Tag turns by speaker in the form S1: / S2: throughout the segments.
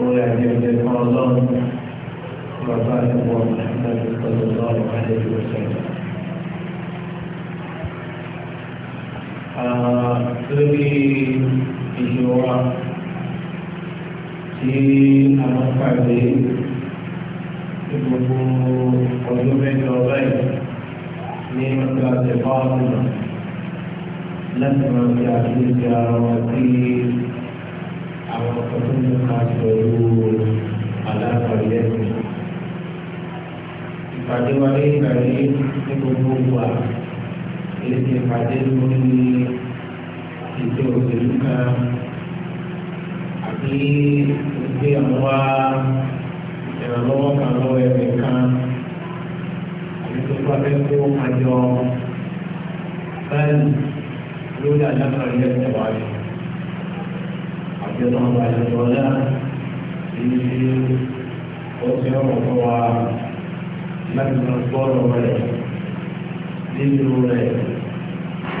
S1: ويعني يذكر الله وفاته محمد صلى الله عليه وسلم lórí ìṣòro tí a máa pàdé ní gbogbo ọdún mẹ́jọ báyìí ní ọjọ́ àtẹ̀fọ́ àwọn láti máa fi àkíyèsí ara wọn sí àwọn ọ̀tún ní ká pẹ̀lú aláàbàrí ẹ̀sìn. ìpàdé wa lé ìgbàlè ní gbogbo wa èsì ìpàdé lórí ìṣe òṣèlú kan àbí ìgbé àwọn ìrànlọ́wọ́ kan lọ́wọ́ ẹ̀mí kan àbí tó bá fẹ́ kó àjọ báyìí lórí aláàbàrí ẹ̀sìn wa àti ọlọ́run àyẹ̀wò ọ̀la tí ó ti ọ̀rọ̀ fún wa láti lọ gbọ́rọ̀ rẹ̀ nínú rẹ̀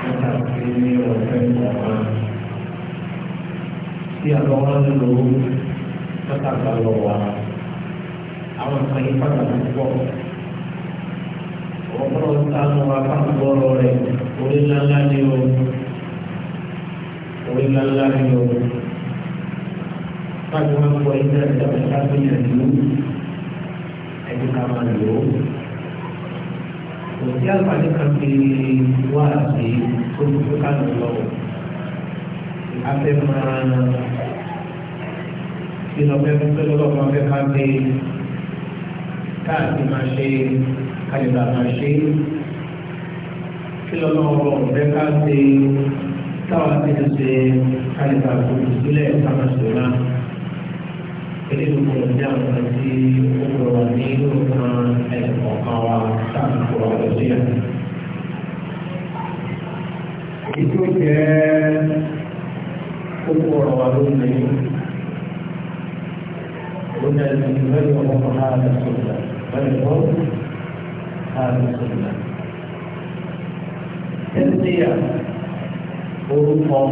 S1: nígbà tí ní ọ̀fẹ́ ìwọ̀n tí àwọn wọn ń lò ó pátákà lọ wá àwọn kan yí pátákà púpọ̀ ọ̀pọ̀lọpọ̀ sánú wa fáwọn gbọ́rọ̀ rẹ̀ orí ńláńlá ni o orí ńláńlá ni o káàdì wọn kọ ilé ẹjọ́ ìṣá tó yẹ lù ẹjọ́ ká máa lò ó kò sí àǹfààní kan fi wá àti tó tó ká lò lọ afẹ́ máa ìlọ fẹ́ẹ́ fẹ́ lọ́wọ́ máa fẹ́ ká gbé káàdì
S2: máa ṣe kálíbà máa ṣe kí lọ́wọ́
S1: ọ̀fẹ́ ká gbé táwọn ti ṣe kálíbà kò sílẹ̀ táwọn ṣe náà eléyìí kò jẹ́ àwọn tí ó rọra ní òkan ẹ̀kọ́ kan wa sáàkó ọ̀rọ̀ sí ẹ̀. Ìtú jẹ́ kókó ọ̀rọ̀ wa lónìí. Oní ẹ̀sìn lẹ́yìn ọmọ kan náà orúkọ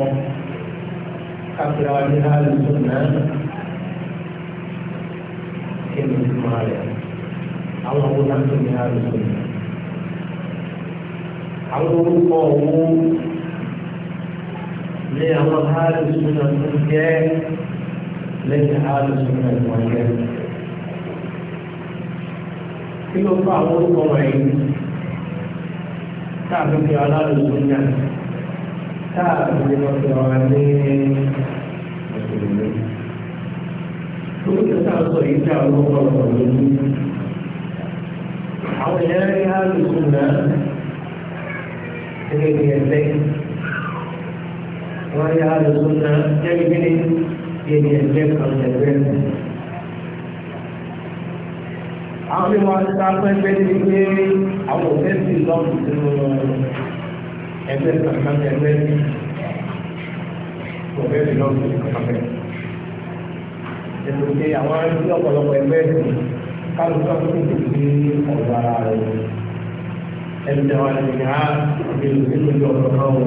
S1: kápẹ́rẹ́ wa ní àlùsùn náà. kí ni ìtumọ̀ rẹ̀ àwọn owó náà tó ní àlùsọ yìí àwọn orúkọ owó
S2: ní àwọn àlùsọ náà tó jẹ́ lẹ́yìn àlùsọ náà tó jẹ́
S1: kí ló fà àwọn orúkọ wọ̀nyí káàkiri fi aláàlùsọ náà káàkiri lọ́sọ̀rọ̀ ní mùsùlùmí. oníkẹta sọ yìí dá ọmọ ọmọ lójú
S2: àwọn èèyàn rí àlùkù náà gẹ́gẹ́ bí ẹgbẹ́ wọn rí àlùkù náà gẹ́gẹ́ bí ẹgbẹ́ ẹgbẹ́ kan ẹgbẹ́
S1: àwọn ṣe àwọn ní ọ̀pọ̀lọpọ̀ ẹgbẹ́ kálukọ́ tó ti di ọ̀dọ̀ ara rẹ̀ ẹni tẹ̀wá ni ní á ti lè ní ìlú ọ̀dọ̀ náà wọ̀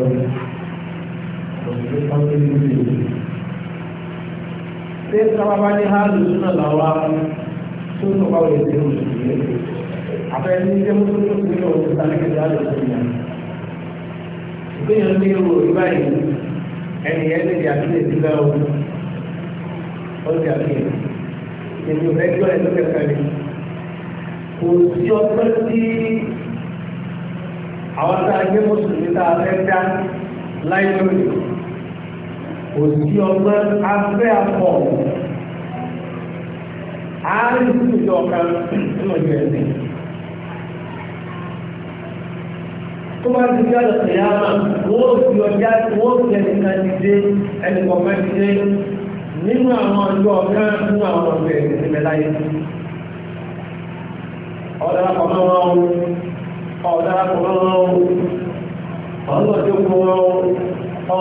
S1: òṣèlú kan tó ní ìlú. ṣé sábàbá ní á lù sínú làwa tó ń sọ̀kọ́ òye sí òṣèlú
S2: àfẹ́ ní ṣé mú tó tó ti lọ òṣèlú sáré kejì á lè ṣe ìyàn. ìpínyàn ní ìrò ìbáyìí ẹnìyẹn lè yà sílẹ̀ sílẹ̀ òun ọjà mi èmi ò rẹ́jọ́ ẹ̀ lókè kẹrin kò sí ọpẹ́ tí àwọn tá a gbé mùsùlùmí tá a fẹ́ dá láì lónìí kò sí ọpẹ́ afẹ́ àpọ̀ àárín ìjọ kan nínú ìjọ ẹ̀sìn. tó bá ti gbé àlọ́ ìyá máa wọ́n fi ọjà wọ́n fi ẹnìkan ti dé ẹnìkan mẹ́rin dé nínú àwọn ọjọ́ ọ̀gá nínú àwọn ọ̀gbẹ̀ ìsinmẹ̀láyé
S1: ọ̀dárapọ̀ mọ́ wọn ọ̀dárapọ̀ mọ́ wọn ọlọ́jọ́ fún wọn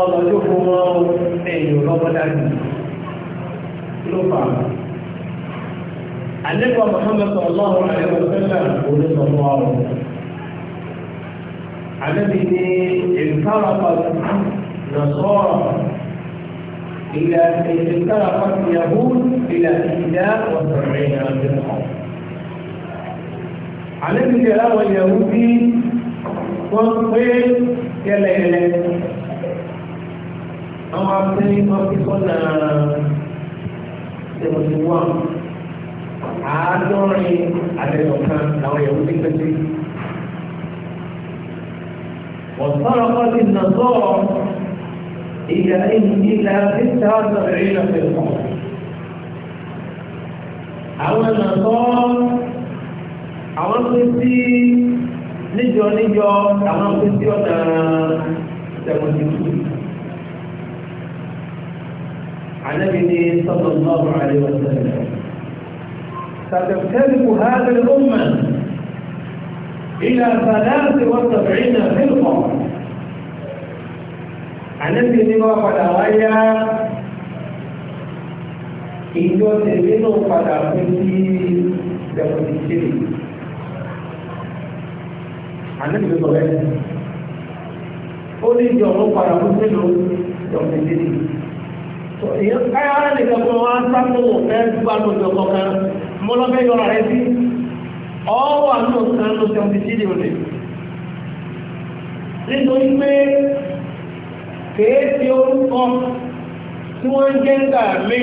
S1: ọlọ́jọ́ fún wọn ẹ̀yìn lọ́gbọ́dájú ló fà àlẹ́kọ̀ọ́ Muhammad sallallahu alaihi wa
S2: sallam olùsọ̀rọ̀ ọ̀rọ̀ àlẹ́bí ni ìfárapọ̀ nàṣọ́rọ̀ إلى افترقت اليهود إلى إحدى وسبعين فرقة على الجلاء واليهودي والطيب كالعلم أو عبدالي فرقصنا سيوان àádọ́rin àtẹ̀sọ̀kan làwọn yahudi pẹ̀sẹ̀. ọ̀sán ọkọ̀ ti nà sọ́ọ̀ إلا إلا 76 في العمر àwọn nàkọ́ àwọn kristi níjọ níjọ àwọn kristi ọ̀nà sẹ̀kọ̀tìkù ànábi ní sọ́dọ̀ lọ́rọ̀ àríwọ̀sẹ̀lẹ̀ sàtẹ̀kẹ́lìkù hàbẹ̀lẹ̀ ọmọ ìlà sàdáàtì wọ́n sàbẹ̀rẹ̀ náà fẹ́lẹ̀ ànábì ní wọ́n padà wáyá ìjọ tẹ̀lé náà padà pín sí dẹ̀kọ̀tì ṣẹlẹ̀ ànábì ló sọ bẹ́ẹ̀ ó ní ìjọ ọ̀run padà pín sí dẹ̀kọ̀tì ṣẹlẹ̀ èyàn káyà nìkan fún wa sáfù ẹ gbà lójú ọkọ kan mo lọ fẹ yọra rẹ sí ọwọ́ àlùkò kan lójú ọkọ ti ṣílẹ òde nítorí pé kéèsì orúkọ tí wọ́n ń jẹ́ ńgbà míì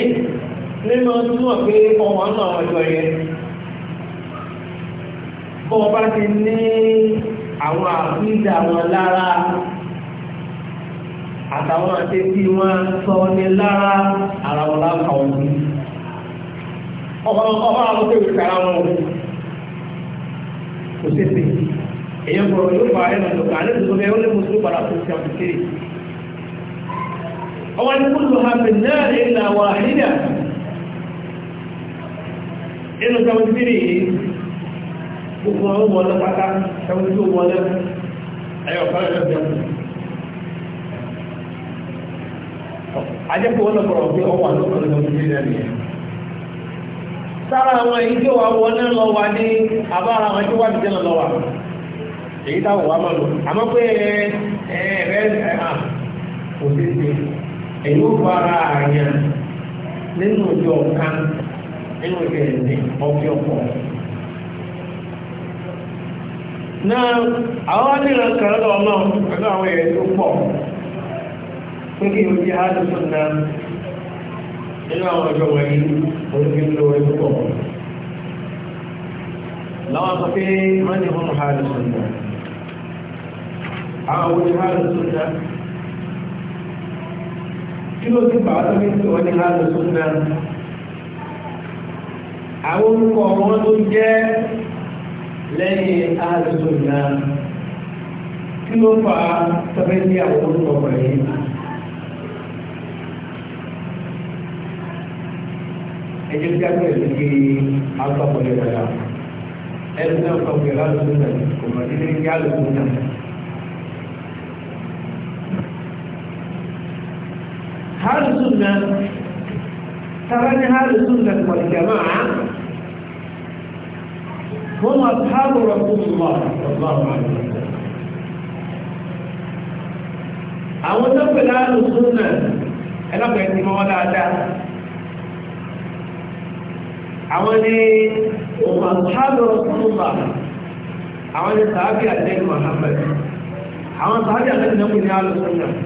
S2: nínú túnmọ̀ pé ọmọ náà àwọn ọjọ́ yẹn bọ́ bá ti ní àwọn àfíìdà wọn lára àtàwọn àtẹ́sí wọn sọ ní lára ara wọn láǹkà òbí ọba àwọn tó ìwé kára wọn kò sí sí èyí ń bọ̀rọ̀ yóò bá ẹnu lọ́kàn àlejò tó bẹ́ẹ̀ ó lé mùsùlùmí padà tó ti àpòkéré ọwọ́ ní kúrò hafin náà ilẹ̀ àwọn àhídà inú sàmùsírì gbogbo àwọn wọlé pátá sàmùsírì wọlé ayọ̀ fẹ́rẹ̀ lọ́pẹ́ ajẹ́kọ̀ọ́ wọlé kọ̀rọ̀ pé ọwọ́ àlọ́kọ̀ọ́ sàmùsírì náà nìyẹn sára àwọn èyí tí ó wà wọlé lọ wà ní àbára àwọn tí wà ní jẹ́ lọ wà èyí táwọn wà mọ́ lọ àmọ́ pé ẹ̀ẹ́
S1: èyí ó fara àyàn nínú ìjọ kan nínú ìjọ ẹ̀sìn ọ̀fẹ́ ọ̀pọ̀. náà àwọn nílẹ̀ kan lọ náà pẹ̀lú àwọn èèyàn tó pọ̀ pé kí o jẹ́ àdúgbò náà nínú àwọn ọjọ́ wọ̀nyí orí ló rí pọ̀. láwọn sọ pé wọ́n ní fún àdúgbò náà àwọn ojú àdúgbò náà kí ló ti bàbá tó fi ń sọ ní hálò súnà àwọn orúkọ wọn tó jẹ́
S2: lẹ́yìn hálò súnà kí ló fà á tọ́fẹ́ ní àwọn orúkọ wọ̀nyí. ẹ jẹ́ kí á bẹ̀rẹ̀ sí alùpàpọ̀ lè wọ̀nyá ẹ
S1: ní alùpàpọ̀ lè wọ̀nyá kò mọ̀ sí ní kí alùpàpọ̀ هل سنة
S2: ترني هل سنة والجماعة هم أصحاب رسول الله صلى الله عليه وسلم أو نقل أهل السنة إلى بيت مولى أداء أو هم أصحاب رسول الله أو أن صحابي محمد أو أن صحابي أهل السنة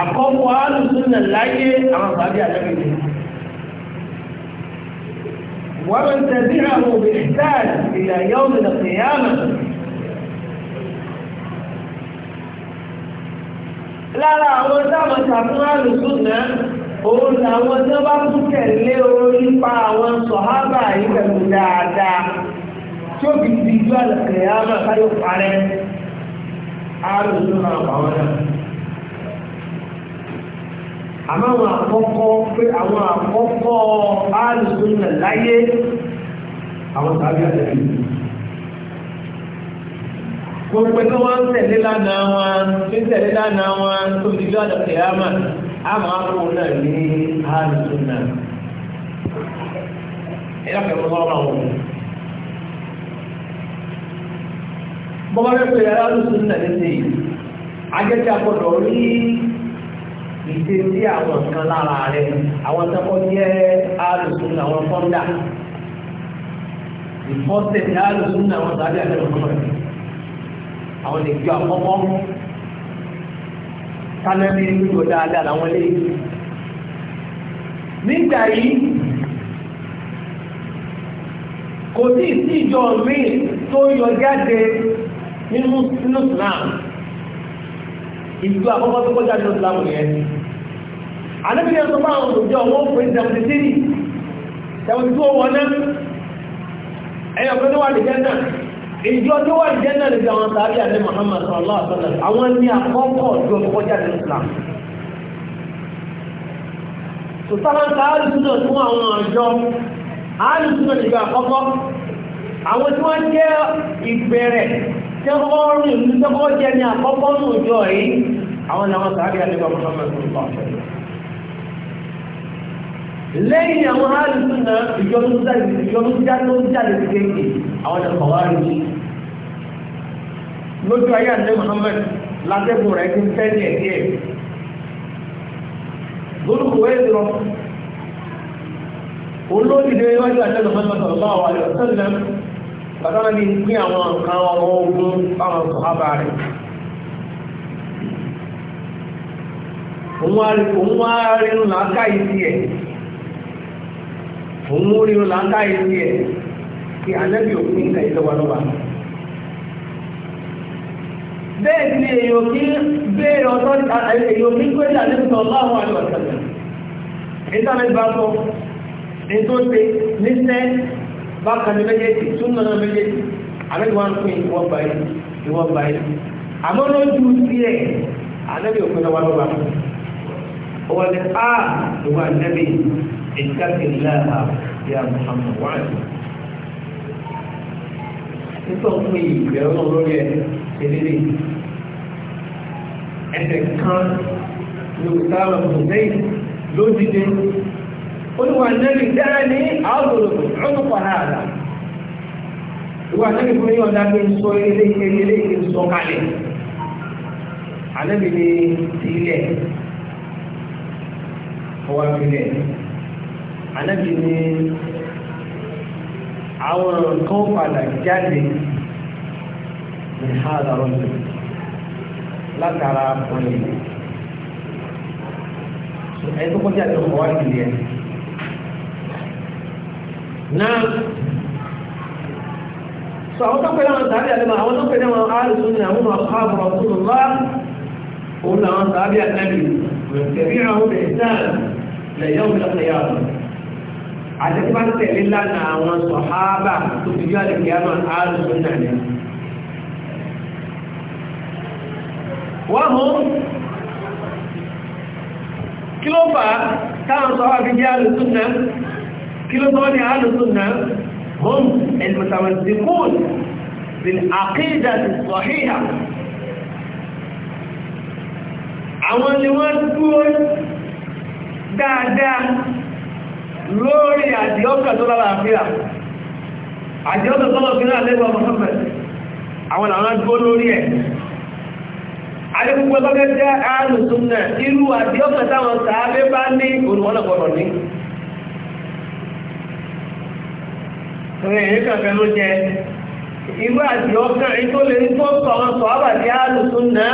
S2: àkọ́kọ́ alùsùnà láyé àwọn àbábí àlẹ́bìnrin wọ́n ń tẹ̀sí àwọn òbí ìtàlì ìlàyé òmìnà kìyàmà lára àwọn táwọn tàbí alùsùnà òun làwọn tó bá kú tẹ̀lé orí pa àwọn sọ̀hábà yìí
S1: pẹ̀lú dáadáa tí ó fi di ju àlùkìyàmà káyọ̀ parẹ́ alùsùnà àwọn náà
S2: àmọ́ àwọn àkọ́kọ́ pé àwọn àkọ́kọ́ alùsùnà láyé àwọn tàbí àtẹ̀lẹ́ gbogbo tí wọ́n ń tẹ̀lé lánàá wọn tí ń tẹ̀lé lánàá wọn tó ti lọ́ àdọ̀ tẹ̀lé àmà àmà àkọ́kọ́ náà ní alùsùnà ẹ̀yà kẹ̀kọ́ sọ́rọ̀ wọn. bọ́lá pé alùsùnà lè yìí ajẹ́kẹ́ àkọ́dọ̀ rí ìṣe sí àwọn nǹkan lára rẹ̀ àwọn tẹ́kọ̀ jẹ́ alùsùn àwọn fọ́ndà ìfọ́sẹ̀ ní alùsùn àwọn tàbí àtẹ̀lẹ́kọ̀ọ́ rẹ̀ àwọn ìjọ àkọ́kọ́ kánẹ́bí nílò dáadáa làwọn lè nígbà yìí kò sí ìsíjọ míì tó yọ jáde nínú islam ìlú àkọ́kọ́ tó kọjá ní ìsìlámù yẹn àníbi yẹn tó máa ń lòjọ wọn pè seventy three seventy two wọn náà ẹyọ pé ló wà lìjẹ́ náà ìjọ tó wà lìjẹ́ náà lìjẹ́ Muhammad sallallahu alaihi wasallam àwọn ní àkọ́kọ́ ìjọ tó kọjá ní ìsìlámù sùtàlá sàárì túnà fún àwọn àjọ àárì túnà ìjọ àkọ́kọ́ àwọn tí wọ́n jẹ́ jẹ́kọ́ rìn ní jẹ́kọ́ jẹ́ ní àkọ́kọ́ ní òjò yìí àwọn ni àwọn sàárì àdébà Muhammad lẹ́yìn àwọn àrùsùn náà ìjọ́nújáde kéèké àwọn ni kọ̀wárí ní lójú ayé àdébà Muhammad látẹ́gùn rẹ̀ ti ń fẹ́ díẹ̀ díẹ̀ lórúkọ ẹ̀dùn olóòdìdé iwájú àdébà Muhammad sallallahu alaihi wasallam bàbá wọn bí pín àwọn nǹkan ọmọ ogun fáwọn sọ̀hábà rẹ̀ òun wá rínú làákà ìsí ẹ̀ òun mú rínú làákà ìsí ẹ̀ kí ànábì òfin ìkà ìlọ́wọ́lọ́wọ́ bẹ́ẹ̀ ni èyàn kí bẹ́ẹ̀ ọ̀tọ́ èyàn kí pé àlébùtọ̀ láwọn bákan ní méjèèjì súnà náà méjèèjì àbẹ́ni wọn pín ìwọ́n báyìí ìwọ́n báyìí àmọ́ lójú díẹ̀ ànábì òpin náà wà lọ́wọ́ ó wà ní a lówó ànábì ìtàkìláà ya Muhammad wà ní. nítorí fún ìbẹ̀rù náà lórí ẹ̀ ṣẹlẹ́lẹ́ ẹ̀sẹ̀ kan lóòótọ́ àwọn ọ̀sẹ̀ lójijì olùwà nẹ́rì dára ní àwòrán ọdúnkọ̀ ààrà ìwà nẹ́rì fún yóò dá pé ń sọ ilé ilé ilé ń sọ kalẹ̀ alẹ́bí ni ti ilẹ̀ ọwọ́ ìpínlẹ̀ alẹ́bí ni àwọn kan padà jáde ní ààrà ọdún látara ọ̀nà ìlú tó kọjá àti ọkọ̀ wá ìlú náà sọ àwọn tọ́pẹ́ láwọn tàbí àlẹ́bà àwọn tọ́pẹ́ láwọn àrùsù ní àwọn àpapọ̀ ọ̀tún lọ́wọ́ òun làwọn tàbí àlẹ́bì tẹ̀bí àwọn ìsáà lẹ́yọ́ ìlànà àti tí wọ́n tẹ̀lé lánàá àwọn sọ̀háábà tó fi yọ́ àlẹ́kì àwọn àrùsù náà ni wọ́n mú kí ló fà á táwọn sọ̀háábà fi jẹ́ àrùsù náà kí ló tọ́ ní alùsùnà hum al-mutamazzikun bil aqidati sahiha àwọn ni wọ́n dúró dáadáa lórí àdíọ́kà tó lára àfíà àdíọ́kà tó lọ́pín náà lẹ́gbọ́ Muhammad àwọn àwọn dúró lórí ẹ̀ adékúgbọ́ bọ́gẹ́ jẹ́ àrùn súnmọ̀ irú àdíọ́kà táwọn sàábé bá ní olùwọ́lọ̀gbọ̀rọ̀ ní ìrìn kàfẹ́ ló jẹ irú àti ọkàn ètò lè ń tó sọ àwọn sọ àbàdí àlùsùn náà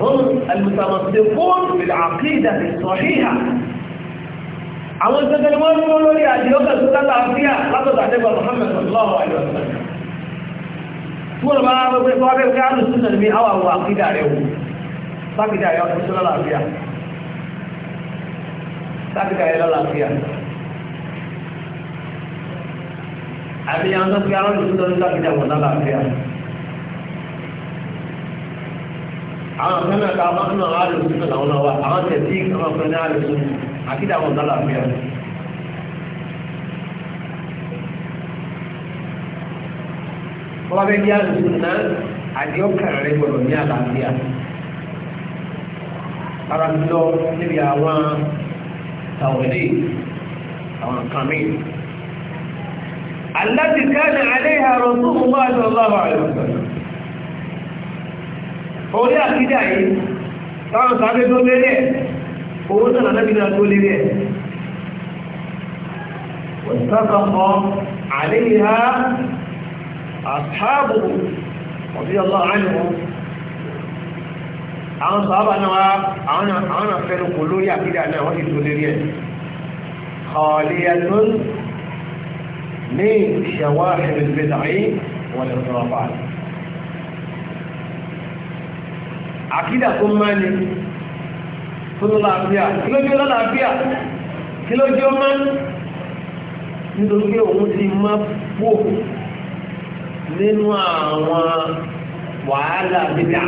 S2: wọn àlùsàmọ̀sẹ̀ fóònù ìlà àkídà ti sọ híhà àwọn ìṣẹ́jẹ́ ni wọ́n ń mọ́ lórí àti ọkàn tó dáta àfíà látọ̀dà àdẹ́gbà Muhammad sallallahu alaihi wasallam tí wọ́n bá wọ́pẹ́ tó wábẹ́ pé àlùsùn àbí àwọn tó fi àwọn olùdókòwò ní káfíńtà wọn náà láàfíà àwọn kan náà káwọn kan náà wà lóṣù náà làwọn náà wà àwọn tẹ̀sí àwọn kan náà lóṣù àkídà wọn náà láàfíà. wọ́n bẹ bí àlùsùn náà àdéhùkàn rẹ̀ gbọ́dọ̀ ní àlàáfíà. ara ń lọ níbi àwọn tàwọn ilé àwọn kan التي كان عليها رسول الله صلى الله عليه وسلم orí àkídà yìí táwọn sáré tó lélẹ̀ owó náà lábìnà tó lélẹ̀ wọ̀sánàkọ́ àléhà àtàbù ọ̀bí ọlọ́ àánìwọ̀ àwọn sàábà náà àwọn àfẹ́nukò lórí àkídà náà wọ́n ti tó lélẹ̀ من شواحب البدع والانصرافات àkídà tó máa ní fún lọ́láàfíà kí ló jẹ́ lọ́láàfíà kí ló jẹ́ ọmọ nítorí pé òun ti má pò nínú àwọn wàhálà bídà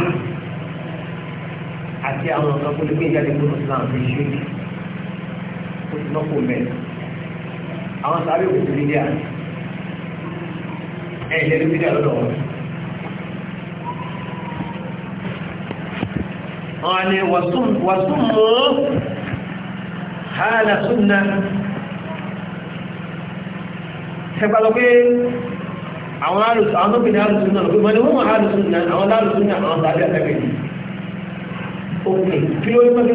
S2: àti àwọn ọ̀sán kó lè gbé ìjáde kúrò sí àwọn ìṣèlú ó ti lọ́pọ̀ mẹ́rin àwọn sáré òkú ní díà ẹ̀yìn lẹ́nu díà lọ́dọ̀ wọn wọ́n ni wàsún mú hàlà súnà ṣẹgbàlọ́ pé àwọn alùsùnà alùsùnà lọ́pẹ́ mọ́ ni wọ́n alùsùnà àwọn alùsùnà àwọn sáré àtẹ́gbẹ̀ òkè kí ló ń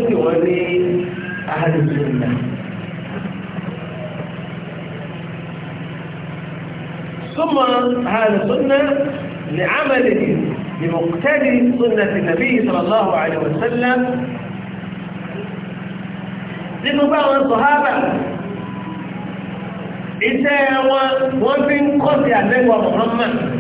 S2: pẹ́ ثم هذا سنة لعمله لمقتدي سنة النبي صلى الله عليه وسلم لأنه بعض الصحابة إساء وفن قد يعزيه ومحمد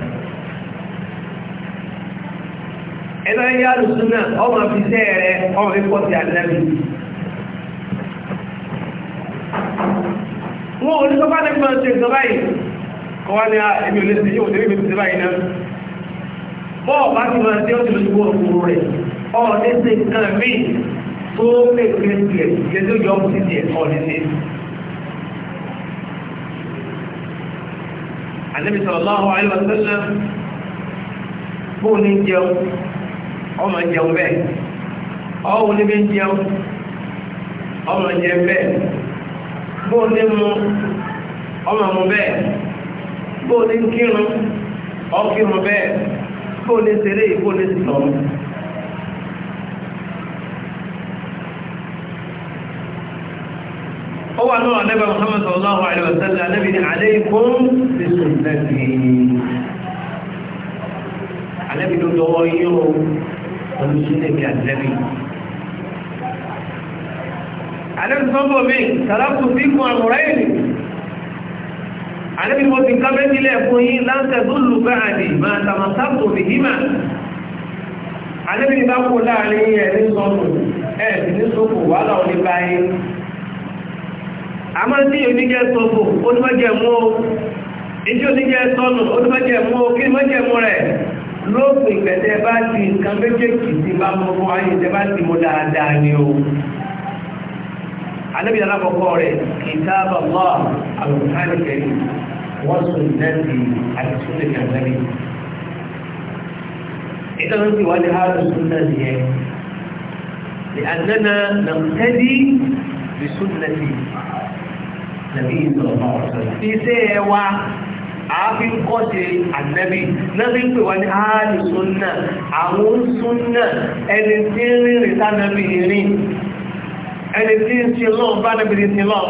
S2: إذا هي أهل السنة هم في سائرة هم في قد يعزيه هو اللي فقط ما تقدرين kọwa ní ẹmí olè sí yíò tẹ́lẹ̀ ìbẹ̀tẹ̀ báyìí náà bọ́ọ̀ bá ti máa tí ó ti lè gbọ́ ọkùnrin rẹ̀ ọ̀rọ̀ ní sí nǹkan mí tó lè gbé tiẹ̀ yẹ tó jọ ọkùnrin tiẹ̀ ọ̀rọ̀ ní sí. Ànábì sallallahu alaihi wa sallam bóun ní jẹun ọmọ jẹun bẹ́ẹ̀ ọ̀hún ní bí jẹun ọmọ jẹun bẹ́ẹ̀ bẹ́ẹ̀ kó lè kírun ọkírun bẹ́ẹ̀ kó lè ṣeré kó lè sọ̀rọ̀ ó wà náà nẹ́bà Muhammad sallallahu alaihi wasallam nẹ́bì ní alaykum bi sunnati alẹ́bì ló dọwọ́ yóò pẹ̀lú sunnati alẹ́bì alẹ́bì sọ́bọ̀ mi tàlákùn bí kún àmúrẹ́ àdébí mo ti ká mẹ́tílẹ̀ fún yín láńkẹ́ tó lù bá àdì máa tàmà sáàtò rí hímà àdébí bá kó láàrin ẹ̀ ní sọ́nù ẹ̀ sì ní sọ́kù wàhálà òní báyìí àmọ́ tí oníjẹ́ sọ́kù ó ní mọ́jẹ̀ mú o ìjọ oníjẹ́ sọ́nù ó ní mọ́jẹ̀ mú o kí ni mọ́jẹ̀ mú rẹ̀ lóògùn ìgbẹ̀tẹ̀ bá ti nǹkan méjèèjì ti bá mọ́ fún ayé tẹ bá ti mú dáadáa ni o àdébí alákọ̀ọ́kọ́ rẹ̀ kìtàbà Allah àlùkánì kẹrin وسنتي على سنة النبي إذا أنت ولهذا السنة هي لأننا نقتدي بسنة النبي صلى الله عليه وسلم في سيوة àáfin kọ́ ṣe ànẹ́bí nẹ́bí pè wọ́n ní ààrùn súnnà àwọn súnnà ẹni tí ń rìnrìn tánàbí rìn ẹni tí ń ṣe lọ́n bá nàbí rìn sí lọ́n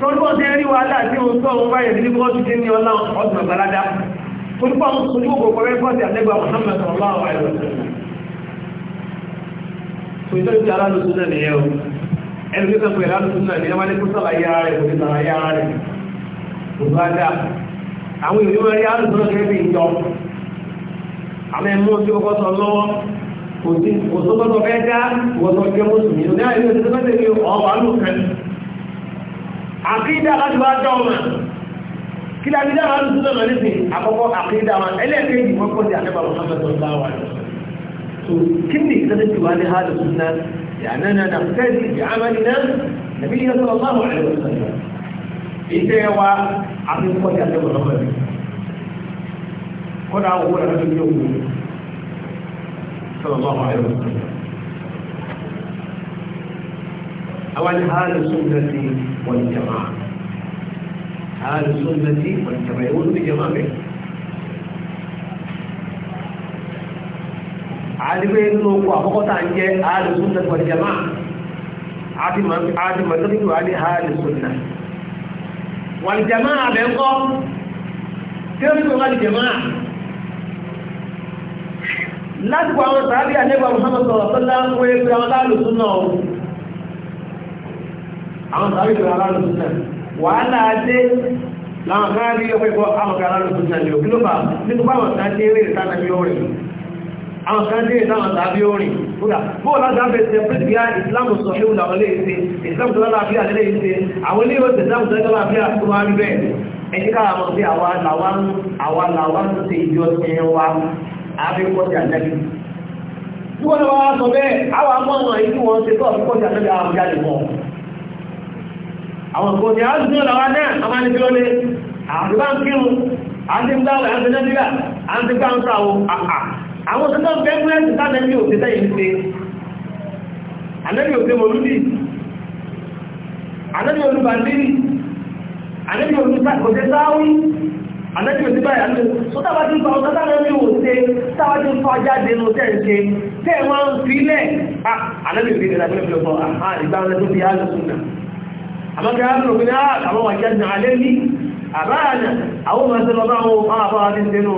S2: tọ́lúwọ́ tẹ́ rí wàhálà tí ó tọ́ ọmọ báyẹ̀ ní kọ́ ti dín ní ọlá ọdún ọ̀gbàládá torípa ojú òkòkò rẹ̀ fọ́ọ̀tì àlẹ́gbà Muhammad sallallahu alaihi wasallam tó ìjọ́ ìjọ́ alálùsùn náà nìyẹn o ẹni tó kàn pé alálùsùn náà nìyẹn wọ́n ní kó sọ̀rọ̀ ayé ara rẹ̀ kò ní sọ̀rọ̀ ayé ara rẹ̀ kò bá dà àwọn ìlú wọn rí alálùsùn náà kẹ́kẹ́ ìjọ àwọn ẹ̀mú tí ó kọ́ sọ lọ́wọ́ kò sí kò sọ́tọ́ àkídà láti wá jọ ọmọ kí láti dára ní súnmọ̀ lọ nísìn àkọ́kọ́ àkídà wọn ẹlẹ́ẹ̀kejì wọ́n kọ́ di àdẹ́bà Muhammad sallallahu alaihi wasallam so kí ni ìtẹ́lẹ̀ tí wá ní hálù súnmọ̀ yàrá náà nà fẹ́ sí ìdí àmàlì náà nàbí yẹn sallallahu alaihi wasallam iṣẹ́
S1: wa àwọn ni ààrẹ
S2: súnmọ́ sí wọ́n jẹma ààrẹ súnmọ́ sí wọ́n jẹma ìwọ́n ló fi jẹma bẹ̀ àdìgbé nínú oko àkọ́kọ́ tá à ń jẹ́ ààrẹ súnmọ́ sí wọ́n jẹma àti màtọ́lẹ́dù àdì ààrẹ súnmọ́ wọ́n jẹma àbẹ̀ ńkọ́ tí ó ń sọ wọ́n jẹma lásìkò àwọn sàábì àdébà Muhammad sọ̀rọ̀ sọ́lá ń wé pé àwọn tàbí ìjọba aláàrùn tó náà wàhálà adé láwọn kan rí ọkọ̀ ìkọ́ àwọn kan aláàrùn tó náà ní òkú ló bá nínú bá àwọn tàbí eré ìtànà bí orin àwọn kan dé ìtàwọn tàbí orin kúrà bó láti abẹ́ ti ẹ̀pẹ́ ti ya ìsìlámù sọ ní òun àwọn ilé ìṣe ìsìlámù tó lálàáfíà lélẹ̀ ìṣe àwọn ilé ìwọ̀n ìsìlámù tó lálàáfíà tó wá rí bẹ́ẹ̀ ẹni kára mọ̀ sí àwa làwa ń àwa làwa ń ṣe ìjọ ti wa àbíkọ́jà lẹ́bi tí wọ́n lọ́wọ́ sọ bẹ́ẹ̀ àwọn amọ́ ọ̀nà ìlú wọn ṣe tó àbíkọ́jà lẹ́bi àwọn jáde mọ́ àwọn kò ní àwọn ìsinmi làwọn náà a máa ní kí ló lé àti bá ń kírun àti ń dáwọ̀ àti nàìjíríà àti bá ń sáwọ̀ àwọn òṣìṣẹ́ ń bẹ́ẹ̀ fúnlẹ̀ títà nẹ́bí òṣìṣẹ́ yìí ṣe ànẹ́bí òṣìṣẹ́ mọ̀lúdì ànẹ́bí olùbàndírì ànẹ́bí òṣìṣẹ́ sáwí ànẹ́bí òṣìṣẹ́ báyà ní tó tábà tí ń fa ọ̀sán tábà ní òṣìṣẹ́ tábà tí ń fa jáde ní oṣẹ́ ṣe tẹ́ wọ́n ń filẹ̀ àmọ́kẹ́ àrùn ah, àwọn àjẹ́jì alẹ́ ní àbáyànà àwọn ọmọ ẹsẹ̀ lọ́bá àwọn àbá àti ìdẹ́nu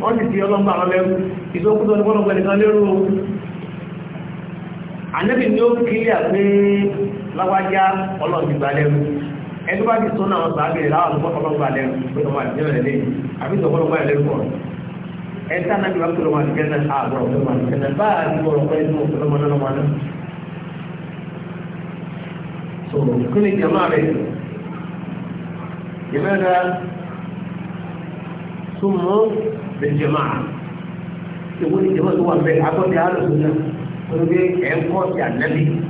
S2: wọ́n ti fi ọlọ́mbà àwọn lẹ́rù ìdókútọ́ ní wọ́n gbẹ̀rẹ̀ kan lérò anẹ́bì ni ó kílẹ̀ pé láwájá ọlọ́ọ̀dìgbà lẹ́rù ẹni bá ti sọ́nà àwọn sàábìrì láwọn ọlọ́gbà lẹ́rù pé ọmọ àjẹ́jì lẹ́rù àbí ìdọ̀kọ́lọ́gbà lẹ́rù kọ̀ ẹ̀ta náà ah, ti wá pé ọmọ àjẹ́jì كل الجماعة لماذا سموا بالجماعة يقول الجماعة هو البيت يا رسول الله يقول لك عين قوس يا النبي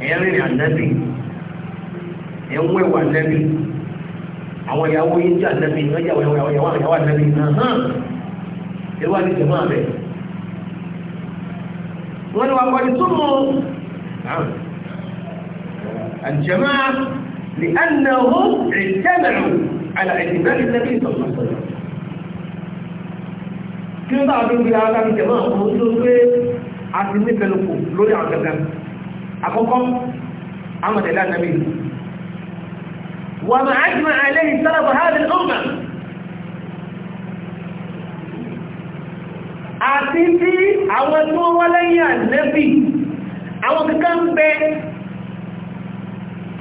S2: عين يا النبي عين ويو النبي àwọn ìyàwó yìí jẹ́ ànábì wọ́n jẹ́ àwọn ìyàwó àwọn ànábì náà hàn ìwà ní jẹ̀mọ́ àbẹ̀. wọ́n ní wàá kọ́ni túmọ̀ الجماعة لأنهم اجتمعوا على اعتبار النبي صلى الله عليه وسلم كنت يقولوا بلاغان جماعة مصدر عقل مثل لكم لو يعقل لكم أقوكم عمد إلى النبي وما أجمع عليه سلف هذه الأمة أعطيتي أولو وليا النبي أولو كم بيت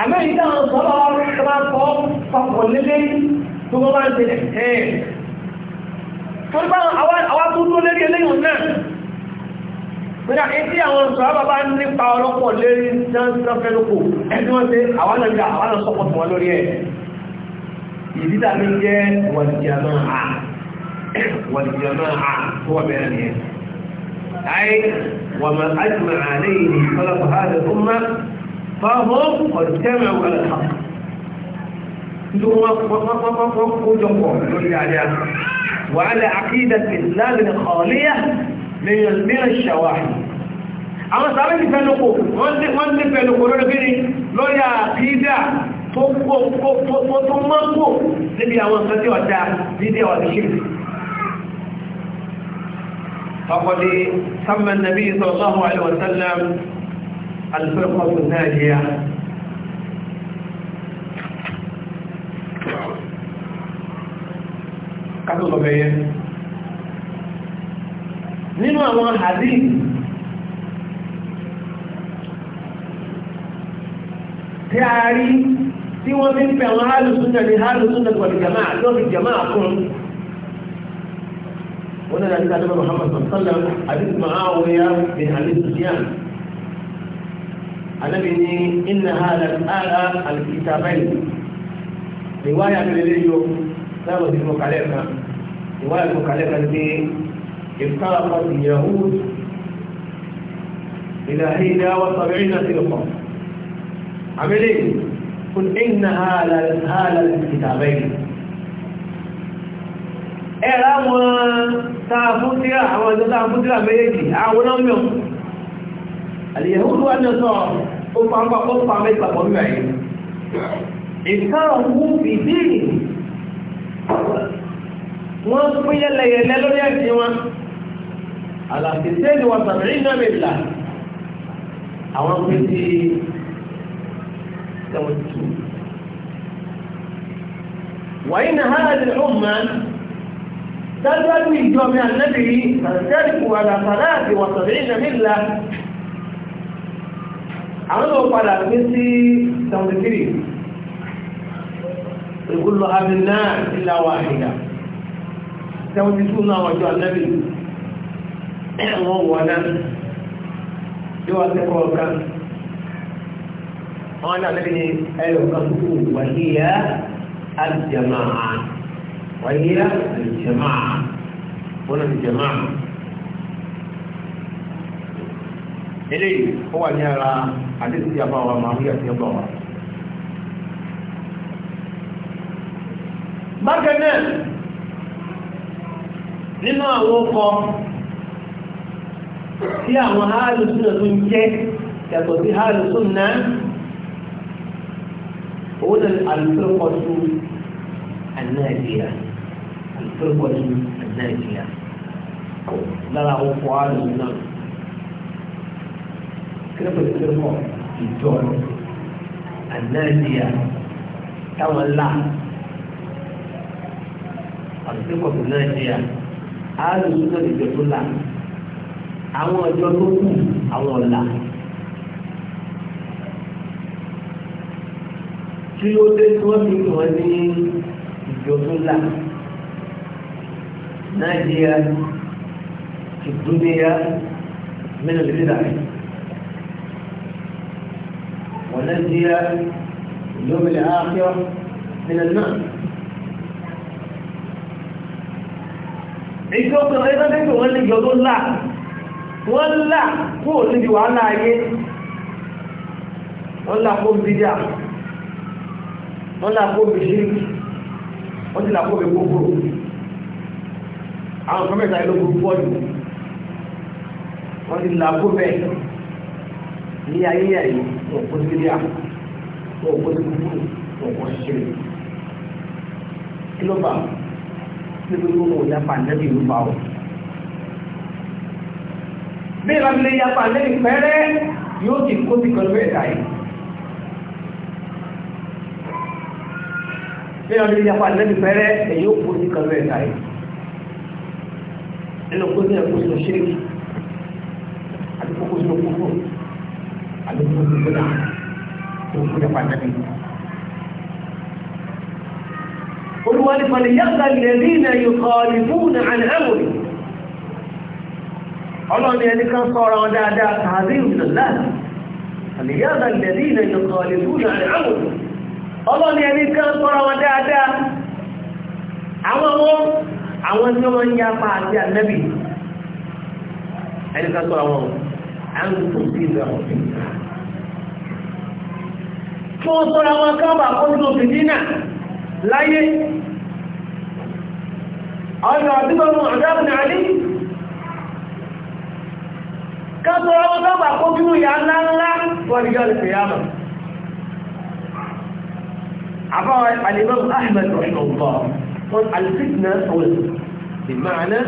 S2: àmọ́ èyí náà sọ́lọ́ tó bá kọ́ papọ̀ lélé tó bá máa ń tẹ̀lé ẹ̀ torí bá àwa tó dúró lérí eléyìí náà gbẹ́dà etí àwọn sọ̀rọ̀ bàbá nípa ọlọ́pọ̀ lérí dáńtọ́ fẹ́lúkù ẹni wọ́n ṣe àwọn náà gbà àwọn náà sọ́pọ̀ tó wọn lórí ẹ̀ ìdídà mi jẹ́ wàlìjàmáà فهم قد اجتمعوا على الحق وعلى عقيدة الإسلام الخالية من من الشواحن أما سألت في النقوم وانت في النقوم لو يا عقيدة تمقوا لبي أمان ستي وتاع لدي وتشير فقال لي سمى النبي صلى الله عليه وسلم الفرقة الناجية
S1: قبل الغبيان
S2: من هو حديث تعالي سوى من بين هذا السنة لهذا السنة والجماعة لو الجماعة كن وانا لأن محمد صلى الله عليه وسلم حديث معاوية من حديث سفيان anábìíní iná ara alìkìtàbẹ́lì ìwáyà lélẹ́ yóò láwọn ti mọ̀ kálẹ̀ kan ìwáyà mọ̀ kálẹ̀ kan pé ìfúkàwọ́ ìyàwó ìlàhí ilẹ̀ àwọn sọ̀rọ̀ ìrìnà sí ọkọ̀ àmìlẹ̀ kun iná ara alìkìtàbẹ́lì ẹ̀rá wọn tààfútíra àwọn ẹ̀dọ́ tààfútíra méjèèjì àwọn ọmọ اليهود والنصارى ó pa ń pa ó pa mẹ́ta pọ̀ nígbà yìí ìsáàwú ìdí wọ́n pín yẹlẹyẹlẹ lórí ẹ̀sìn wọn àlàfíṣẹ́ ni wọ́n sàbẹ̀rí náà mi là àwọn pín sí ẹ̀wọ̀n tù wàyí na hàrẹ̀ ní ọmọ عملوا قال ميسي تذكري يقول له هذا الناس الا واحده تذكرونا وجه النبي وهو انا جوا تقولك انا الذي ايوه كنت وهي الجماعه وهي الجماعه هنا الجماعه eléyìí ó wà ní ara àdéhùn tí a bá wa máa ń yà sí ọgbà wa. bákan náà nínú àwọn ọkọ tí àwọn alùsùnà tó ń jẹ́ yàtọ̀ sí alùsùnà owó náà alùsùnkọ̀ tó ànáàdìyà alùsùnkọ̀ tó ànáàdìyà lára ọkọ̀ alùsùnà kílódé tó mọ ìjọ ànáàdìyà táwọn là àtúntò tó náà dìyà àádùn tó náà ìjọ tó là àwọn ọjọ́ tó kù àwọn ọ̀la. tí ó dé tí wọ́n fi wọ́n ní ìjọ tó là náà ìdúnìyà mẹ́rin lè dàrí. ونجي اليوم الآخرة من النار ìjọ ọ̀sán ẹgbẹ́ tẹ́kọ̀ wọ́n lè jọ tó là wọ́n là kó níbi wàhálà ayé wọ́n là kó bídà wọ́n là kó bìṣírí wọ́n ti là kó bí gbogbo àwọn kọ́mẹ́ta ìlú gbogbo wọn kó síbi à wọn kó síbi kú wọn kó síbi kí ló bá níbi tó wọn yapa nẹ́bí ló bá wọn. bí ìlànà yapa nẹ́bí pẹ́rẹ́ yóò ti kó sí pẹ̀lú ẹ̀ka yìí. bí ìlànà yapa nẹ́bí pẹ́rẹ́ èyí ó kó sí pẹ̀lú ẹ̀ka yìí. ẹnu kó sí
S1: ẹ̀kọ́ sínú ṣéèkì àti kókó sínú kókó àdúgbò tó gbé náà tó gbé pàtẹ́ mi.
S2: Olúwa ní pàdé yàtà lèrí na yòkọ̀ ìbú na àná ẹ̀wòrì. Ọlọ́ni ẹni kan sọ́ra wọn dáadáa tàbí ìrìnàlá. Pàdé yàtà lèrí na yòkọ̀ ìbú na àná ẹ̀wòrì. Ọlọ́ni ẹni kan sọ́ra wọn dáadáa. Àwọn ọmọ àwọn tí wọ́n ń yapa àti ànẹ́bì. Ẹni kan sọ́ra wọn. Àwọn tó sì lọ ọ̀sìn kí wọ́n sọ́ra wọn káàbà kọ́nù bìdínà láyé ọ̀nà àdúgbọ́nù àdábùn àdí káàbà wọn káàbà kọ́nù ya ńláńlá wọ́nìyàn lè fìyàmà àbáwọn alìmọ́mù ahmed rahimahullah wọn alìfitna sọ́wọ́n bìmáàná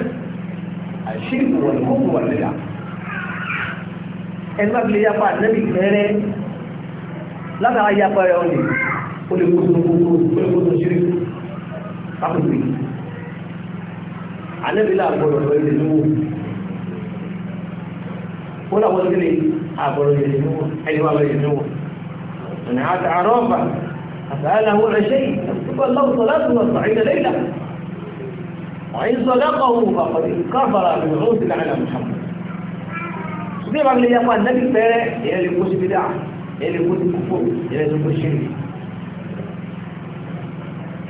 S2: látara yí apá rẹ̀ ọ̀nì ó lè kóso gbogbo ó lè kóso ṣírí pápẹ́pẹ́ anẹ́bílẹ̀ àgbọ̀rọ̀ lọ ilẹ̀ lówó ó làwọn sílẹ̀ àgbọ̀rọ̀ ilẹ̀ lówó ẹni wà lọ ilẹ̀ lówó ọ̀nà àrọ́ọ̀bà àwọn ọ̀rẹ́ṣẹ́ yìí ọ̀pọ̀ lọ́wọ́ sọ̀lá tó wọ̀ sọ̀rọ̀ ilẹ̀ lẹ́yìn وإن صدقه فقد كفر بالعود على محمد. سبحان الله يقول النبي إلى الكوسي بدعه ẹni kó ti kúfò ẹni tó kó ṣírí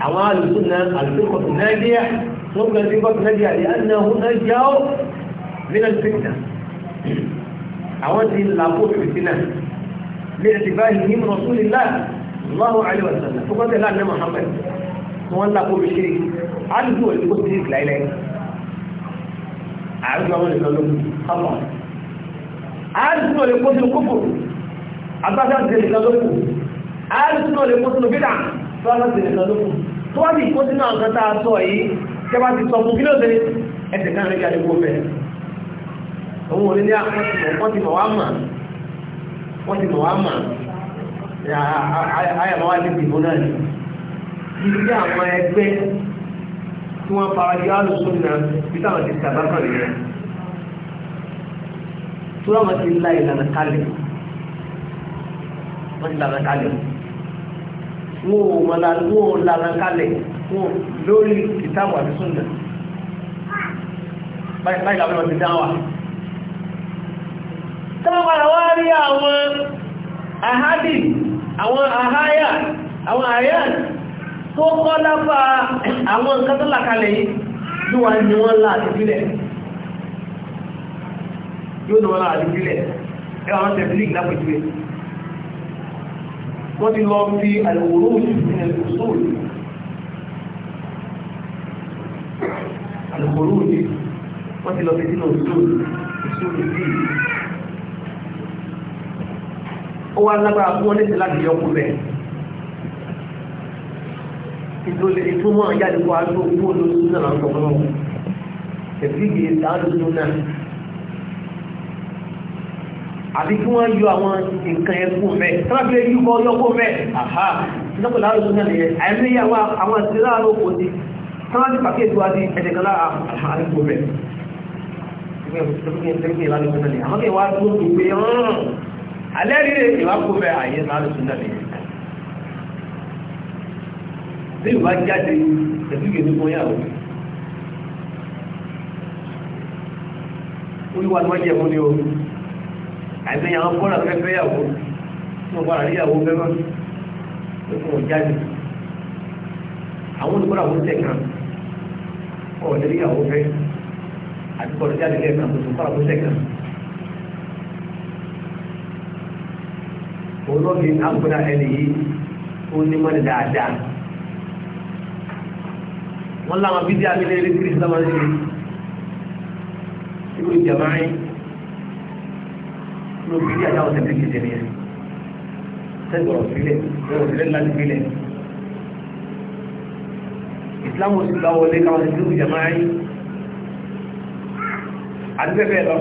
S2: àwọn alùsùnà alùsùnkọ̀tù nàìjíríà wọ́n gbọ́n sí kọ́tù nàìjíríà ní ẹ̀nà ọ̀hún náà jáwó nínú fìtínà àwọn ti làpò fìtínà lè ti báyìí ní mọ̀súlìlá lọ́wọ́ àlẹ́wàsánà tó kọ́tẹ̀ láàrin Muhammad wọ́n làpò fìtínà alùsùn òní kó ti rí láìláì àrùn àwọn ìlọ́lọ́gbù agbájá ti nìkan lókù àìsùn olè kó sínú bídà tó wá láti nìkan lókù tó wá ní kó sínú àwọn kan tá a sọ yìí kẹba ti sọ fún kí ló dé ẹsẹ̀ náà rẹ̀ jáde gbogbo ẹ̀ òun ò ní ní wọ́n ti mọ̀ wá mà wọ́n ti mọ̀ wá mà àyàmọ́ wá ti dìbò náà ni ibi àwọn ẹgbẹ́ tí wọ́n fara di alùsùn náà bí táwọn ti sàbákan nìyẹn tó láwọn ti la ìlànà kalẹ̀ wọ́n ti lànà kalẹ̀ wọn ò mọ̀lá wọn ò lànà kalẹ̀ wọn lórí kìtàbù àti súnà báyìí làwọn ọmọ ti dá wà. táwọn wá rí àwọn ahadi àwọn ahaya àwọn àyà tó kọ́ lápá àwọn nǹkan tó làkalẹ̀ yìí ló wà ní wọ́n láti bílẹ̀ yóò ní wọ́n láti bílẹ̀ ẹwà wọn tẹ̀bílì lápẹ̀jú
S1: wọ́n ti lọ fi àìwòrò ìpínlẹ̀ òṣòlù àìwòrò ní wọ́n ti lọ fi sínú òṣòlù òṣòlù sí ìlú
S2: ó wá lágbára fún wọn lẹ́sẹ̀ láti yọkùn rẹ̀ ìdólè ìtumọ̀ ìyá ìdíkọ̀ àjọ òkú olóṣù náà lọ́sọ̀rọ̀ ẹ̀fíìgì ìdáhùn náà àbí kí wọ́n yọ àwọn nǹkan ẹkùn mẹ́ tọ́lábí ẹjú kọ́ yọkó mẹ́ àhá lọ́pọ̀ láàrín òṣìṣẹ́ nìyẹn àìmẹ́yà wa àwọn àti láàrín òkò ti tọ́lábí pàkíyèsí wa di ẹ̀dẹ̀kan láàrín àríkò mẹ́ bí ìwà jáde ìtẹ̀síkè ní fún yàwó oríwà ní wọ́n jẹ́ fún ní orí àìsàn àwọn bọ́lá fẹ́fẹ́ yàwó tí wọ́n bá rí yàwó fẹ́fẹ́ ló fún wọn jáde àwọn olùkọ́ làwọn tẹ̀ kan ọ̀ lórí yàwó fẹ́ àti kọ̀ọ̀dọ̀ jáde lẹ́ẹ̀kan tó tún kọ́ àwọn tẹ̀ kan. olóògbé agbóná ẹni yìí ó ní mọ́ni dáadáa wọ́n láwọn bídí abílẹ̀ eré kiri sábà ń ṣe ìwé ìjàmáyé gbogbo bílíà náà ṣe tẹ̀lé ìṣẹ̀lẹ̀ yẹn sẹ́gbọ̀rọ̀ sílẹ̀ gbọ̀rọ̀ sílẹ̀ ńlá sílẹ̀ ìsìláàmù sì gbá wọlé káwọn ṣe dúró ìjàmá yín àdúgbẹ́fẹ́ lọ.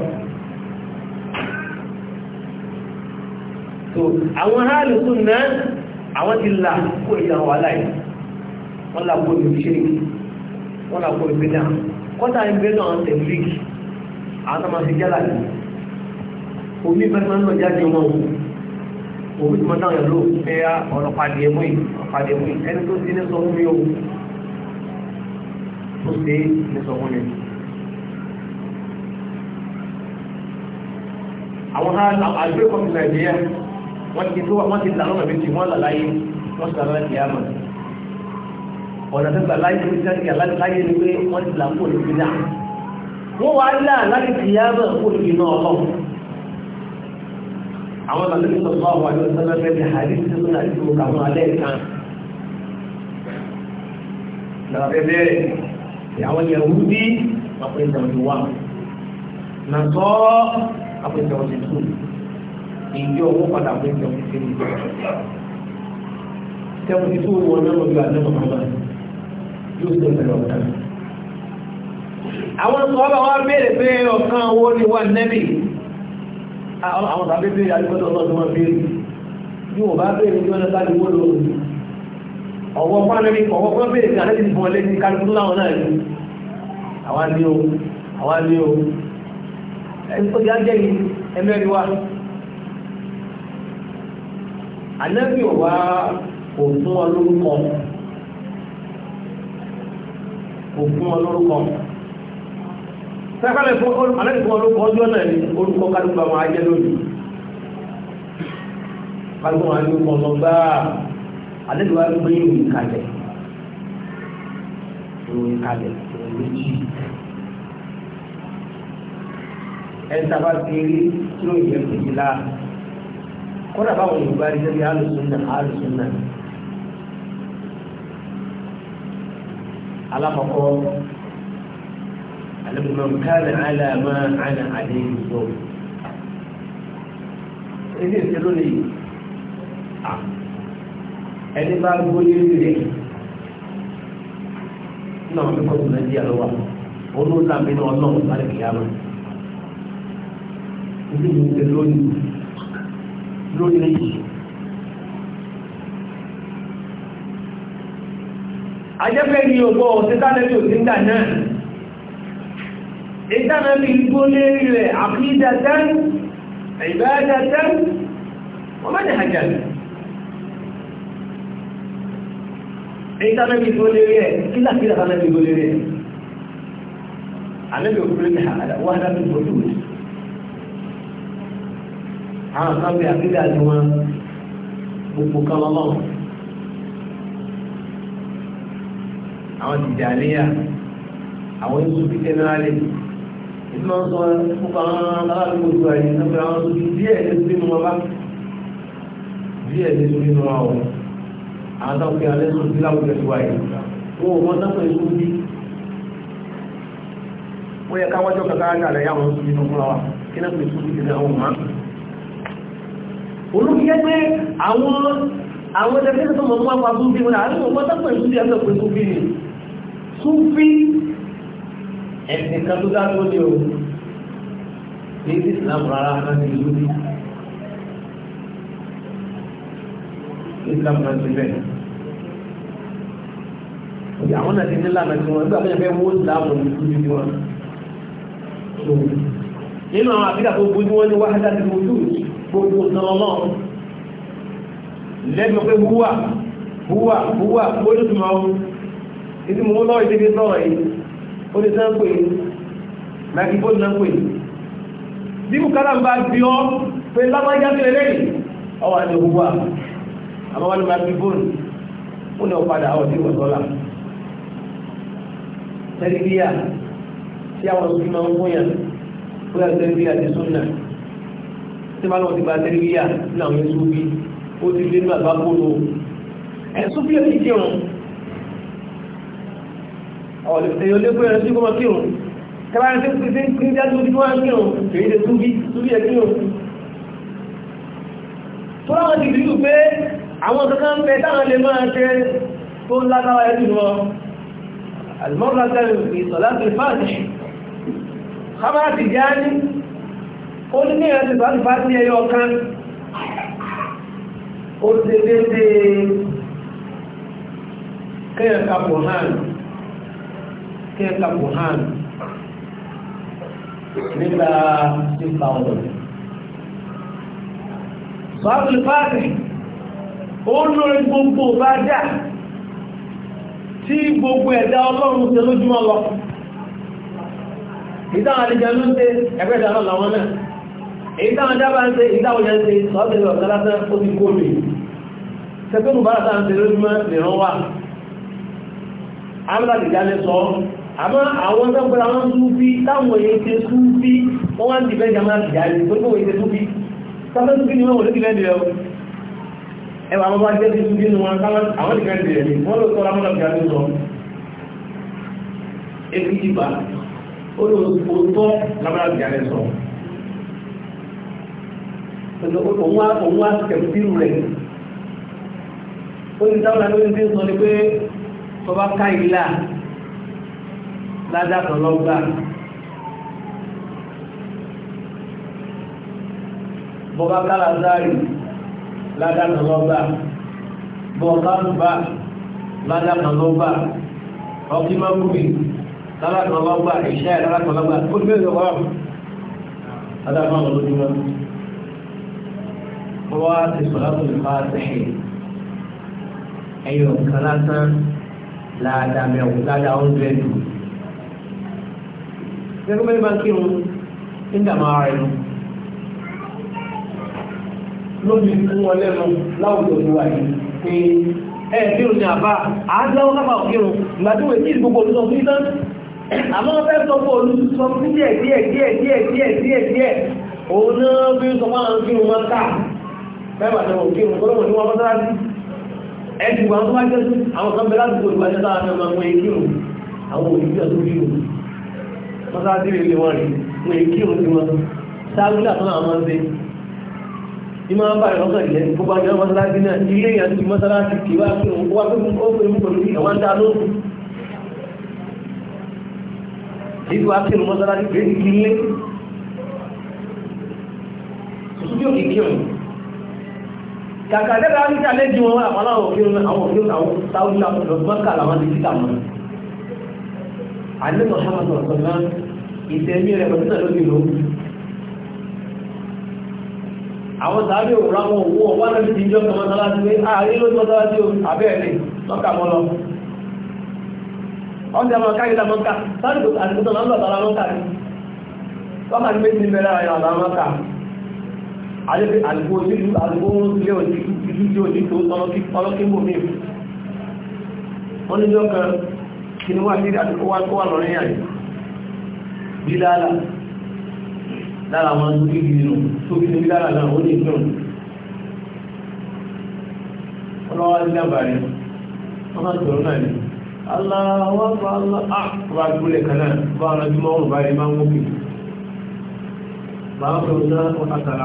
S2: so àwọn aráàlú tún náà àwọn ti là kó ìjà wà láì wọ́n là kó ìlú ṣe wọ́n là kó ìgbé náà kọ́tà ìgbé náà tẹ̀lé àwọn tó máa fi jálà yìí òbí mẹ́ta náà jáde ọmọ òun òbí tí mo náà yàn ló fẹ́ ọ̀rọ̀pàdé ẹ̀mú ọ̀pàdé ẹ̀mú ẹni tó ti ní sọ fún mi o tó ṣe é ní sọ fún mi. àwọn àgbẹ̀ kan ti nàìjíríà wọ́n ti tó wọ́n ti là lọ́nà méjì wọ́n là láyé wọ́n ti là lọ́nà ìyá mọ̀ ọ̀nà tó gbà láyé tó ti láyé ni pé wọ́n ti là kó olùkí náà wọ́n wá là láyé ìyá mọ̀ kó olùkí náà ọlọ́run àwọn tàbí sọ̀tọ̀ àwọn àjọ sọ́nà fẹ́ ti hàrí sí ọ̀nà ìlú àwọn alẹ́ kan. Ìjọba fẹ́ bẹ̀rẹ̀ tí àwọn Yahudi àpẹẹrẹ ìjọba wà.
S1: Nàtọ́ àpẹẹrẹ ìjọba ti tù. Ìjọ owó padà àpẹẹrẹ ìjọba ti tù. Tẹ́wọ́n ti tù wọn náà lójú àjọ mọ̀mọ́lá.
S2: Yóò ṣe ìbẹ̀rẹ̀ ọ̀tá. Àwọn sọ̀rọ̀ wa béèrè pé ọ̀kan owó ni wà nẹ́bì àwọn tàbí bí àdúgbò ọlọ́dún wọn bí yóò bá bèèrè ní ọjọ́ tàbí wọ́n lò ọwọ́ pánẹ́lì ọwọ́ pán bèèrè ní alẹ́ ìfún ọlẹ́ ní kálukú láwọn náà ní àwọn ní o àwọn ní o ẹni tó yá jẹ́ ọ̀wá kò fún ọ kò fún ọ sẹ́kálẹ̀ fún alẹ́kùn olóko ọjọ́ náà ni orúkọ kálùkù àwọn ajẹ́ lónìí kálùkù àwọn ajẹ́ ọmọ gbá alẹ́kùn wa gbé ìròyìn kalẹ̀ ìròyìn kalẹ̀ ìròyìn méjì ẹ̀ńtà bá ti rí kí ló yẹ kejì la kódà báwọn yorùbá rí sẹ́bi alùsùn náà alákọ̀ọ́kọ́. من كان على ما أنا عليه اليوم ẹni ìṣẹ́lú ni ẹni bá gbó ní rírẹ̀ náà mẹ́kọ̀ọ́ tó lẹ́jì àlọ́wà olóòtàmí náà ọlọ́run bá lè kìí àmà ní ìṣẹ́ lónìí lónìí ajẹ́fẹ́ ni ògbọ́ ọ̀sẹ̀ tánẹ́bí òsíńdà náà ìdáná bí igbó lérí rẹ̀ àfídàtán ìbáyàtán wọ́n má ní hajjá ìdáná bí igbó lérí rẹ̀ kílàkílà tánà bí igbó lérí rẹ̀ àlẹ́bẹ̀ òkúrẹ́ ní wàhálà bí igbó lérí rẹ̀ àwọn kan bí àwọn tìjà níyà àwọn ìsúfí tẹ́lẹ̀ máa ń sọ nípa àwọn aládùúgbò tó àyè nípa àwọn tó ti díẹ̀ ní sórí mọ́ bá díẹ̀ ní sórí mọ́ wa o àwọn táwọn fi alẹ́ sọ sí láwùjọ tó àyè wọn ò mọ sáfẹ́ ìlú bí ó yẹ káwájọ́ kankan ní àlẹ́ yàwọn
S1: sórí mọ́ fúnra wa kí náà fi sórí ìdílé àwọn mọ́
S2: olùkíyẹ́ pé àwọn àwọn ẹgbẹ́ tó mọ̀ fún wa pa súnfí wọn àárín òun mọ́ sáfẹ́ ìlú bí ẹgbẹ́ pé súnfí ni súnfí ẹ̀sìn kan tó dádúró ní òun ní sí ìsìlámù rárá kan ti lú ní Islam kan ti bẹ̀. Òyà àwọn náà ti ní lànà tí wọ́n gbà bẹ́ẹ̀ fẹ́ wó ìsìlámù ní ìlú ní wọn. Nínú àwọn àbíkà tó gbójú wọn ní wáhálà ti gbójú gbogbo ìsànlọ́lọ́ lẹ́nu pé húwà húwà húwà gbójú tó máa ń ìdí mú lọ́wọ́ ìdíbi sọ̀rọ̀ yìí ó ní sẹ́ ń pè láìpó ní ń pè bí bùkálà ń bá bí ọ́ pé lágbájá sí lẹ́yìn ọwọ́ àti òkú wa àmọ́ wọn ni máa bí bóòlù ó ní ọ̀padà ọ̀ sí ìwọ̀sọ́là tẹ́lifíà tí àwọn òsì máa ń fún yàn ó yà tẹ́lifíà ti sún náà tí máa lọ́wọ́ ti gba tẹ́lifíà ní yẹn sún bí ó ti lé ní àgbákòrò ẹ̀ sún bí ẹ̀ ti jẹun èyàn lé fún ẹ̀rọ tí kò máa kírun kẹfà ẹni tí ń kí ń dájú ojú wọn kírun èyí lè túbí túbí ẹ kírun tó láwọn ti dìdú pé àwọn kankan pẹ táwọn lè máa ṣe tó ń lágbára ẹ jù lọ alimọ́gbàgbẹ́rù ìsọ̀lá ti fáàtì kámárà ti já ní ó ní ní ẹ̀rọ ti sọ̀lá ti fáàtì ẹyọ kan ó ti dédé kẹ́yàn kapọ̀ náà kẹta Quran nígbà six thousand. Bábùlì Fáàdì, ó lórí gbogbo bá tí gbogbo ẹ̀dá ọlọ́run ṣe lójúmọ́ lọ. Ìdáwọn àlejò ló ń ṣe ẹgbẹ́ ìdáná làwọn náà. Ìdáwọn dábà ń ṣe yẹn ṣe ó ti kó mi. bá ṣe lójúmọ́ nìran wà. jálẹ̀ sọ àmọ́ àwọn tọ́gbọ́ra wọn súnfí táwọn èyí ṣe súnfí wọ́n wá ń dìbẹ́ ìjàmà ìjàrí gbogbo èyí ṣe súnfí sábẹ́ súnfí ni wọ́n wọ́n ló dìbẹ́ ìdìrẹ́ o ẹwà àwọn bá jẹ́ sí súnfí ni wọ́n àwọn dìbẹ́ ìdìrẹ́ ni wọ́n ló tọ́ra mọ́nà ìjàrí sọ èkì ìbà ó ló tọ́ lábára ìjàrí sọ òun wá kẹ̀kú bírù rẹ̀ ó ní táwọn àgbẹ̀ ń sọ ni pé tọba ká ìlà ládàtọ̀ lọ́gbà bọ́bá kálázárì ládàtọ̀ lọ́gbà bọ́ọ̀kánúbà ládàtọ̀ lọ́gbà ọkímọ́gbùmí ládàtọ̀ lọ́gbà ìṣẹ́ ládàtọ̀ lọ́gbà ó ní ẹ̀rọ wà ládàtọ̀ lọ́gbà wọ́n á ti sọ̀rọ̀ àbúrò fáṣẹ̀ ẹ̀yọ̀ kan lásán láàdá mẹ́wàá láàdá oúnjẹ dùn gẹ́gẹ́ bẹ́ẹ̀ máa ń kírun nígbàmọ́ ara ẹnu lóbi fún wọn lẹ́nu láwùjọ tó wà yìí pé ẹ kírun ní àbá àádáwọ́ lábà kírun ìgbàdúwẹ̀ tí gbogbo olùsọ fún ìtàn àmọ́ fẹ́ sọ fún olùsọ fún díẹ̀ díẹ̀ díẹ̀ díẹ̀ díẹ̀ díẹ̀ díẹ̀ òun náà bí sọ máa ń kírun wọn ká mẹ́wàá náà kírun kọ́lọ́wọ́ ní wọn mọ́sálásí ẹ̀dùn àwọn tó wá jẹ́ àwọn kan bẹ láti gbogbo àjẹ́sára náà máa mú ẹ̀kírun àwọn òyìnbí ọdún kírun mọ́sáàdì rẹ̀ lè wọ́n rí wọ́n èyí kírun sí wọn sáàgùlà tó náà máa ń ṣe ìmọ̀ bá rẹ̀ lọ́kàn jẹ́ kó bá jẹ́ mọ́sáàdì náà ilé yẹn ti mọ́sáàdì kì wá kírun ó wá pé ó pè mú pẹ̀lú ẹ̀wọ̀n dá lóhùn ìlú akérò mọ́sáàdì rẹ̀ ti ilé sùsùdíò kì kírun kàkà dẹ́gbẹ́ àríkà lẹ́jì wọn àwọn aláwọ̀ kírun àwọn kírun àwọn sáwùlà lọ́gbọ́n kà làwọn ti kíkà mọ́ àlẹ́ mọ̀ ìtẹ̀mí rẹ̀ pẹ̀lú náà lóbi lò àwọn sàárè òwúrọ̀ àwọn òwú ọwọ́ náà ti jọ kan mọ́sálásí pé ààrí ah, ló mọ́sálásí o àbẹ́ẹ̀lẹ̀ lọ́kà mọ́ lọ ọ̀sẹ̀ àwọn káyọ̀dá mọ́ká sáré kò àti kòtò náà lọ́tà lọ́kà ni lọ́kà ní méjì bẹ̀rẹ̀ àyọ̀ àlọ́ mọ́ká àdébí àdúgbò nílùú àdúgbò ilé òjì ìlú tí òjì tó ọlọ́kí mú mi wọ́n ní lọ́kàn kí ni wọ́n á sí àdúgbò wá lọ́rin àyè bílálà lára àwọn tó kí kiri nù tó kí ní bílálà náà ó lè dùn ọlọ́wọ́ ní àbàrẹ̀ wọ́n máa tọ̀rọ̀ náà ni aláwọ̀ bá bá gbúlẹ̀ kan náà bá ọ̀nà tí wọ́n bá rí máa ń wókè máa ń fẹ́ ọ̀nà wọn àtàrà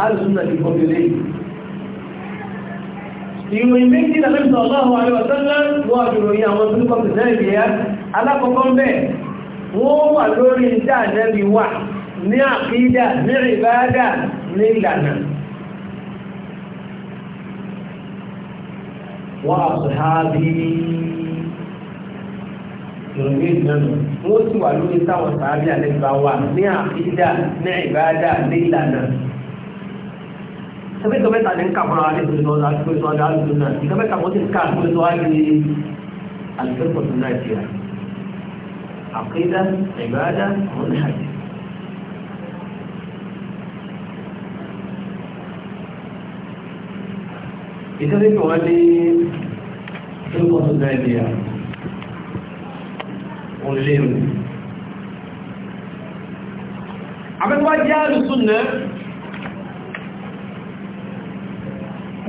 S2: àrùsùn náà ti kọ́ bí lẹ́yìn ìròyìn méjì náà lẹ́sọ̀ ọlọ́run àríwọ̀sọ́lá wọ́n àjòròyìn àwọn tó kọ́ pẹ̀lú ìrìyà alákọ̀ọ́kọ́ bẹ́ wọ́n wà lórí ìdá ànẹ́bí wà ní àkídà ní ìbáadà ní ìlànà wọ́n àṣùhábí ìròyìn méjì náà wọ́n sẹ́fẹ́ kẹfẹ́ ta ní ń kà fúnra ní ìpínlẹ̀ ọ̀dà àdúgbò tó ọ̀dà àdúgbò náà ìkẹfẹ́ ta mo ti ń kà fún ètò wáyé ní àdúgbò tó náà ti rà àkídà ìbádà àwọn ní àjẹ. ìtẹ́lẹ̀ kí wọ́n ní àdúgbò tó náà ti rà òun lé mi. àbẹ́wájá lùsùn náà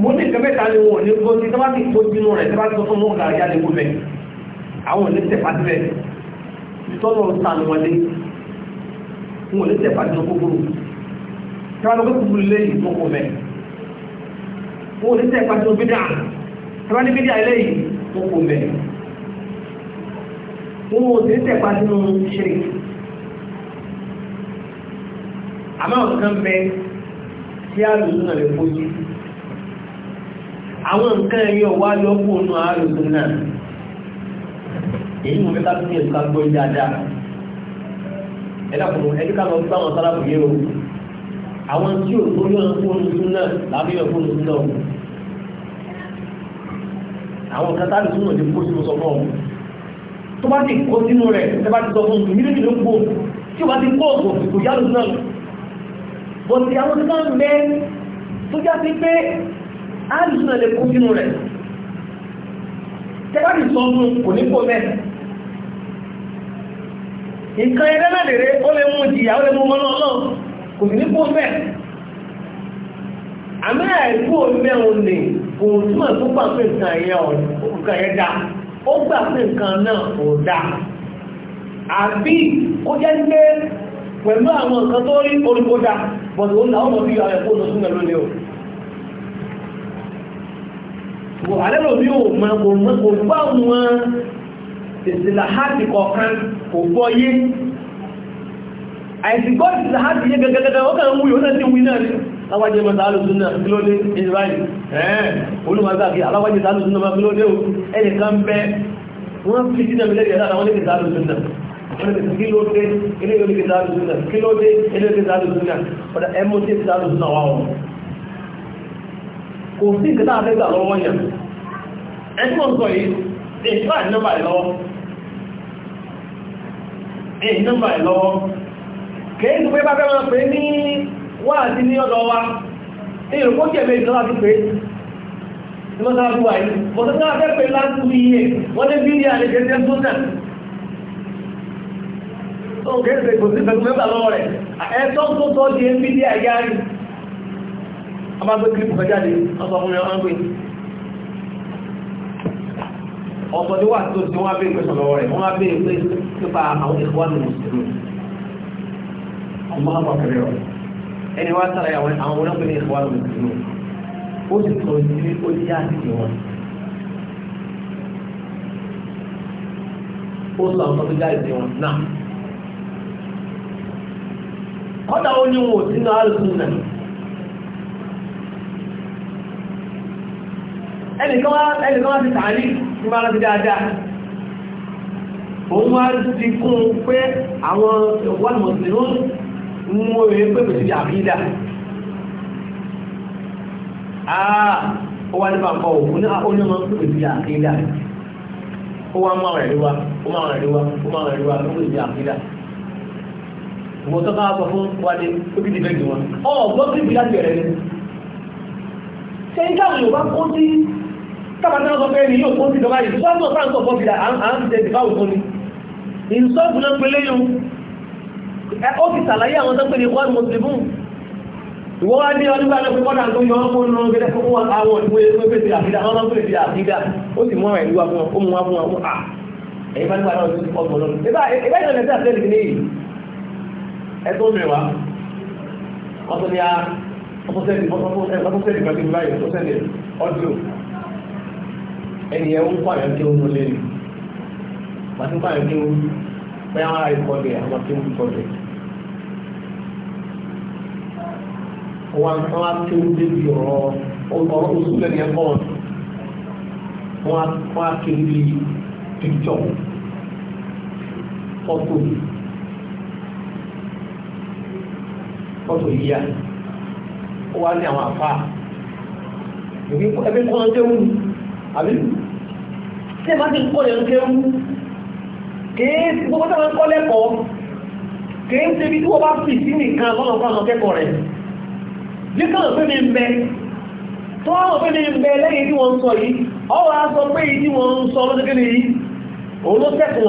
S2: mo ní ìfẹ́ mẹ́ta ni wọn ò ní kó tí tọ́bá ti kó sínú rẹ̀ tọ́bá ti sọ fún wọn kàrí jáde fún bẹ̀ àwọn òní tẹ̀ fásibẹ̀ ìtọ́nà sànù wọlé wọn ò ní tẹ̀ fásibẹ̀ kókóró tọ́bá lọ́gbẹ́ kúkúrú lé ìfọ́kọ̀ mẹ́ wọn ò ní tẹ̀ fásibẹ̀ bídà tọ́bá ní bídà ilé ìfọ́kọ̀ mẹ́ wọn ò ní tẹ̀ fásibẹ̀ ṣe àmọ́ nǹkan bẹ tí a lò lónà lè fojú àwọn nǹkan ẹ̀yọ wá yọkù ọ̀nà àrùn náà èyí mú mẹ́ta tó ní ẹ̀ka gbọ́ dáadáa ẹ̀dàkùnrin ẹ̀díkà lọ gbá wọn sára kù yé o àwọn tí ò tó yọ fóònù tún náà lábí yọ fóònù tún náà àwọn nǹkan tá a lè tún náà lè kó sínú sọ fún ọ tó bá ti kó sínú rẹ̀ tó bá ti sọ fún mi níbi ló ń gbó tí o bá ti kó òkò kò yálò náà bọ̀dì àwọn tó bá ń bẹ tó àrùsùn náà lè kó sínú rẹ̀ tẹ́bàdì sọ́dún kò ní kó mẹ́ nǹkan ẹgbẹ́ náà lèrè ó lè mú ìjìyà ó lè mú mọ́nà náà kò sí ní kó mẹ́ àmì àìkú mẹ́un ni kò túmọ̀ tó gbà pé nǹkan ẹ̀yẹ nǹkan ẹ̀yẹ dá ó gbà pé nǹkan náà kò dá àbí ó jẹ́ pé pẹ̀lú àwọn nǹkan tó rí orí kó dá bọ̀dọ̀ ó làwọn ọmọ bí ara ẹ̀kọ́ lọ sínú ẹ̀lú ni alẹ́lò bí o mọ kò gbá wọn ìsìláhàtì kọ̀ọ̀kan kò gbọ́ yé àìsìgbọ́ ìsìláhàtì yé gẹ́gẹ́gẹ́gẹ́ ó kàn ń wúyò náà tí wí náà aláwájẹ́ mọ́sálùsùn náà kí ló dé israeli ẹ̀ẹ́ olùmọ̀sáàkì aláwájẹ́ mọ́sálùsùn náà kí ló dé ẹnìkan bẹ́ wọ́n fi jíjẹ́ mi lẹ́yìn ẹ̀dá àwọn oníkẹ̀sálùsùn náà kí ló dé ilé oníkẹ̀sálùsùn náà kí ló dé ilé oníkẹ̀sálùsùn náà kò sí nǹkan táwọn fẹ́ gbà lọ́wọ́ wọn yẹn ẹni mọ̀ sọ yìí èyí bá nọ́mbà ẹ̀ lọ́wọ́ èyí nọ́mbà ẹ̀ lọ́wọ́ kèé ní pé bá fẹ́ máa pè ní wà àti ní ọ̀dọ̀ wa èyí kó jẹ́ méjì lọ́wọ́ ti pè ní mọ́sá fún wa yìí mọ̀ tó káwà fẹ́ pè láti fi iye wọ́n ní bíi àlè gẹ́gẹ́ tó nà ó kèé ṣe kò sí fẹ́ a bá gbé kírípù kan jáde ọsọ fún mi wọ́n gbé ọ̀pọ̀ tí wà tó ti wọ́n bèèrè pẹ̀sọ̀ lọ́wọ́ rẹ̀ wọ́n bèèrè pé nípa àwọn ìkọ́wà ní mùsùlùmí ọmọ àpapẹ̀rẹ̀ rọ̀ ẹni wá sára àwọn olóògbé ní ìkọ́wà ní mùsùlùmí ó sì sọ sí ó ti yá àti wọn ó sọ àwọn tó jáde wọn náà kọ́dà ó ní wọn ò sínú àlùsùn náà ẹnìkan wá ti tààrí ní máa rántí dáadáa òun wá ti kún pé àwọn ìwọ́n mùsùlùmí ń mú orin pé kò sí àbídà àà ó wá nípa nǹkan òkú ní onímọ̀ pé kò sí àbídà ó wá máa rẹ̀ lówá ó máa rẹ̀ lówá ó máa rẹ̀ lówá ó sì àbídà mo tọ́ bá sọ fún wádé ó bí dìbẹ́ jù wọn ọ̀ tábàtà ọkọ̀ pé ní yóò fún ìjọba yìí sọ́tọ̀ sáàtọ̀ fọ́fìdà àǹtẹ̀ ìfáwò fún ni ìsọ́ọ̀bù náà pẹ̀lẹ́ yóò ó ti sàlàyé àwọn tó pè ní wọ́n mùsùlùmù ìwọ́n wá ní ọdún gbàdọ̀ pé kọ́dà tó yọ ọmọ náà gẹ́gẹ́ fún wọn àwọn ìwé pépé ti àfidà wọn máa ń pè ní àfidà ó sì mú àwọn ìlú wa fún wọn ó mú wọn fún wọn à ẹ̀yìn bá nígbà náà ti ọgbọ̀n lọ. ìbá ìbá ìjọba ẹ̀sẹ̀ àti ẹ̀dìgbìn yìí ẹ tó mìíràn wá ọ̀sán ni a ọ̀sán sẹ́ẹ̀dì ọ̀sán sẹ́ẹ̀dì ẹni ẹ ń pààyàn kí ó ń lé ní pàtó pààyàn kí ó pé àwọn ará ìkọlẹ̀ àwọn kí ó ń kọlẹ̀ wọn á kí ó débi ọ̀rọ̀ ọ̀rọ̀ oṣù lẹ́ni ẹ̀ pọ̀ wọn á kí ó bí píkítọ̀ fọ́tò fọ́tò yíyá ó wá ní àwọn àfáà ẹbí kọ́ ọdẹ wù àbí tí ẹ bá ti kọ́ yẹn kéwú kìí gbogbo tí wọ́n kọ́ lẹ́kọ̀ọ́ kìí ṣe bí tí wọ́n bá fi sí nìkan lọ́nà fún àwọn akẹ́kọ̀ọ́ rẹ̀ bí kọ́nà pé mi ń bẹ tó wọ́n pé mi ń bẹ lẹ́yìn tí wọ́n ń sọ yìí ọwọ́ a sọ pé yìí tí wọ́n ń sọ lọ́dọ́gẹ́ ni yìí òun ló tẹ̀sùn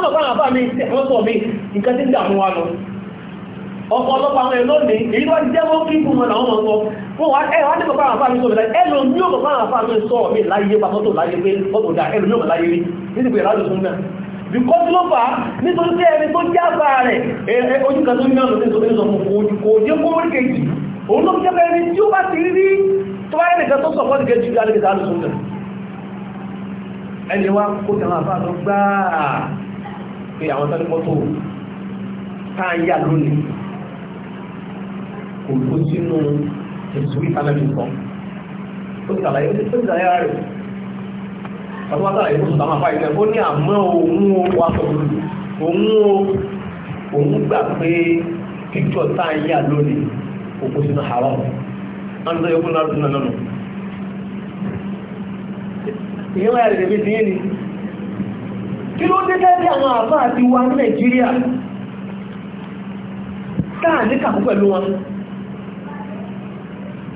S2: wọn àmọ́ ọ̀pọ̀lọpọ̀ àwọn èlò ní èyí tó jẹ́ wọ́n kí fún ọ̀nà ọmọ ọmọ fún wa ẹ̀ wá ní bàbá àwọn afáàmì sọ̀rọ̀ ẹ̀lò ní ò bàbá àwọn afáàmì sọ̀rọ̀ mi láyé pàtó tó láyé pé ọ̀tọ̀ dá ẹ̀lò ní ò láyé rí nítorí pé ìlàjò fún náà bìkọ́sí ló fà á nítorí pé ẹni tó jẹ́ àbá rẹ̀ ojú kan tó ní ọ̀nà tó ní sọ fún ojú kò jẹ́ kó rí kejì òun ló jẹ́ pé ẹni tí ó bá ti rí rí tó bá ẹnìkan tó sọ̀pọ̀ ní kejì alẹ́ ìta alùsùn náà ẹni wá kó tẹ̀wọ̀n àbá lọ gbáà pé àwọn tẹ́lẹ̀kọ́ tó káà ń yà lónìí kò kó sínú ẹ̀sùn ìfàmẹ́lì kan tó ìdáyà rẹ̀ ọdún wákàtà yìí lóṣù táwọn afáyé ó ní àmọ́ òun gbà pé píkọ̀ tá a yà lónìí kò kó sínú àárọ̀ wọn kí ló dé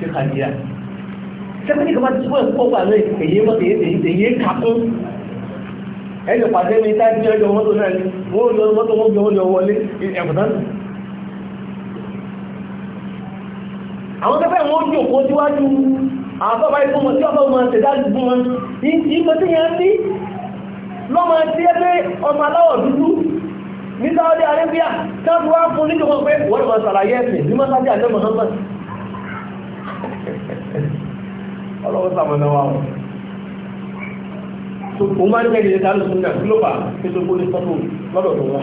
S2: sí kàdíyà sẹ́kẹ́ndì wọ́n jò kó síwájú àbábá ikú mọ̀ tí ọba ọmọ ṣẹ̀dá gbogbo wọn ìmọ̀ tí yẹn ní lọ́mọ tí ẹ pé ọmọ aláwọ̀ dúdú ní Saudi Arabia tábùwá fún nígbà wọn pé wọ́n mọ̀ sàlàyé ẹ̀sìn ní mọ́sájà ní Muhammad ọlọ́wọ́ sàmọ́nà wa o máa ń gbẹ̀dẹ̀ dálò fún ndị global tó tó gbóni sọ́tò lọ́dọ̀ tó wọ́n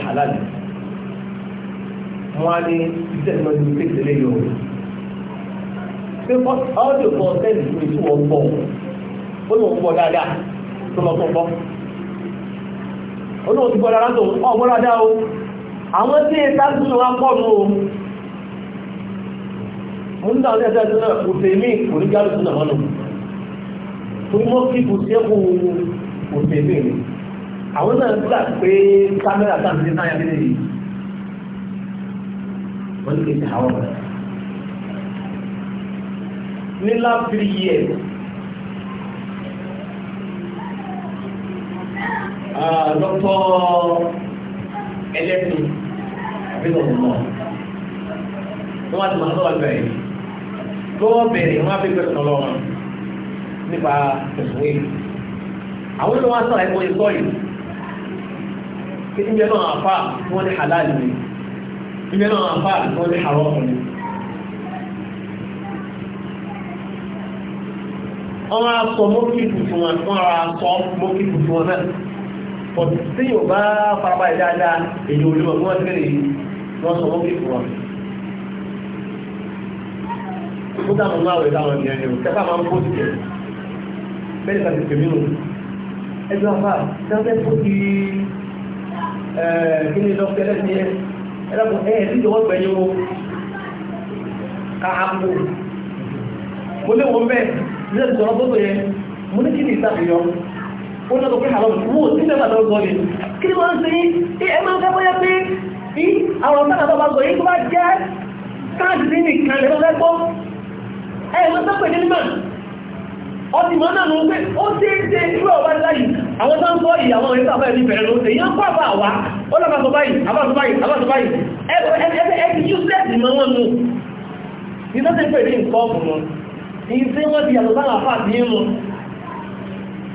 S2: wọ́n á ní ìṣẹ́ ìmọ̀ ọ́dọ̀ fún ìṣú wọn bọ̀ ó bọ̀ dáadáa tó o àwọn tí mo ń dáhùn ẹ̀dá ẹ̀dá náà òfèmí kò ní jálùkù náà mọ́nà tó mọ́ kí kò sí ẹ̀kọ́ òfèmí rẹ̀ àwọn náà gbà pé kámẹ́rà táà ní náà yàtọ̀ yìí wọ́n ní kí n ti àwọn lọ́wọ́ bẹ̀rẹ̀ wọn fi bẹ̀rẹ̀ sọ̀rọ̀ wọn nípa ẹ̀sùn yìí àwọn ìlú wọn sọ̀rọ̀ ẹ̀kọ́ yìí sọ̀rọ̀ yìí kí ní bẹ́ẹ̀ náà àfa tí wọ́n ní halal ni ní bẹ́ẹ̀ náà àfa tí wọ́n ní haram ni. wọ́n máa sọ mọ́kìtù fún wọn wọ́n máa sọ mọ́kìtù fún wọn náà pọ̀ tí yóò bá farabalẹ̀ dáadáa èyí olúwa wọ́n ti rìn wọ́n sọ mọ́kìtù wọn tó dáwọn máa wẹ̀ dáwọn ènìyàn ni kẹfà máa ń kó sí ẹ̀ bẹ́ẹ̀ ká ti tèmi nù
S1: ẹjọ́ afá dáńtẹ́ tó ti
S2: kí ni dọ́kítẹ́ lẹ́sìn yẹn ẹlẹ́kùn ẹ̀ ẹ̀ dídì wọ́n gbẹ̀yìn wo ká á kú mo lé wọn bẹ́ẹ̀ ní ẹ̀sìn sọ̀rọ̀ tó tó yẹ mo ní kí ni ìsàfihàn ó lọ́dọ̀ pé àlọ́ wò sí mẹ́fà tó gbọ́ ni kí ni wọ́n ń sẹ́yìn ẹ máa ń fẹ́ bóyá pé bí àwọn ọ̀sán àtọ́ bá yìí tó bá jẹ́ káàdì sí nìkan lè lọ́lẹ́gbọ́ ẹ̀ mọ́ sọ́pẹ̀ ní mọ̀ ọtí mọ́ náà ló ń pẹ́ ó ṣe é ṣe irú ọ̀wá láyì àwọn tó ń kọ́ ìyà àwọn ẹ̀sọ́ àbáyé nífẹ̀ẹ́ ló ṣe yán kọ́ àbá wá ó lọ́pàá sọ báyìí àbá sọ báyìí àbá sọ báyìí ẹ ti useless mọ́ wọn nù ní tó ṣe pè ní nǹkan ọ̀gbọ̀n ní ṣé wọ́n ti yàtọ̀ sáwọn àfáà sí mọ́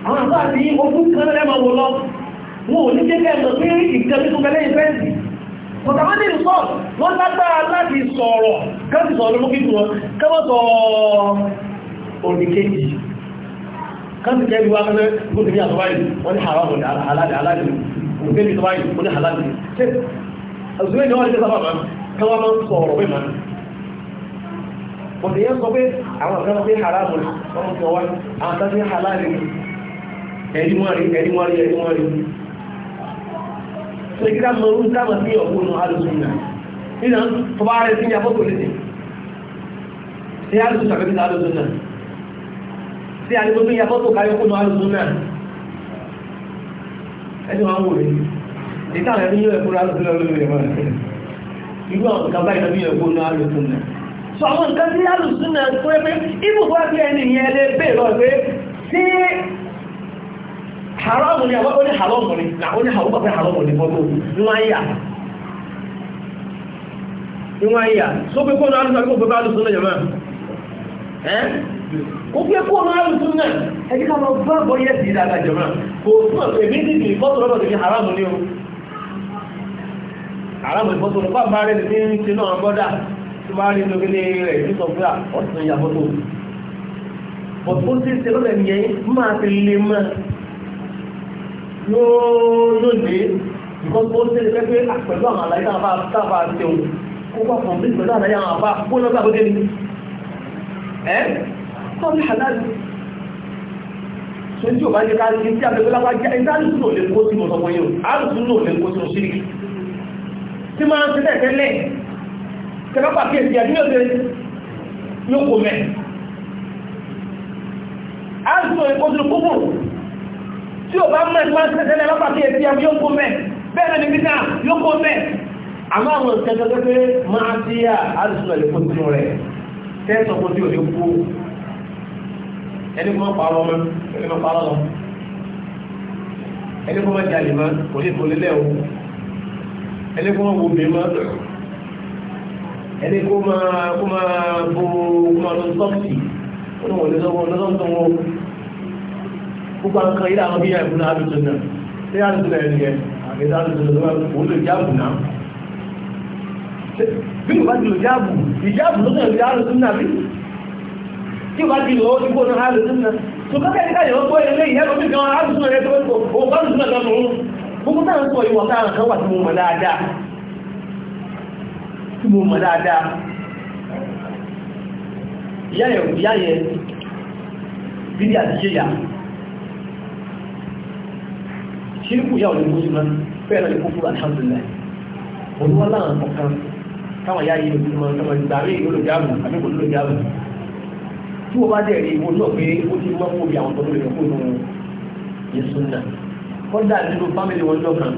S2: àwọn àfáà sí ojú kan lẹ́mọ̀ wọ lọ wọn ò ní kékeré mọ̀ pé ìkẹ́ mọ̀tàmọ́dé ìsọ́ wọ́n lágbára láti sọ̀rọ̀ káàkiri sọ̀rọ̀ lọ́mọ́ kíkù wọn kẹ́mọ́sọ̀ òdìkéjì káàkiri kẹ́lú wá kẹ́lẹ́ gúnlẹ̀ ní àtọ́báyì wọ́n ní haram ní aláàdì aláàdì òkè ní tọ́báyì wọ́n ní aláàdì ṣe àzúwẹ́ ni wọ́n ní sábà máa kẹwàá máa ń sọ̀rọ̀ pé máa mọ̀tẹ̀ yẹn sọ pé àwọn kan sí haram wọ́n mú ti wọ́n àwọn kan sí aláàdì ẹ̀rí mọ́rí ẹ̀rí mọ́rí ẹ̀rí mọ́rí sai ka maru ta ba sai yau no halu sunna ina to ba rai sun ya fito ne sai halu sunna ga halu sunna sai halu sunna ya fito kai ko no halu sunna ẹni wọn wò ní ìta rẹ̀ ní yóò ẹ̀kún rárá sílẹ̀ olóòrè wọn irú àwọn nǹkan báyìí lọ́bí ẹ̀kún ní alùsùn náà so àwọn nǹkan sí haramu ni àwọn oní haramu ni na oní haramu pàpẹ haramu ni fọ́tò níwáyà níwáyà tó pé kóòrò alùsùn àríkò pẹ̀lú alùsùn náà jẹ́mọ́ ẹ́ kó pé kóòrò alùsùn náà ẹjí ká máa bá bọ́ yẹ́ sí ìdága jẹ́mọ́ kò túnmọ̀ pé mí ti fi fọ́tò lọ́dọ̀ ní haramu ni o haramu ni fọ́tò lọ́dọ̀ bá bá rẹ̀ ní ti náà bọ́dà tó bá rí lórí rẹ̀ ní sọ fún ọ̀sán ìyàfọ́tò bọ̀t yóò lé nǹkan tó ṣe lè pẹ́ pẹ̀lú àwọn àlàyé tábà tábà ṣe òun kó wà fún bíi pẹ̀lú àlàyé àwọn àbá kó lọ́gbà tó dé ní. ẹ kọ́ ní àdáyé ṣojú ò bá jẹ́ ká ní tí abẹ́gbẹ́ lápá jẹ́ ẹ̀dá lùsùn ò lè kó sínú ọ̀sán wọn yóò alùsùn ò lè kó sínú sírí tí máa ń ṣe bẹ́ẹ̀ tẹ́lẹ̀ tẹ́lọ́pàá kí èsì àdúgbò ṣe yóò kó mẹ́ alùsùn ò lè kó sínú kókòrò tí ò bá mẹ́rin máa ń tẹ́tẹ́lẹ̀ lọ́pàá ẹ̀sí àmì yóò kó mẹ́ bẹ́ẹ̀ ni bíta yóò kó mẹ́ àmọ́ àwọn ìtẹ́jọ́ pé máa sí à àdùsùn ẹ̀lẹ́ fún sínú rẹ̀ tẹ́sọ̀ fún tí ò ní kú ẹni kọ́ parọ́ mọ́ ẹni kọ́ parọ́ lọ ẹni kọ́ mẹ́jẹ àlè mọ́ kò ní ìfòlé lẹ́wọ́ ẹni kọ́ wo bè mọ́ ẹni kọ́ máa bo kọ́ máa lọ sọ́ọ̀tì ó ní wọ́n lé lọ́wọ́ lọ́sọ̀tọ̀ wọn gbogbo àwọn ilé àwọn bí ìbúná àdùtò náà ṣé àdùtò náà ẹni yẹn àgbẹ̀dá àdùtò lọ́wọ́ òun lè jáàbù náà bí o bá ti jáàbù ìjáàbù lọ́sẹ̀ ìjà àdùtò náà bí tí o bá ó ti náà àdùtò náà tó kọ́kẹ́ ní káyọ̀ ọgbọ́ ilé ìyá lómi gan àdùtò náà tó o bá àdùtò náà lọ́nu àti ṣe yà ṣírìkù yà òní mùsùlùmá fẹ́ẹ̀rẹ̀ lè kúkú alhamdulillah olúwa láwọn ọ̀kan káwọn yá yìí mùsùlùmá káwọn ìgbàrí olùjáàbù àbí kò lólùjáàbù tí wọ́n bá dẹ̀ rí owó náà pé ó ti mọ́ fún bí àwọn tó lórí ẹ̀kọ́ nínú yẹsù náà kọ́dà nínú fámìlì wọn jọ kan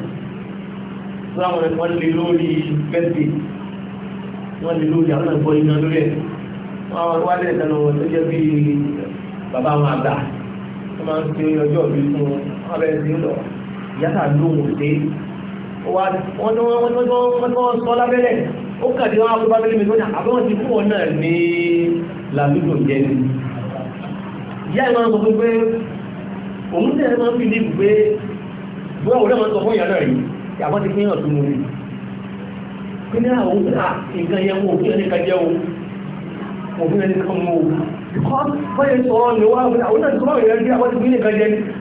S2: tí wọ́n lè lórí bẹ́ẹ̀dì wọ́n lè lórí àwọn ẹ̀kọ́ iná lórí ẹ̀ wọ́n wá lẹ̀ sẹ́nu tó ìyáta lóhun òdé wọ́n sọ lábẹ́lẹ̀ ó kàdé wọn àpò bábẹ́lẹ̀ mi lónìí àbẹ́wọ̀n ti fún wọn náà ní làlúdò jẹ́ ni ìyá ìmọ̀ sọ pé òun tẹ̀lé máa ń fi níbi pé bóyá òun náà máa ń sọ fún ìyá náà rí àbọ̀ ti fi hàn tó mú mi pé ní àwọn òun náà nǹkan yẹn wọn òfin ẹni kan jẹ́ o òfin ẹni kan mú o kọ́ báyìí sọ ọ́ ni wọ́n àwọn náà sọ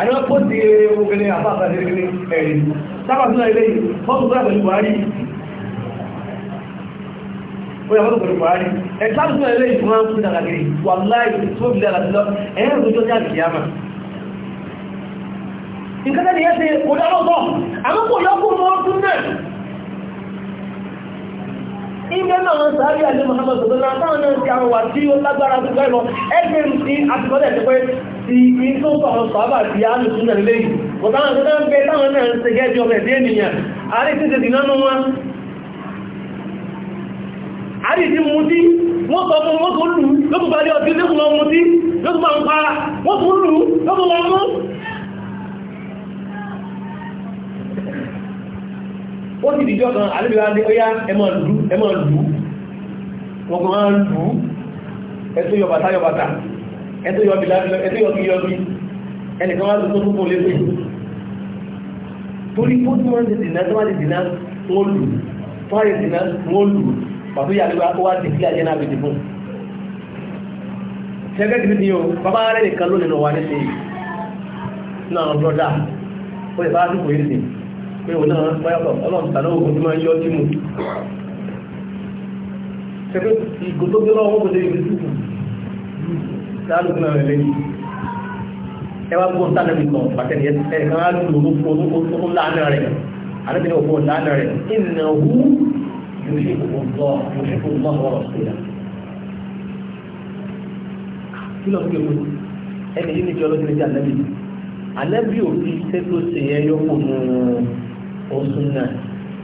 S2: àyọ́ tó ti eré ogele àbáàtàdé ní ẹ̀rí sábàtúnà ilé fọ́tò tó pẹ̀lú buhari ó yà fọ́tò pẹ̀lú buhari ẹ̀ sábàtúnà ilé ìfúnra tó dàgàgìrì wà láì tó fi dàgàgì lọ ẹ̀yẹ́ tó tó ní àgbìyàmà nǹkan tẹ́lẹ̀ yẹ́ ṣe kò dá lọ́tọ̀ àmọ́ kò yọ́kùn mọ́ ọdún náà ilé náà sáré àti Muhammad sọ̀tọ̀ náà táwọn náà ti àwọn wà tí ó lágbára tó gbẹ́lọ ẹgbẹ́ ti àtìkọ́lẹ̀ ti pẹ́ ti ìtò àwọn sọ̀ábà ti àánú sínú ẹ̀lẹ́ yìí wọ́n táwọn tó náà ń bẹ táwọn náà ń ṣe gẹ́jọ ọmọ ẹ̀dẹ́ ènìyàn àrí ti tètè nánú wọn àrí mú tí wọ́n sọ fún wọ́n tó lù lókùnbálẹ̀ ọtí lókùnbọ̀ mú tí lókùnbọ̀ ń pa wọ́n tó lù lókùnbọ̀ mú ó ti dìjọ́ kan àlébìwá ní ọyá ẹmọ̀ lù ẹmọ̀ lù wọ́n kò máa lù ẹ̀tọ́ yọ bàtà yọ bàtà ẹ̀tọ́ yọ bìlá ẹ̀tọ́ yọ bìlá bí ẹnìkan wá tó tó lé pé torí ó tí wọ́n ti dìná tó wá ti dìná wọ́n lù tó wá ti dìná wọ́n lù pàtó yà lóba ó wá ti fi àyẹ́ o bàbá rẹ̀ nìkan lónìí lọ wà ní ṣe náà lọ́dà ó lè bá tó kò yé pé òun náà pẹ́yàpọ̀ ọlọ́run tàná ogun tí máa yọ tí mù ṣẹ́gbẹ́ ìgò tó gbé lọ́wọ́ kò dé ibi tútù láàrùn náà rẹ̀ lẹ́yìn ẹ wá gbọ́n tánà mi kan pàtẹ́ni ẹnìkan á lù ú fún un lánà rẹ̀ àdébìnrin òfin òun lánà rẹ̀ ìnáwó yóò ṣe kò lọ yóò ṣe kò lọ ọ̀rọ̀ sílẹ̀ kí lọ́ọ́ fi kéwòn ẹni yìí ní kí ọlọ́sìn ní ti àlẹ́bí àlẹ́bí òfin ṣé tó ṣe yẹ yọ kò nù òun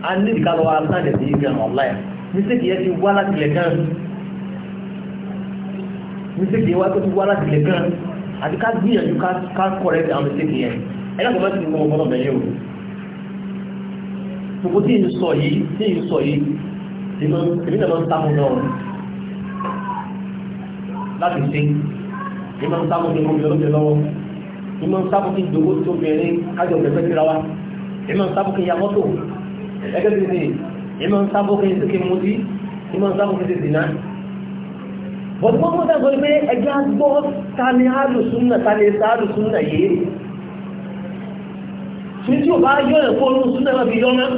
S2: a ní ìkàlọ́ wa sáà lè fi gan ọ̀láyà yẹn ti wá láti lè gan àti ká gbìyànjú ká kọ̀rẹ́ àwọn mísíkì yẹn ẹ̀yà kò ti mú ọmọ ọmọ yẹn o gbogbo tí ń sọ yìí tí ń sọ yìí èmi náà máa ń sáwọn náà láti ṣe èmi máa ń sáwọn ní ń sáwọn wa. ìmọ̀ sábùkì ìyàmọ́tò ẹgbẹ́ ti ní ìmọ̀ sábùkì ìsìnkì mọ́tí ìmọ̀ sábùkì ti dìná bọ̀dù wọ́n mọ́ sàgbọ́ pé ẹgbẹ́ agbọ́ tani alùsùnà tani alùsùnà yìí tí tí ò bá yọ ẹ̀kọ́ ọdún súnà máa fi yọ náà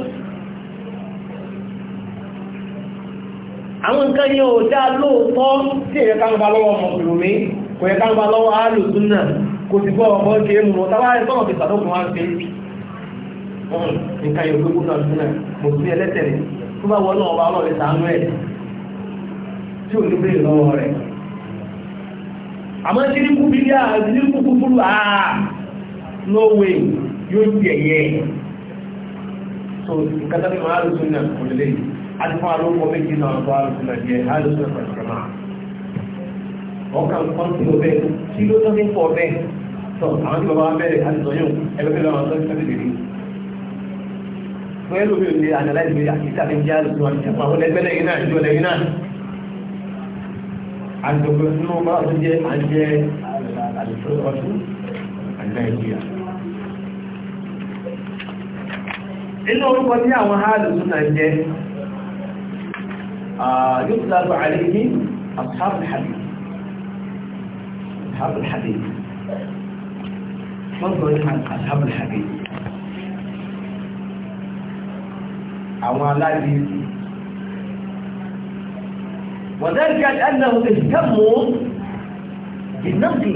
S2: àwọn nǹkan yẹn ò dá lóòótọ́ tí èyẹ ká ń ba lọ́wọ́ mùsùlùmí kò yẹ ká ń ba lọ́wọ́ alùsùnà kò sì gbọ́ ọ̀pọ̀ ṣe é mú mọ́ tábàárẹ̀ tọ́nà fi sàdókùn wá ń ṣe é nǹkan yòókù kúnnà súnà mùsùlùmí ẹlẹ́tẹ̀ ni tó bá wọnú ọba ọlọ́rẹ̀ sànú ẹ̀ tí ò ní bèrè lọ́wọ́ rẹ̀ àmọ́ síríkù bí yá síríkù kúkúrú àá no way yóò jẹ̀ yẹ so nǹkan tó ní mọ̀ àlùsù náà kò lè àti fún àlùkò méjì náà tó àlùsù náà jẹ àlùsù náà pàṣẹ máa ọkàn kan tí o bẹ tí ló tó ní pọ̀ bẹ́ẹ̀ sọ àwọn tí pẹ̀lú mi ò ní analyze mi àkíkà mi jẹ́ àlùkò àjẹpà àwọn ẹgbẹ́ lẹ́yìn náà ìjọ lẹ́yìn náà àjọpọ̀ nínú ọmọ àwọn jẹ́ àjẹ́ àlùkò ọdún nàìjíríà. inú orúkọ tí àwọn àlùkò náà jẹ́ yóò ti lábọ̀ àlejò àbúhábù hadith àbúhábù hadith wọ́n sọ ní àbúhábù hadith àwọn aláàbí wọ̀dẹ́rìkà ẹ̀nàwó ìsìkàmù ìnáàbì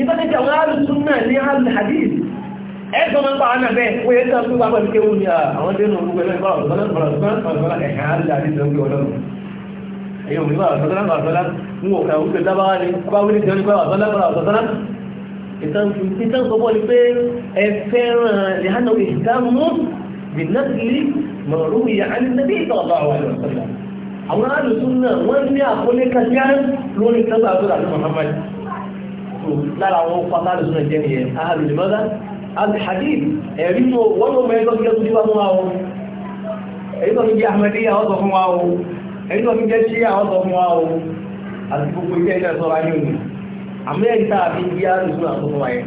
S2: ìbájẹ́kẹ̀ àwọn alùsùn náà ní alùsùn hadith ẹ̀sọ́ máa ń pa ánà bẹ́ẹ̀ wọ́n yẹ́ sọ́rọ̀ púpọ̀ pẹ̀lú kéwù ní àwọn dénú gbogbo ẹ̀lẹ́gbà ọ̀sán ìtàn sọ bọ́ ni pé ẹ fẹ́ràn ìhánà ìsìkàmù بنقل ما روي عن النبي صلى الله عليه وسلم àwọn alùsùnà wọ́n ní àkọlé kàtíyà lórí kẹta àtúrà ní Muhammad lára àwọn pàtà alùsùnà jẹ́ ni ẹ̀ alùsùnà alùsùnàdìd ẹ̀rí mọ́ wọ́n mọ́ ẹgbẹ́ ọjọ́ tó wá fún wa o ẹ̀rí tó fi jẹ́ Ahmadiyya àwọn sọ fún wa o ẹ̀rí tó fi jẹ́ Shia àwọn sọ fún wa o àti gbogbo iṣẹ́ ìṣẹ́ sọ́ra ní òní àmì ẹ̀rí tá a fi jẹ́ alùsùnà tó fún wa yẹn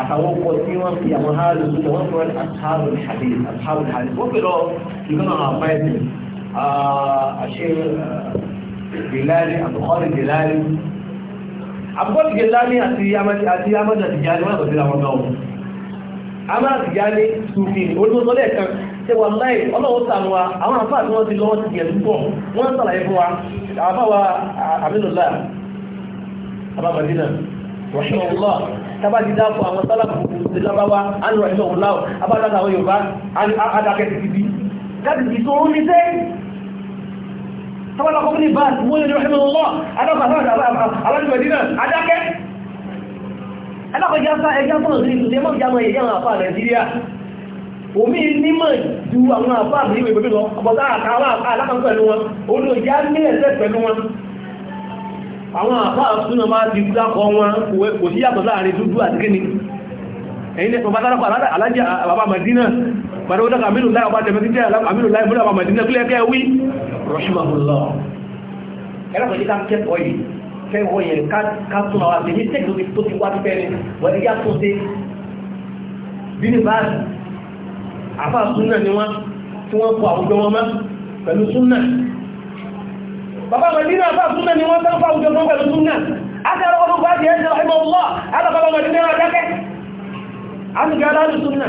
S2: àtàwọn ọkọ̀ tí wọ́n fi àwọn hálù tó wọ́n fún àtàrù ìhàdí àtàrù ìhàdí wọ́n fi lọ ìgbọ́n àwọn àpáyẹ̀dì àṣẹ ìgbèláàrí àbúkọ́lì ìgbèláàrí àbúkọ́lì ìgbèláàrí àti amájà tìjáni wọ́n àtọ̀sí àwọn náà amájà tìjáni sùfì olóòtọ́lẹ̀ kan ṣe wà láì ọlọ́wọ́ sàánú wa àwọn àfáà tí wọ́n ti lọ́wọ́ ti yẹ̀ púpọ̀ wọ́n rahimahullah tábà ti dáàbò àwọn sálàbù ìlábáwá anu rahimahullah abájáde àwọn yorùbá adákẹ́ ti bíbí láti ti sọ̀rọ̀ ní sẹ́ tábàlá kọ́kọ́ ní báàsì wọ́n yẹ rahimahullah adákẹ́ alákọ̀ọ́já sá ẹjá sọ̀rọ̀ sí ìtùtẹ́ mọ́ ìjámọ̀ ẹ̀yẹ́ àwọn àfáà nàìjíríà omi nímọ̀ ju àwọn àfáà àbúrí ìwé pẹ̀lú lọ ọ̀pọ̀ta àkàwọn àfáà alákọ̀ọ́ pẹ̀lú wọn olóòjá ní ẹ̀sẹ̀ pẹ̀lú wọn àwọn àfáà súnà máa ti dákọ wọn kò sí yàtọ̀ láàrin dúdú àti kíni ẹ̀yìn ní ọba tárápà alájẹ́ àbábá Madina bàtà ó dákà àmìlù láì ọba tẹ̀mẹ́tí jẹ́ àmìlù láì múlẹ̀ àbá Madina kílẹ̀ kẹ́ wí rọ́ṣùmọ̀lọ́ ẹlọ́pàá jíká kẹ́kọ̀ọ́ yìí kẹ́kọ̀ọ́ yẹn ká tún àwọn àti ní tẹ́kì tó ti wá pípẹ́ ni wọ́n ti yá tó dé bí ní báyìí àfáà súnà ni wọ́n tí wọ́n kọ àwùjọ wọn mọ́ pẹ̀lú súnà bàbá Màdínà bá súnà ni wọ́n sáfà òjò tó pẹ̀lú súnà adára ọdún bá jẹ́ ẹ̀sẹ̀ ọ̀hìmọ̀ ọlọ́ adábàbà Màdínà adákẹ́ àtúgbà aláàrù súnà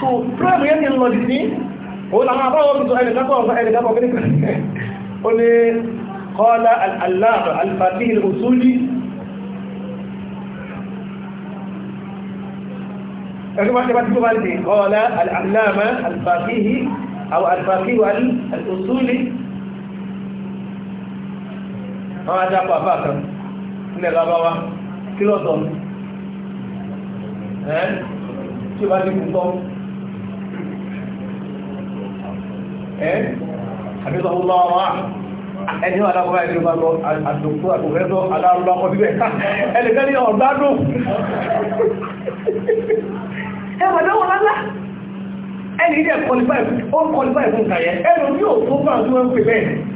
S2: tó pírẹ́mù yẹn ti lọ dìdí ó làwọn àbáwọ̀ tó ẹnìkàkọ̀ قال العلامة الفقيه أو الفقيه الأصولي àwọn adápọ̀ àbá kan nílẹ̀ lábáwá kí lọ́tọ̀ ẹ́ tí ó bá ti kùn tọ́ ẹ́ àbíkọ̀ ó lọ́wọ́ wá ẹni wà lábọ́ báyìí bá lọ àdòkú àdòkú aláàrùn ọkọ̀ bíbẹ̀ ẹnìkan ní ọ̀gbádùn ẹwọ̀n lọ́wọ́ lálá ẹni ilẹ̀ kọlifáì fún kàyẹ ẹnu ní òfófà tí wọ́n ń pè bẹ́ẹ̀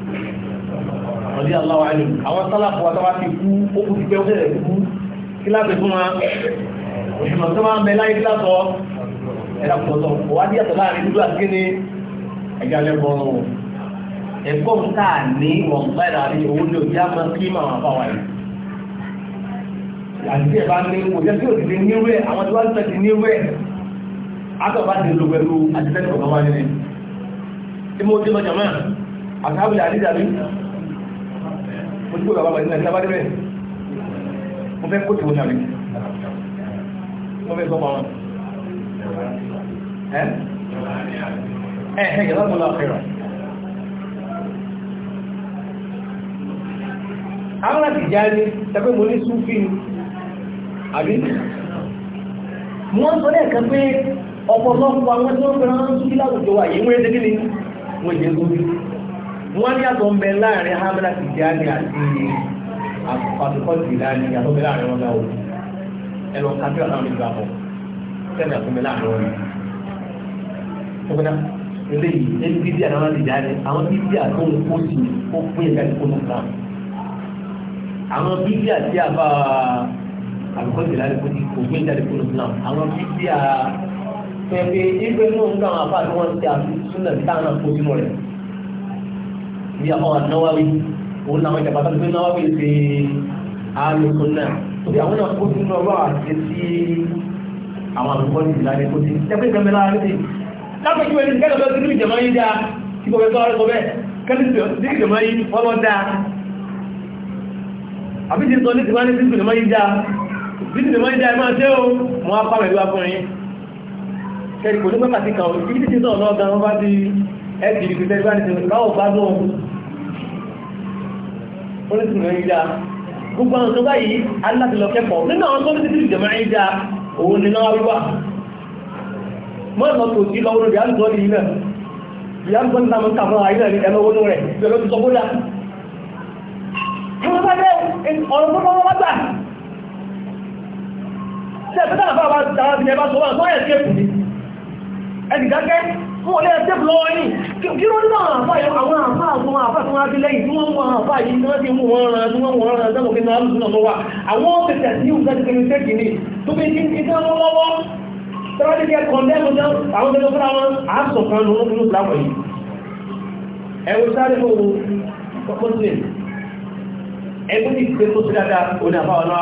S2: ọdí aláwọ̀ àìlú àwọn sálàpù àtàwà ti kú ó kú ti pẹ́ òṣèrè kú kí láti fún wa òṣìmọ̀ tó máa ń bẹ láyé kílátọ̀ ẹ̀dà pọ̀tọ̀ wá dí àtọ̀ láàrin dúdú àti kíni ẹ̀gá lẹ́bọ̀n ẹ̀kọ́ nǹka ní wọ̀n báyìí àti owó ní òjá máa kí máa wà fáwọn yìí àti
S1: ojúgbò bàbá bàbá ìlànà ìlànà bẹ́ẹ̀ mo fẹ́ kó tìwọ́n nàbí mo fẹ́ sọmọ wọn ẹ ẹ ẹ jẹ́ lọ́pọ̀ lọ́pọ̀ ẹ̀rọ
S2: àwọn láti já ní tẹ́pẹ́ mo ní súnfì àbí wọ́n sọ lẹ́ẹ̀kan pé ọ̀pọ̀lọpọ̀ àwọn tí wọ́n fẹ́ràn súnfì láwùjọ wà yìí wọ́n yẹ́ wọ́n ní àtọ̀ ń bẹ láàrin hamla tìjáni àti àtùkọ́ tìjáni àtọ̀ bẹ láàrin wọn láwọ ẹlọ kájú àtàwọn ìgbà pọ̀ sẹ́ni àtúnbẹ láàrin wọn yìí. ọ̀gbẹ́dá eléyìí ẹni bíbí àtàwọn tìjáni àwọn bíbí àtọ́hún kó sì kó pín ẹ̀ka ìkó ló kàn. àwọn bíbí àti àbá àtùkọ́ tìjáni kó sì kó pín ẹ̀ka ìkó ló kàn. àwọn bíbí à pẹ̀pẹ̀ ìgbẹ́ náà ń gbà wọn àbá àti wọn ti àtúnṣe náà bí ọ̀rọ̀ náwáwí òun làwọn ìjàmbá tó gbé náwáwí ṣe àlùkò náà tó bí àwọn náà kó tún lọ wá àti sí àwọn àlùkò ní ìlànà kó sí tẹ́gbẹ́ ìgbẹ́mẹ́ láàrin sí lápẹjú ẹni kẹ́lẹ̀ bẹ́ẹ̀ sínú ìjàmbá yìí dáa tí kò bẹ́ẹ̀ sọ́ọ́rẹ́ kò bẹ́ẹ̀ kẹ́lẹ̀ sí ìjàmbá yìí wọ́n lọ dáa àbí ti sọ ní ti máa ní sí ìjàmbá yìí dáa bí ti máa ń dáa máa tẹ́ o mo á pàmì ìwà fún yín kẹ́lẹ̀ kò ní pẹ́ pàtí kan ò oníṣùn rẹ̀ ń já gbogbo àwọn tó báyìí aláàtìlọ kẹ́kọ̀ọ́ nínú àwọn tó ní títí ìjọba ń já òun ni náà wíwà mọ́ọ̀lọ́ tó sí lọ́wọ́ lórí àlùtọ́ ní ilẹ̀ ìyá ń gbọ́n lámọ́ kàmọ́ àìlẹ̀ ní ẹlọ́wọ́ ní rẹ̀ ìbẹ̀rẹ̀ ti sọ bóyá ọ̀rọ̀ tó bá wá gbà ṣe ẹ̀fẹ́ tàbí àwọn àwọn àti ẹbá sọ wà sọ́yẹ̀ sí ẹ̀kùn ní ẹ̀dìdákẹ́ fún ọlẹ́ ẹ̀dẹ́bù lọ́wọ́ ní kí ló náà àfá àwọn àfá àwọn àfá tó wá bí lẹ́yìn tí wọ́n wọ́n àfá yìí tí wọ́n ti mú wọn rán tí wọ́n wọ́n rán sẹ́wọ̀n kí náà lùsùn náà wà àwọn pẹ̀tẹ̀ sí ìwúsẹ́ ti kiri sẹ́kì ni tó bí kí ní wọ́n lọ́wọ́ tẹ́wọ́n ti kọ́ lẹ́nu jẹ́ àwọn tẹ́lẹ̀ fúnra wọn àásọ̀ kan ló ń lù láwọ̀ yìí ẹgbẹ́ ti gbé tó sí dáadáa òní àfá wọn náà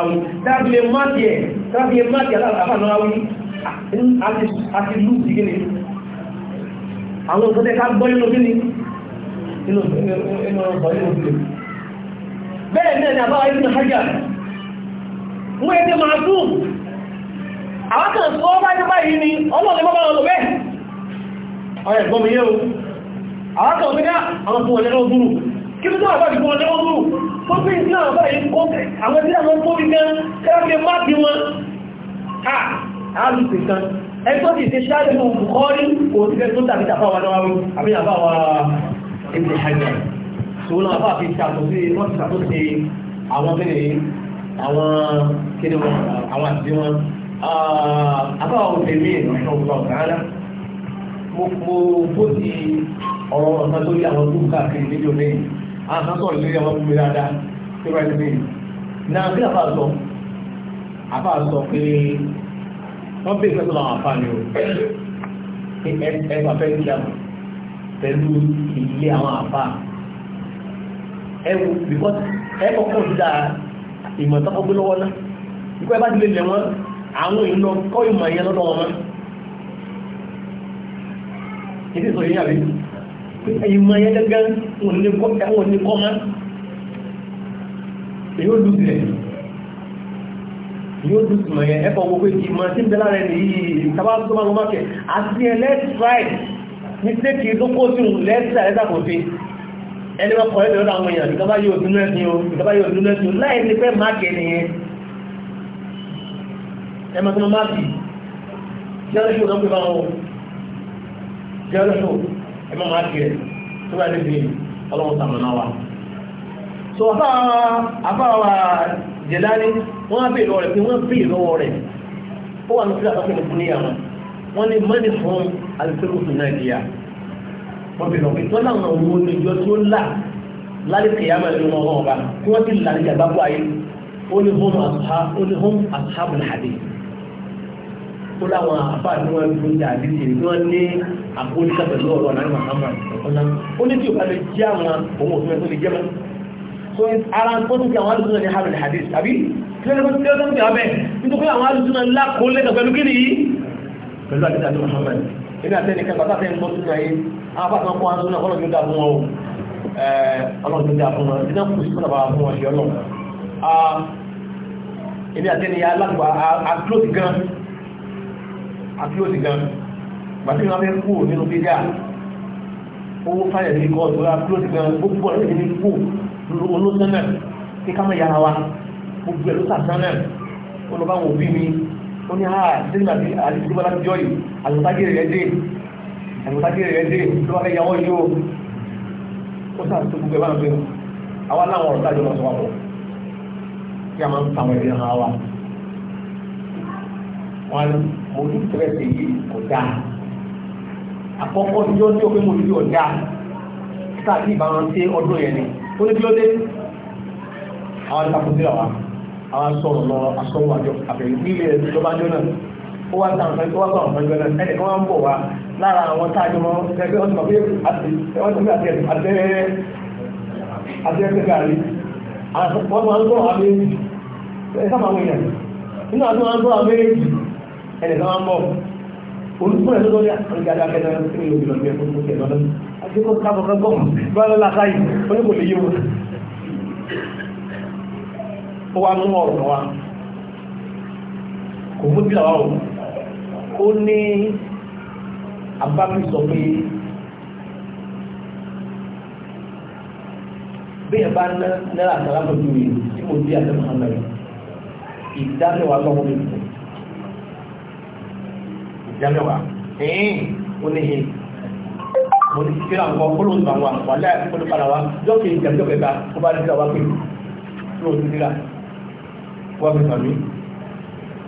S2: máàkì ẹ̀ dábìlẹ̀ máàkì aláàfá náà wí àti lù sí kí àwọn òṣèlú ká gbọ́ nínú kíni inú ọ̀rọ̀ nínú kíni bẹ́ẹ̀ ní ẹ̀dà báwa ibùn hajjá wọ́n ètè máa tún àwọn kan sọ bá ní báyìí ni ọlọ́ọ̀lẹ́ bá bá lọ bẹ́ẹ̀ ọ̀rẹ́ ẹ̀gbọ́n mi yẹ́ o àwọn kan gbẹ́gá ah, àwọn fún ọ̀lẹ́rọ̀ gúrù kí ló dáwà bá fi fún ọ̀lẹ́rọ̀ gúrù tó fi ń náà báyìí kó àwọn tí ẹgbọ́n ti ṣe ṣáàrẹ̀ mọ̀ bukọ́rí kò ti fẹ́ tó tàbí tàbá wa lọ́wọ́ àbí àbá wa ibi hajjá ṣòwò náà bá fi ṣàtúnṣe wọ́n ti ṣàtúnṣe àwọn bẹ́ẹ̀ àwọn kéde wọn àwọn àti wọn ah, àbá wa òfin mi ìrànṣọ́ ọ̀gbà ọ̀gáàlá mo kó ti ọ̀rọ̀ ọ̀sán lórí àwọn tó káàkiri nílò mi àwọn kan sọ̀rọ̀ lórí àwọn gbogbo dáadáa tó bá ti mi náà kí àbá sọ àbá sọ pé wọ́n bí ìfẹ́ tó lọ́wọ́ àfáàní o ẹgbà fẹ́ islam pẹ̀lú ilé àwọn àfá ẹwù because ẹkọ̀ kọ̀ sí dáa ìmọ̀ tọ́kọ̀ gbé lọ́wọ́ náà ikú ẹbá ti lè lẹ̀ wọ́n àwọn ìlú lọ kọ́ ìmọ̀ ìyẹn lọ́dọ̀ wọn ìdí sọ yíyà rí ìmọ̀ ìyẹn gẹ́gẹ́ wọn ní kọ́ mọ́ èyí ó
S1: lù sílẹ̀ yóò dùn tùmọ̀ yẹn ẹ̀kọ́
S2: wo pé ìmọ̀ tí ń bẹ lára ẹni yìí sábà tó máa lọ́mọ́ kẹ̀ àti ẹ̀ lẹ́tìráì ní sẹ́kì lókó tí ń lẹ́tìráì lẹ́tà kò fi ẹni máa kọ̀ ẹ́ lọ́dọ̀ àwọn èèyàn ìjọba yóò dún lẹ́sìn o ìjọba yóò dún lẹ́sìn o láì ní pẹ́ máàkì ẹni yẹn ẹ máa tó máa bì jẹ́rọ̀ṣọ́ ló ń pè bá wọn jẹ́rọ̀ṣọ́ ẹ máa máàkì ẹ tó bá dé fi ọlọ́run sàmùnà wa. so àbáwá àbáwá Jẹ̀láni wọ́n á bèèrè lọ́wọ́ rẹ̀ pé wọ́n bèèrè lọ́wọ́ rẹ̀ ó wà ní sílẹ̀ àtọ́kẹ́ ló fún ní àwọn wọ́n ní mọ́ni fún alùpùpù nàìjíríà wọ́n bèèrè lọ́wọ́ pé wọ́n láwọn owó níjọ tó là lálẹ́ kìyàmà ní wọn wọn ọba tí wọ́n ti là níjà gbábọ́ ayé ó ní hom ashabu alhadi ó láwọn afá ni wọ́n gbé ní àdìsí ni wọ́n ní àpò oníkàtà lọ́wọ́ so ara tó tún kí àwọn alùsùn náà ní hàrùn hadith àbí kí ló tó tún kí abẹ́ nítorí àwọn alùsùn náà ńlá kó lẹ́tọ̀ pẹ̀lú kí nìyí pẹ̀lú àdídà ní Muhammad ilé àtẹni kẹta tá fẹ́ẹ́ ń bọ́ sínú ayé àwọn afáàkàn kó àwọn ọlọ́run tó dá fún wọn o ọlọ́run tó dá fún wọn ìdá kù sí ọlọ́run fún wọn ṣe ọlọ́run ilé àtẹni ya alágbà àkíyòsí gan àkíyòsí gan gbàtí wọn fẹ́ kú nínú bíjà owó fáyẹ̀ ní gọ́ọ̀dù àkíyòsí gan gbogbo ọ̀rẹ́ olóṣẹ́nà kí ká mọ̀ yára wa gbogbo ẹ̀ ló sàṣánà olùbá wọn òbí mi ó ní àá ah, sílẹ̀ àti àdìsíbọ́ láti jọ́ yìí àlùbágẹ́rẹ̀ rẹ̀ dé àlùbágẹ́rẹ̀ rẹ̀ dé ló wá fẹ́ yàwọ́ yìí ó ó sà tó gbogbo ẹ̀ máa ń bẹ̀rù àwa láwọn ọ̀rọ̀ tájọ́ lọ sọ wà pọ̀ kí a máa ń fa àwọn ẹ̀rí hàn wa wọn mo ní tẹ̀lẹ̀tẹ̀ yìí kò dáa àkọ́kọ́ ní ọjọ́ tí o fẹ́ mo ní ọ̀dà káàkiri ìbáraǹtẹ́ ọdún yẹn ni ó ní kí ló dé àwọn ìtàkùnlé àwa àwọn sọ̀rọ̀ lọ asọ́wọ́ àjọ àfẹ̀yìnlẹ̀ ìjọba jọ náà ó wá ta nǹkan ó wá pa nǹkan jọ náà ẹnì kan wá ń bọ̀ wá lára àwọn táàjọ mọ́ ẹgbẹ́ ọdún mọ̀ pé àtẹ́ẹ̀kẹ́ gàrí wọ́n máa ń gbọ́ àmì ẹ̀sán àwọn èèyàn nínú àti wọn gbọ́ àmì ẹ̀jì ẹnì kan wá ń bọ̀ Untuk ẹ̀ lórí àgbàdo akẹ́dọ̀ ẹ̀rọ tí yóò lọ bí ẹ̀kọ́ tẹ̀lọ́ lọ́nà àdínkù kábọ̀ kẹ́kọ́ bọ́ọ̀lọ́ làkáyì oní kò lè yé wọn. ó wá mú ọ̀rọ̀ wa kò mú bí làwọn ò ó ní abáfi sọ pé bí ẹ bá náírà àtàlámọ̀jú yìí tí mo bí àtẹ̀mọ̀ jámẹ́wàá ẹ̀yìn oníhìn mo ti kíra nǹkan kóló ń gbàǹwà wà láì kóló padà wá jọ́kì ìjàmjọ́ kẹta ó bá nígbà wá pé tí o ti kíra wá fi sàn mí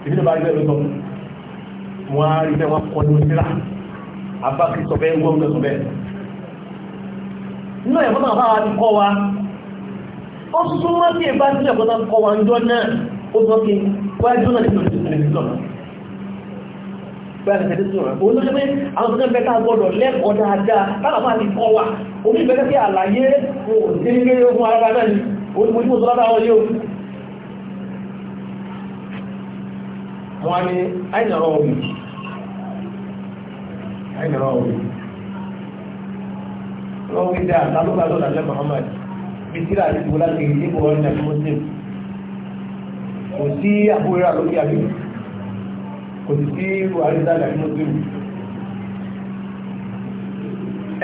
S2: ìbí ló bá rí bẹ́ẹ̀ lọ́tọ́ mo á rí bẹ́ẹ̀ wọ́n kọ́ ní kíra abákì sọ bẹ́ẹ̀ wọ́n lọ sọ bẹ́ẹ̀. nínú ẹ̀kọ́ náà bá ti kọ́ wa ó súnmọ́ sí ìbá sílẹ̀ kọ́ náà kọ́ wa ń jọ náà ó sọ kí wájú náà nílò
S1: ìdílé náà
S2: bẹ́ẹ̀ tẹ̀lé sọ̀rọ̀ òun ló ṣe pé àwọn tó ń bẹ́ta gbọ́dọ̀ lẹ́kọ̀ọ́ dáadáa tábàbà ní kọ́ wà omi ìbẹ́ta sí àlàyé onígbé ogun ara náà ni onímọ̀ tó lára wọn yóò wọ́n ni àìnàrọ̀ Muhammad bí síra àti ìbúlá kiri níbo ọ̀rìn àti Muslim kò sí àbúrò àlókè àbíkú
S1: kò sí sí buhari dáadáa ní mọ́tò ìlú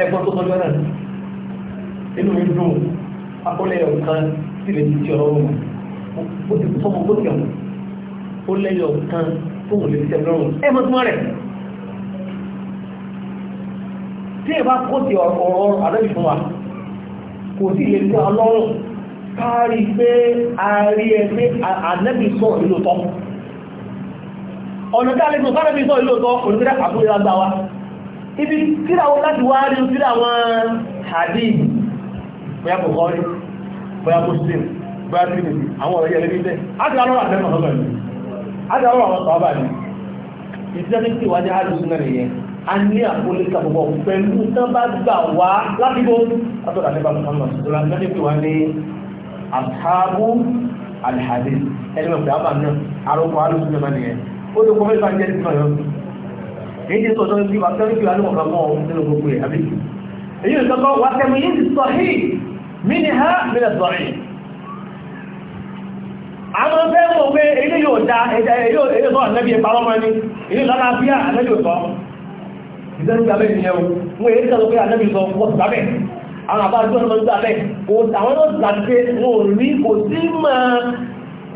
S2: ẹgbọ́n tó tọ́jú náà inú mi dùn akọ́lẹ̀ ọ̀kan sì lè ti ọ̀rọ̀ wọn ó ti kú sọ́mọ gbọ́dọ̀ wọn ó lẹ́yọ̀ ọ̀kan tó wọ́n lè ti ṣẹ́gun lọ́rùn ẹ mọ́ túmọ̀ rẹ̀ tí ẹ bá kó ti ọ̀rọ̀ àdébì fún wa kò sí lè ti ọlọ́run kárí pé a rí ẹ pé sọ̀rọ̀ nínú tọ́kùn ọ̀nà tí a lè sọ́rọ̀ bí sọ ìlú ọ̀tọ́ olùgbẹ́dà àbúrẹ́ lágbà wa ibi tíra wọn láti wá rí sí àwọn hadith bóyá kò kọ́ rí bóyá kò sí bóyá sí nìyí àwọn ọ̀rẹ́ yẹlẹ́ níbẹ̀ á ti rárọ̀ àtẹ́ mọ̀ sọ́kọ̀ yìí àwọn sọ́ọ́bà ni ìtìjọ́ ní tiwa ní àlùsù náà nìyẹn a ní àkólé kàbọ̀bọ̀ pẹ̀lú tán bá gbà wá láti bó látọ̀dà nípa Muhammad sọ́lá ní tiwa ní ẹni mọ̀ pé àbà náà arókò àlùsù náà nìyẹn ó tó kọ́mẹ́ bá jẹ́ nípa yọ. èyí ti sọ̀tọ́ ibi wa sẹ́rí ìwà lọ́wọ́ bàbá ọ̀hún nínú gbogbo ẹ̀ àbí. èyí ò sọ́kọ́ wà kẹ́mi yìí ti sọ hí mí ni ha mí lẹ sọ̀rí. àwọn fẹ́ mọ̀ pé ilé yóò da ẹ̀dá ilé yóò sọ ànábì ẹ̀pá ọmọ ẹni ilé lọ́la bíà ànábì ò sọ. ìdẹ́nu gbàgbẹ́ ìyẹn o wọ́n èyí sọ pé ànábì sọ wọ́n gbàgbẹ́ àwọn àbájọ́ ló ń gbàgbẹ́ àwọn ló gbàgbé wọn ò rí kò sí máa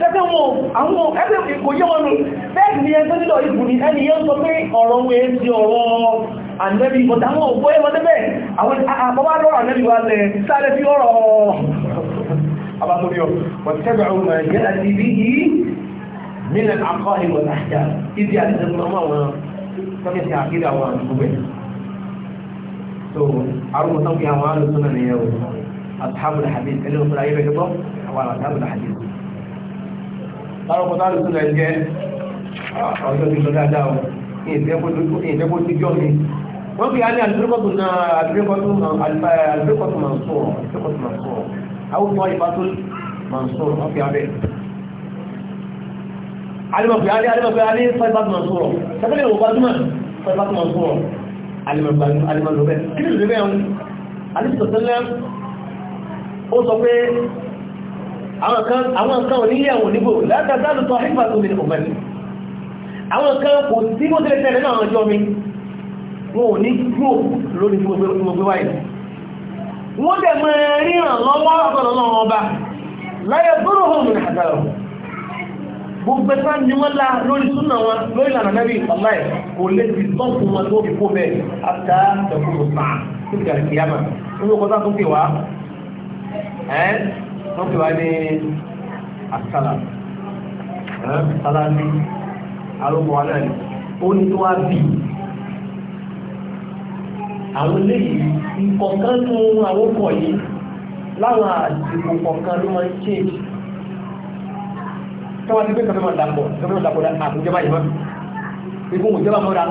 S2: tẹ́tẹ́ wọn àwọn ẹgbẹ́ ìkò yẹ́ wọn nù bẹ́ẹ̀ ni ẹgbẹ́ nílọ ìbù ni ẹni yẹ́ ń sọ pé ọ̀rọ̀ wọn èé ti ọ̀rọ̀ ànẹ́bí ọ̀dáwọn òpó ẹwọ́n tẹ́bẹ̀ àwọn àpapá lọ́rọ̀ ànẹ́bí wa lẹ̀ sáré sí ọ̀rọ̀ abatorio wọ́tẹ́bẹ̀rún mọ̀ ẹ̀jẹ́ àti ibi yìí nínú àkọ́ ìwọ̀n àṣà ibi àti ìdẹ́gbẹ̀rún àwọn sọ́kẹ́sì àkídà àwọn àdúgbò bẹ́ẹ̀ so arúgbó tán kí àwọn alùsùn náà nìyẹn o ashabul hadith ẹni òfin ayé bẹ́ẹ̀ gbọ́ àwọn ashabul hadith láwọn ọmọdé àlùsùn rẹ̀ jẹ́ ọjọ́ ti lọ dáadáa o ìdẹ́kọ́ ti jọ mi wọ́n fi alẹ́ àdúrókọ̀tù náà àdúrókọ̀tù mọ̀nsọ̀ àdúrókọ̀tù mọ̀nsọ̀ àwùjọ ìbátú mọ̀nsọ̀ wọ́n fi abẹ́ alimọ̀fẹ́ alẹ́ alimọ̀fẹ́ alẹ́ fẹ́bàtù mọ̀nsọ̀ sẹ́fẹ́lẹ̀ òbátúmọ̀ fẹ́bàtù mọ̀nsọ̀ alimọ̀lọ́bẹ̀ kí àwọn kan àwọn kan onílé àwọn oníbò látàtàlù tó àrífà tó lè ọ̀gbẹ̀ mi àwọn kan kò sí bó tẹ́lẹ̀ tẹ́lẹ̀ náà ọjọ́ mi wọn ò ní kúrò lórí gbogbo wáyé wọ́n dẹ̀ mọ́ ríran lọ́wọ́ ọ̀pọ̀lọ́wọ́ ọba láyé búrú hùn àdáwọ̀ gbogbo ẹ̀fà ni wọ́n lá lórí súnà wọn lórí ìlànà náà bí ọláì kò lè ti tọ́pù wọn tó fi kó bẹ́ẹ̀ àtà ẹ̀kúrò pàà tó fi dàrí kìyàmà nínú ọkọ̀ tó fi wá wọ́n fi wá ní àṣàlà sálábí arúgbó wa náà ó ní tó wá bì àwọn eléyìí nǹkan tó ń àwọn ọkọ̀ yìí láwọn àsìkò kọ̀ọ̀kan ló máa ń change tọ́wọ́ ti gbé kẹfẹ́ máa dàpọ̀ kẹfẹ́ máa dàpọ̀ àtúnjẹba yìí máa ìgbóhùn ìjọba mọ́ra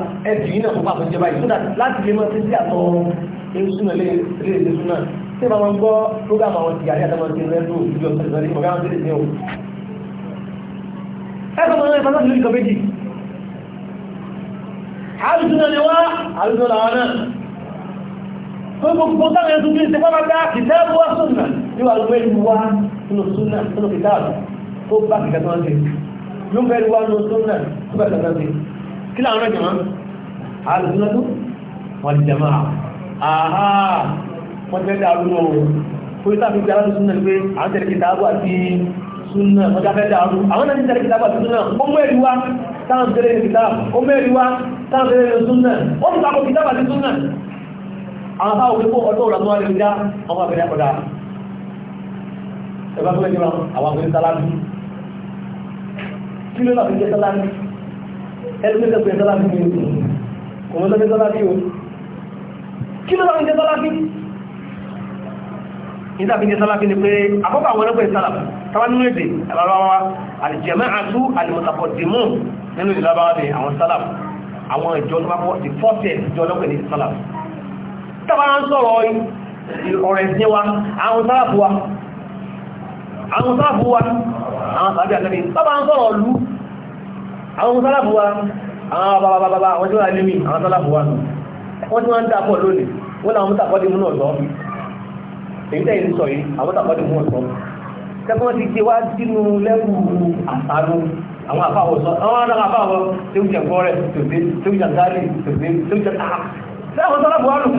S2: láti lè máa ti sí àtọ́ tí ma ma gbọ́ program àwọn tìyà ní àtàwọn ti rẹ́ lóò ìjọ ìsọ̀rí ọ̀gá wọn tẹ̀lé ní o. ẹ kọ́ máa ń fa láti lórí kan méjì. àlùsùn náà ni wá àlùsùn làwọn náà. tó gbogbo táwọn ẹ̀sùn bí ṣe pápá dá kìtẹ́ẹ̀bù wá sùnà ní wàá lóò ẹ̀lú wá nínú sùnà nínú kìtẹ́ẹ̀bù tó bá kìtẹ́ tó ń ṣe. ló ń fẹ́ lu wá nínú sùnà tó bá kìtẹ́ tó ń kí làwọn náà jẹ̀ wọ́n tẹ́ dàrú lọ o ìta fi dára súnà pé àwọn tẹ̀lé kìtàbù àti súnà ọjà fẹ́ dàrú àwọn náà ti tẹ̀lé kìtàbù àti súnà ó mẹ́rin wá táwọn tẹ̀lé kìtàbù ó mẹ́rin wá táwọn tẹ̀lé súnà ó ti tako kìtàbù àti súnà àwọn táwọn òwe kó ọjọ́ òrànú àrẹ ìdá ọmọ abẹ́rẹ́ ọ̀dà ẹ̀bá tó lẹ́jọ́ àwọn abẹ́rẹ́ sálábì kí ló lọ́ọ̀ fi jẹ́ sálábì ẹlùmílẹ̀ pẹ̀lú sálábì ní kí ló lọ́ọ̀ fi jẹ́ nígbàbí ní sálàfí ni pé àkọ́kọ́ àwọn ẹlẹ́gbẹ̀ẹ́ sálàfí tàbá nínú èdè àbábáwá al-jama'atu al-mutaqaddimun nínú èdè lábáwá ni àwọn sálàfí àwọn ìjọ tó bá kọ́ ti fọ́tẹ̀ ìjọ ọlọ́pẹ̀ ní sálàfí tàbá ń sọ̀rọ̀ ọ̀rẹ̀ sí wa àwọn sálàfí wa àwọn sálàfí wa àwọn sàbí àtẹ́bí tàbá ń sọ̀rọ̀ lú àwọn sálàfí wa àwọn babababa wọ́n tí wọ́n lé mi àwọn wọ́n tí wọ́n ń dà èyí tẹ́yìn sọ yìí àwọn tàbí mú ọ̀sọ́ tẹ́kọ́ ti gbé wá sínú lẹ́wù àtàlù àwọn àfáwọ̀ sọ àwọn adára àfáwọ̀ tó ń jẹ gbọ́rẹ̀ tòbí tó ń jẹ gáàlì tòbí tó ń jẹ tàà sẹ́wọ̀n sọ́lápù wà lù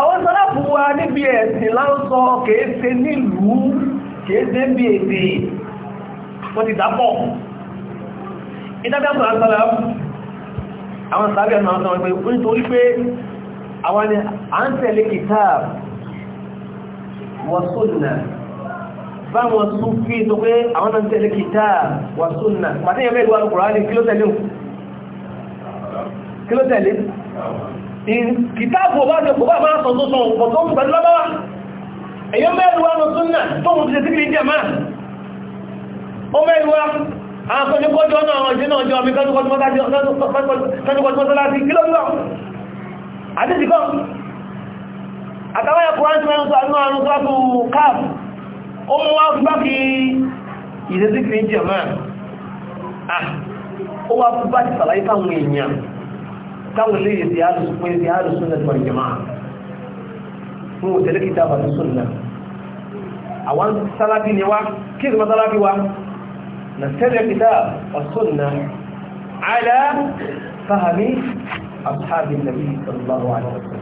S2: àwọn sọ́lápù wa níbi ẹ̀sìn láńsọ kèése nílùú kèése bí èdè wọ́n ti dápọ̀ ìdájọ́ àwọn sọ́lápù àwọn sàbẹ̀ àwọn sọ́lápù wọ́sùnà báwọn súnfí tó pé àwọn náà tẹ̀lé kìtà wọ́sùnà pàtíyàn mẹ́rin wọn kùránì kí ló tẹ̀lé kí ló tẹ̀lé kìtà kò bá jẹ kò bá máa sọ tó sọ ọ̀pọ̀ tó ń pẹ̀lú lọ́wọ́ èyàn mẹ́rin wọn súnà tó mú ti tẹ́kìrì jẹ máa ó mẹ́rin wọn àwọn akọni kọjọ náà àwọn ìdí náà jọ mi kọ́jú kọjú mọ́tá àtàwọn ẹkùnrin tí wọ́n sọ àánú àrùn sọ́tù káàf ó mú wá fúbákì ìrẹsì fi ń jẹ̀mọ́ ó wá fúbákì sàlàyé fáwọn èèyàn táwọn ilé ìrẹsì àrùsùn pé ìrẹsì àrùsùn náà ti wà jẹ̀mọ́ fún òtẹ́lé kìtà àbàtì sọ́nà àwọn sálábí ni wá kí ìrìnmọ́ sálábí fahami ashabi nabi sallallahu alaihi wasallam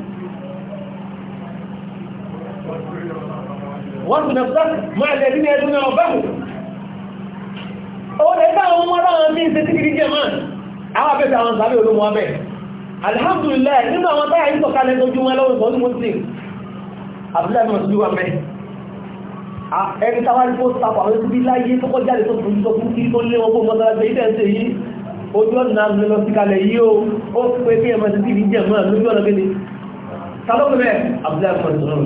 S2: wọ́n nàfẹ́ máa lẹ́bí ní ẹdún náà bẹ́ẹ̀ ó lè bá àwọn ọmọdé àwọn ní ṣe tíkìrí jẹ máa àwọn abẹ́ta àwọn sàbẹ̀ olómọ abẹ́ alhamdulillah nínú àwọn táyà yìí sọ̀kalẹ̀ tó jùmọ́ lọ́wọ́ ìfọ́sí muslim abdullahi bin masudi wà mẹ́ ẹni táwa ní post tap àwọn ibi láyé tó kọjá lè tó fún tó fún kí tó lé wọn fún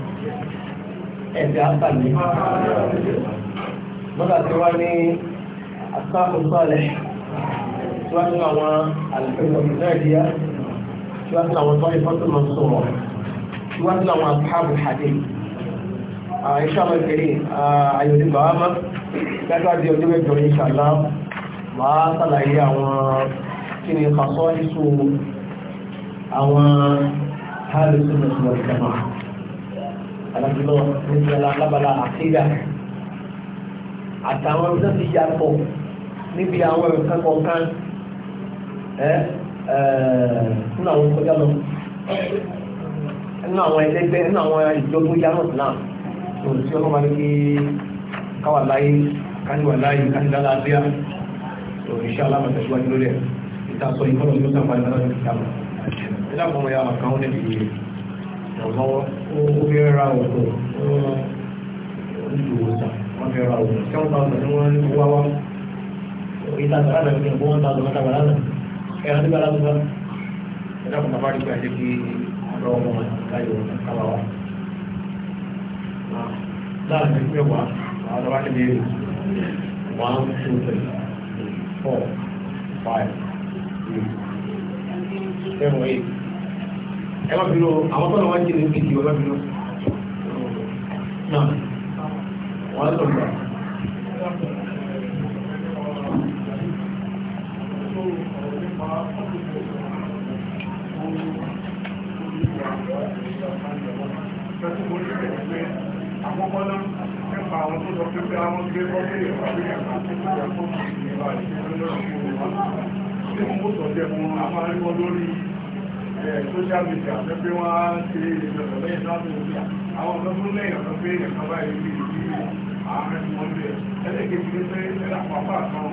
S2: ẹ̀dá àtàlẹ́ bọ́dà tí wá ní asáfòsọ́lẹ̀ tí wá ní àwọn àlùfẹ́sọ̀ nàìjíríà tí wá ní àwọn tó ìfọ́ tó máa sọ̀rọ̀ tí wá ní àwọn àkáàbù hàdé ìṣàmọ̀ ìkẹ̀lẹ̀ àyòdì bàámá gbẹ́gbẹ́ di alájùlọ níbi alábala àkídà àtàwọn tó ti yàtọ̀ níbi àwọn nǹkan kọ̀ọ̀kan ẹ ẹ nínú àwọn kọjá lọ nínú àwọn ẹlẹgbẹ́ nínú àwọn ìjọgbọn yàrá náà tó ti ọlọ́mọ ní kí káwà láyé káníwà láyé káníwà láàbíà tó iṣẹ́ alámọ̀tẹ̀síwájú lórí
S1: ẹ̀ ìtàsọ ìkọlọ̀ tó sàpàdé láti ìjàmọ̀ nígbà kan mọ̀ yà wà káwọn níbi ìrọ̀lọ́wọ́ ó fi ra òògùn fún olùwòsàn wọ́n fi ra òògùn seven thousand ní wọ́n ní wá wá ìtajà láti fi ọgbọ́n one thousand mẹ́ta bàlá náà ẹ̀rọ nígbà one two three four five seven eight ẹ má bínú àwọn tó lọ́wọ́ jìnnà ti di ọlọ́ bínú. náà wọ́n á sọ̀rọ̀. Àwọn ọmọ náà nípa àwọn tó lọ pé àwọn gbé bọ́ọ̀lù ìwádìí àti ìgbàgbọ́ ìwádìí lọ́wọ́ ìwádìí. Ṣé mo mú sọ̀jẹ̀ fún àwọn aríwọ̀ lórí social media fẹ́ pé wọ́n á ṣe ìjọba lẹ́yìn láti ìjọba àwọn ọ̀dọ́ tó lẹ́yìn ọ̀dọ́ pé ẹ̀ka báyìí ní ìdílé ààrẹ wọn bẹ̀ ẹlẹ́kejì ní pé ẹ̀rà pàpà kan ó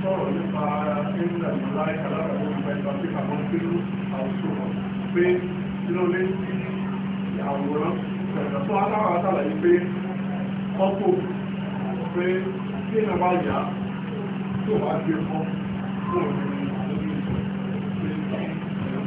S1: sọ̀rọ̀ nípa ẹ̀ńdà ìjọba alára wọn nípa ìgbà pé àwọn pẹ̀lú àwùjọ wọn pé ìlọlé sí àwòrán ìgbà tó alára sàlàyé pé ọkọ̀ pé kí ẹ̀nà bá yà tó wá gbé fún fún òun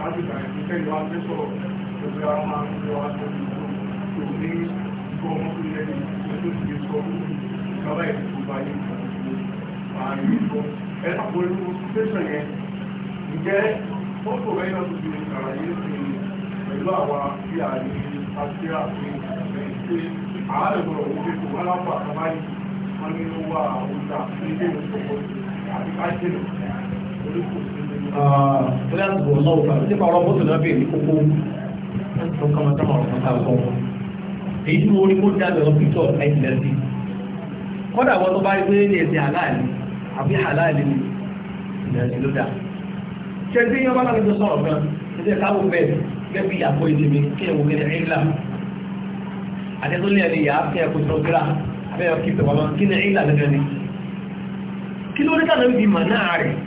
S1: Ìjẹ́ fọ́tò rẹ̀ náà tó fi ṣàlàyé sí pẹ̀lú àwa tí a ní àti àti ẹ̀ṣẹ́ àárẹ̀gbọ̀rọ̀ òfin kò wá lápá àkàbáyé wọn ní ó wà òun dà ní ilé ìwòsàn àti kájẹ̀lẹ̀ orí kò sí fúláàtì bò náà wà nípa ọ̀rọ̀ mọ́tò náà bèèrè kókó tó
S2: kọ́mọ tó máa fún káàkó èyí tí mo rí kó dá lọ pítọ̀ ẹ̀ẹ́dẹ́sì kọ́dà wọn tó bá rí pé ní ẹ̀sìn àláàlì àbí àláàlì ni ìrẹsì ló dà ṣe tí yọba náà ló sọ̀rọ̀ kan ṣe káwọn bẹ́ẹ̀ gẹ́gẹ́ bí ìyàpọ̀ ìdí mi kí ẹ̀wọ̀n kí ni ìlà àtẹ́tọ́lẹ̀ ni ìyá kí ẹ̀kọ́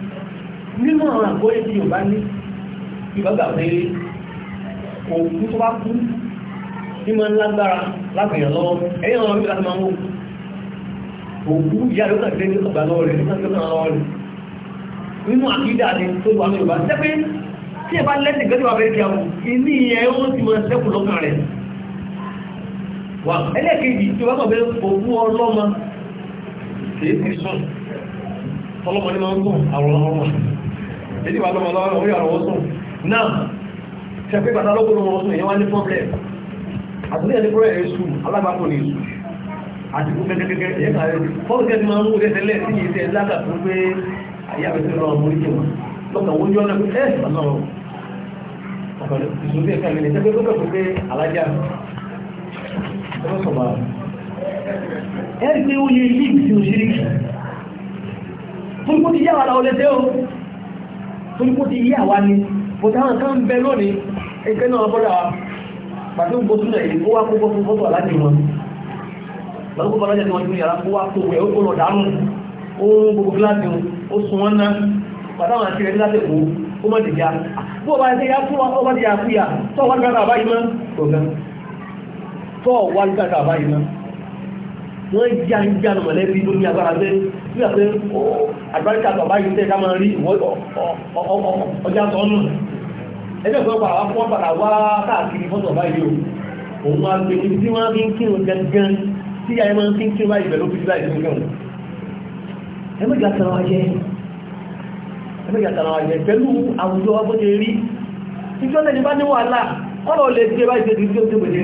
S2: nínú àwọn àgbóyé tí Yorùbá ní ìbágbà pé òkú tó bá kú ní ma ń lágbára lápèyàn lọ́wọ́ ẹ̀yìn ọ̀rọ̀ ìgbà tó máa ń wò òkú ìyá ló kàn dé ní ọgbà lọ́wọ́ rẹ̀ nígbà tó kàn lọ́wọ́ rẹ̀ nínú àkídà ni tó wà ní Yorùbá sẹ́pẹ́ tí ẹ bá lẹ́sìn gẹ́gẹ́ wà fẹ́ kí a wò ìní ìyẹn ó ti máa sẹ́kù lọ́kàn rẹ̀ wà ẹlẹ́ẹ̀kejì tí wọ́n kọ̀ọ̀bẹ òkú ọlọ́mọ kìí ti máa ń gùn àwọn ọlọ́mọ èdè wà lọ́wọ́ lọ́wọ́ orí ọ̀rọ̀ ọ̀sùn náà ṣe pé bàtà lọ́gbọ̀n wọn ọ̀sùn èyàn wá ní problem àtúnyẹ ní problem rẹ̀ sùn alágbàpọ̀ ní sùn àti kú kẹ́kẹ́kẹ́ èyàn kàrẹ́ fọ́ọ̀lù kẹ́kẹ́ máa ń wú lẹ́sẹ̀lẹ̀ sí yìí tẹ́ lága fún pé àyà mi ti rọrùn orí jẹun lọ́kàn wọ́n jọ́ lẹ́kọ̀ọ́ ẹ̀ ọ̀nà ọ̀kọ̀lẹ̀ ìṣòdì ẹ̀ka mi ní sẹ́gbẹ́ tó kẹ́kọ̀ọ́ pé alájà ẹ̀rọ sọ̀bà ẹ̀rí pé ó yẹ ilé ìgbìsí òṣìṣẹ́ fún kó ti yá wa la ọlẹ́sẹ̀ o torí kó ti yí àwa ni bọ̀táwọn kan bẹ lónìí ẹgbẹ́ náà bọ́dà wa pàtó ń bọ́tún náà èyí ó wá kó bọ́tún fọ́tò aláàjì wọn lọ́dún kó aláàjì wọn ju yàrá kó wá kó wẹ̀ ó kó lọ dànù ó ń gbogbo kíláàsì wọn ó sun wọn ná pàtàwọn àti rẹ̀ kíláàsì kó ó mọ̀ dìjà bó bá ṣe yá fún wa ó bá ti yà fúyà tó wà wọ́n já ń já nù mọ̀lẹ́bí tó ní agbára pé bí àpé àgbáríkà bàbá yìí tẹ́ ká máa rí ọjà tó nù ẹgbẹ́ ìfẹ́ padà wá fún padà wá káàkiri fọ́tọ̀ báyìí o òun máa gbé ibi tí wọ́n fi ń kírun gangan tí ayé máa fi ń kírun báyìí pẹ̀lú fífi báyìí tó ń kírun ẹgbẹ́jà tara wa jẹ ẹgbẹ́jà tara wa jẹ pẹ̀lú àwùjọ wa bó ṣe rí ìjọ́ lẹ́ni bá ní wàhálà ọ̀rọ̀ lè ṣe báyìí tó ti tó ti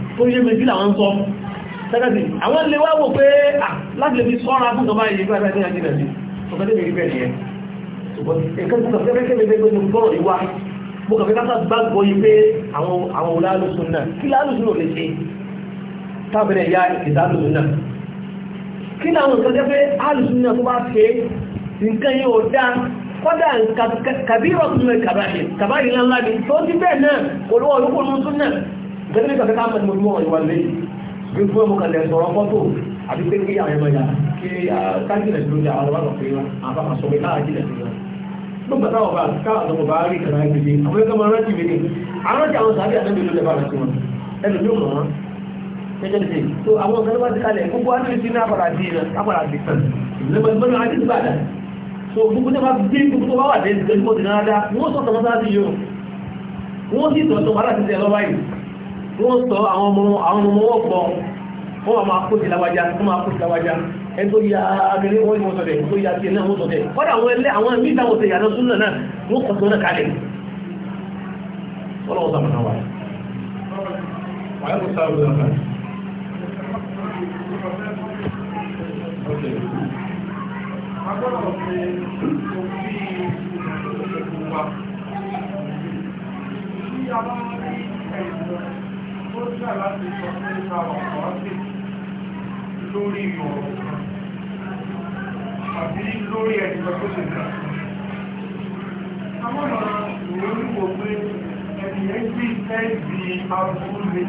S2: tó yé méjì làwọn sọ sẹ́kẹ̀sì àwọn lè wá wò pé láti lè fi sọ́ra fún ìjọba ìyẹ̀gbẹ́ àti àjílẹ̀ sí ọ̀fẹ́ lè rí bẹ́ẹ̀ nìyẹn ṣùgbọ́n ẹ̀kẹ́ tó kàfẹ́ fẹ́ kẹ́lẹ́ gbẹ́gbẹ́ ní gbọ́rọ̀ ìwá mo kàfẹ́ káta gbàgbọ́ yìí pé àwọn àwọn olálùsùn náà kí lálùsùn ò lè ṣe tábìlẹ̀ ya ìdálùsùn náà kí làwọn nǹkan jẹ́ pé alùsùn náà tó bá ṣe nǹkan yìí ò dá kọ́dà kàbírọ̀ tún lè kàbáyé kàbáyé ńláńlá ni tó ti bẹ́ẹ̀ náà kò lówó olúkúlù tún náà gẹ́gẹ́ bí ká mẹ́rin mọ́jú ọ̀rọ̀ ìwàlẹ́ bí fún ọmọ kalẹ̀ sọ̀rọ̀ fọ́tò àti pé kí àwọn ẹ̀mọ̀yà kí kájìlẹ̀ tó jà àwọn ọmọ pé wọn àbáfà sọ pé káàjìlẹ̀ tó wọn. lóògbà táwọn bá káàtọ̀ bọ̀ bá rí kàrá ìgbèlè àwọn ẹgbẹ́ máa rántí mi ní àrántí àwọn sàbí àtẹ́bí ló lẹ́bàá láti wọn ẹnu ló mọ̀ wọn. ṣẹjọ́sì tó àwọn kan wá ti kalẹ̀ gbogbo so gbogbo tó bá dé gbogbo tó bá wà dé gbogbo tó náà dá wọ́n sọ̀tọ̀ mọ́sáàtì yìí o wọ́n sì tọ̀tọ̀ wàhálà ti lọ́wọ́ yìí wọ́n sọ àwọn ọmọ wọ́n pọ̀ wọ́n máa kó sí láwájá wọ́n máa kó sí láwájá ẹni tó ya abẹ́rẹ́ wọ́n ni wọ́n sọ̀tẹ̀ tó ya tiẹ̀ náà wọ́n sọ̀tẹ̀ kọ́dà àwọn ẹlẹ́ àwọn ẹ̀mí ìtàwọn ọ̀sẹ̀ ìyànà súnà náà wọ́n kọ̀ sí wọn kalẹ̀
S1: Thank you tó ṣà láti sọ nípa ọ̀pọ̀ sí lórí ìmọ̀ àbí lórí ẹ̀jọ́ tó ṣe kà. Àwọn ọ̀nà ìwé wíwò pé ẹni ẹgbẹ́ ìfẹ́ ìbí àbúrú lè.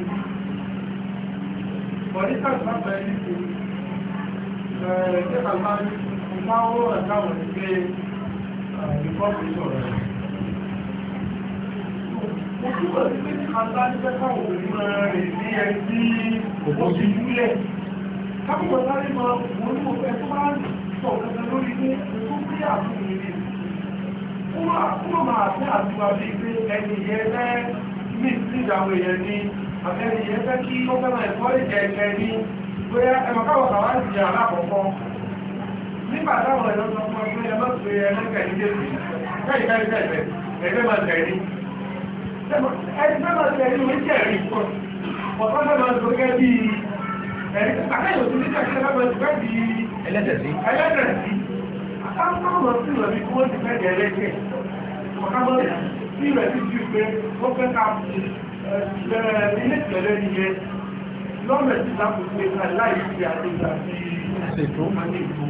S1: Bọ̀díkà sábẹ̀ ní ti ẹ̀ẹ́dẹ́gbà máa ń máwó ẹ̀dáwọ̀ ní pé ìfọ́pù Kúrò máa fẹ́ àtúwà bí pé ẹni yẹ lẹ́ ní ìdáwò èèyàn ní àtẹ́ni yẹ fẹ́ kí ó fẹ́ máa ẹ̀kọ́ ìjẹ̀ẹ̀kẹ́ ní bóyá ẹmọ̀káwọ̀ kàwà ń jẹ alákọ̀ọ́kọ́. Nígbà táwọn ẹ̀lọ́sọ̀kọ́
S2: ẹni tó bá tẹ̀lé ìwé jẹ̀rí fún
S1: ọ̀pọ̀ tó bá tó gẹ́ bí ẹni tó bá tẹ̀lé ìwé jẹ̀rí fún ọ̀pọ̀ tó bá tó gẹ́ bí ẹlẹ́tẹ̀sí ẹlẹ́tẹ̀sí àtàkùnrin sí ìrọ̀lẹ́ kí wọ́n ti fẹ́ jẹ́ ẹlẹ́tẹ̀ ọ̀kábọ̀ sí ìrẹ̀lẹ́ ju pé ó fẹ́ ká bẹ̀rẹ̀ ilé ìtẹ̀lẹ́ nìyẹn lọ́mẹ̀ sí lákòókò ìgbà láì fi àdéjà sí ṣètò àti ètò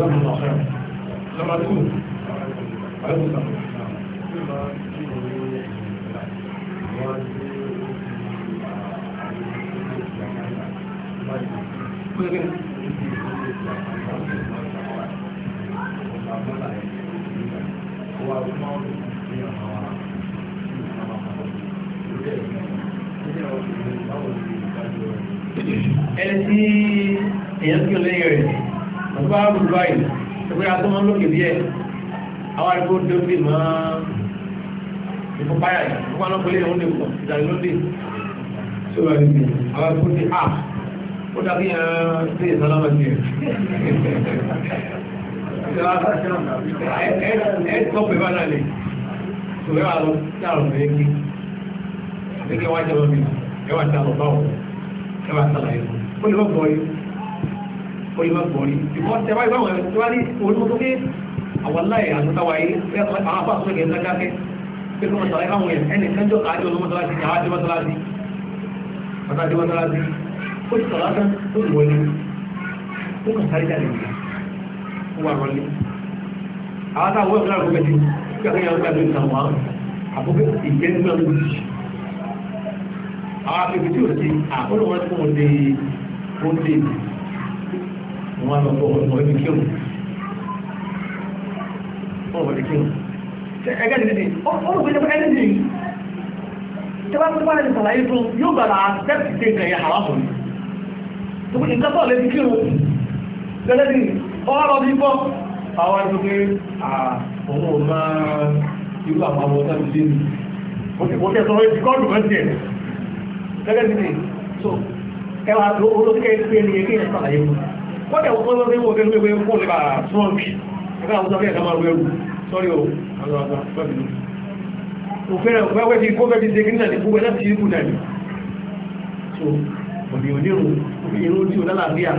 S1: ìlànà ọ̀fẹ́ ẹni tí èyàn tí ó lẹ́yìn rẹ̀ ọdún bá
S2: rú báyìí ẹgbẹ́ atọ́mọ́ lókè bí ẹ àwọn àrígbó dókè máa ìfọ̀páyà yìí wọ́n lọ́pọ̀ lé ọ̀hún lè pọ̀ ìdàlódé tó wà níbi
S1: àwọn tó ti hà ó dàbí ẹran sí ìsọ́lọ́mọ̀ sí ẹ̀ ẹ̀ tọ́ pé bá náà lè tó yẹ wà lọ sí àrùn tó yẹ kí ẹgbẹ́ wá jẹ́ lọ́mí ẹ wà sálọ báwọ̀
S2: ẹ wà sálọ yìí ó lè má gbọ́ yìí ó lè má gbọ́ yìí ìfọ́ tẹ wáyé báwọn pẹ̀lú mọ́sàlá ìfáwọn èèyàn ẹni kẹjọ́ àjọ mọ́sàlásí àwájú mọ́sàlásí àtàjú mọ́sàlásí ó ti sọ̀rọ̀ látán tó lù wọlé ó kàn sáré jáde nìkan ó wà rọlé àwọn táwọn ọ̀gá rẹ̀ gbẹ̀dẹ̀ kí ọ̀gá yẹn gbàgbé nǹkan wà àbúgbé ìjẹ́ nígbà ló ti àwọn akébi tí ò sí àkóló wọn tí wọn lè wọn lè wọn lọ ẹgẹ́ nìdí olùgbèjọ pé ẹni nìyí tí wọ́n tó bá rẹ̀ sàlàyé fún yóò bàrà àtẹ́kì tí nǹkan yà hàrá fún tó kí nǹkan tó lè fi kírun gẹ́gẹ́ bí
S1: ọ̀rọ̀ bí bọ́ àwọn ẹni pé àwọn ò máa irú àwọn ọmọ ọ̀tá ìdílé mi mo kẹ́ sọ́wọ́ ibi kọ́ọ̀dù mẹ́tì ẹ̀ gẹ́gẹ́ bí nìyí
S2: so ẹwà olókè pé ní ẹgbẹ́ ìsàlàyé fún wọ́n tẹ̀ wọ́n tó lọ́wọ́ sọ́rí o àwọn àgbà pẹ̀lú òfẹ́rẹ̀ wẹ́wẹ́ fi kó fẹ́ fi ṣe gínà ní gbogbo láti irú náà ni so òbí onírun irú tí ó lálàáfíà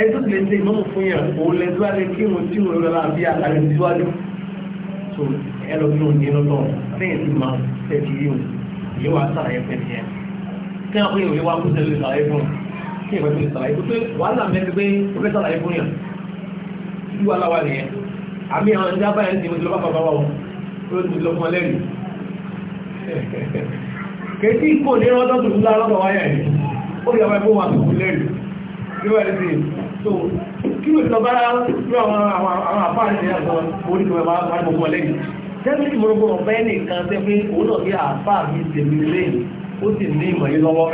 S2: ẹni tó tilẹ̀ ṣe ìmọ́mù fún yàn ó lẹ́tọ́ wá lé kírun tí ó lálàáfíà àrẹ síwájú so ẹ lọ kírun ní lọ́tọ̀ lẹ́yìn tí máa fẹ́ fi yíò ìyẹ́ wa sàlàyé fẹ́ fi yẹn kí wọ́n pín ìwé wa kó tẹ̀lé sàlàyé fún kí ìwé tó lè sàlàyé fún pé wàhálà mẹ́rin pé ó fẹ́ sàlàyé fún yàn àmì àwọn ẹni dábàá ẹni tí mo ti lọ bá bàbá wa o ó ti lọ fún ọlẹ́rìí kèsì kò ní ọjọ́ tó lọ lọ́dọ̀ wáyà yìí ó yà wáyà fún wa tó kún lẹ́rìí níwọ̀ ẹni tí so kí ló sọ bára lọ àwọn àwọn àfáà ní ìyá sọ orí kan bá wà gbogbo ọlẹ́rìí tẹ́lẹ̀ tí mo rọ bọ̀ bẹ́ẹ̀ nìkan tẹ́ pé òun náà bí àfáà mi tèmi lẹ́yìn ó sì ní ìmọ̀ yìí lọ́wọ́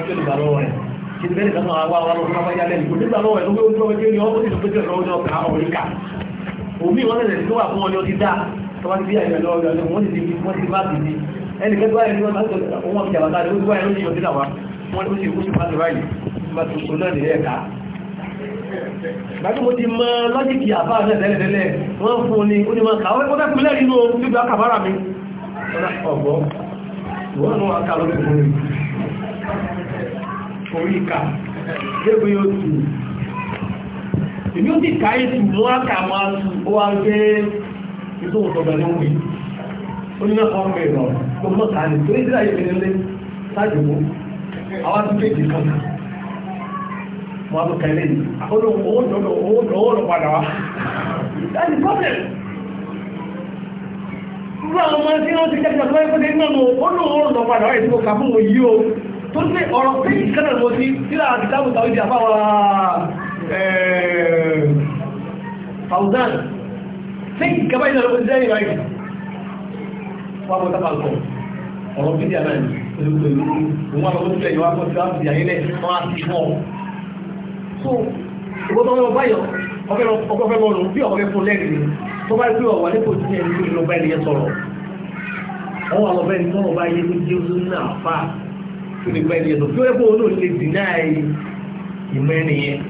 S2: tó lè gbà òmí wọ́n tẹ̀sẹ̀ tó wà fún ọlẹ́ ọtí dáa tó wá ti bí àyẹ̀wò lọ́wọ́ ọjọ́ wọ́n ti di wọ́n ti bá ti di ẹnì kẹ́tọ́ wáyé ní wọ́n bá ti jàmbá dáa lójú wáyé lójú ọtí làwà wọ́n ti kó sí pàtó báyìí bá ti sọ náà nìyẹn ká.
S3: gbàtí mo ti mọ
S2: lọ́jìkì àbá náà tẹ́lẹ̀tẹ́lẹ̀ wọ́n fún un ní ó ní wọn kà ó fẹ́ pilẹ̀ nínú gbígbà kàbára mi
S1: ọgbọ́ wọ́n nù aka lórí
S2: èmi ó ti káyé tù mú àkà máa tù ó wá gbé ìtò òtọ̀gbẹ̀ ní òwe ó ní mẹ́kọ̀ọ́ mẹ́ lọ tó mọ́ ká ní tó ní sílá yìí nílé sájòkó àwọn tó kéèkì kan máa tó kẹlé yìí owó lọ padà wá láti gọ́ọ̀mẹ̀ rúra ọmọ tí wọ́n ti kẹ́kẹ́ lọ́wọ́ ẹgbẹ́ nínú ọmọ olóòwò lọ padà wá ìtò kàfún òyí o tó ní ọ̀rọ̀ pé ìkẹ́nà lọ sí sílá àti tábùtà ó di àbáwá Fauzan tí ìkẹba ìlànà ó jẹ́ ìrà ìrìn wọ́n mọ́ tápà kọ̀ ọ̀rọ̀ fídí àmà ní olùgbò ìlú òun wà lọ́wọ́ sílẹ̀ ìwà fọ́sí láti àyílẹ̀ wọ́n á ti mọ́ so ìwọ́n tó wọ́n báyọ̀ ọgbẹ́ lọ́rùn bí ọ̀gbẹ́ fún lẹ́rìn tó bá gbé ọ̀wà nípò tí ẹni tó lọ bá ẹni yẹn sọ̀rọ̀ wọ́n wà lọ́bẹ̀ ní tọ́rọ̀ bá yẹ kó jẹ́ oṣù náà fà tó lè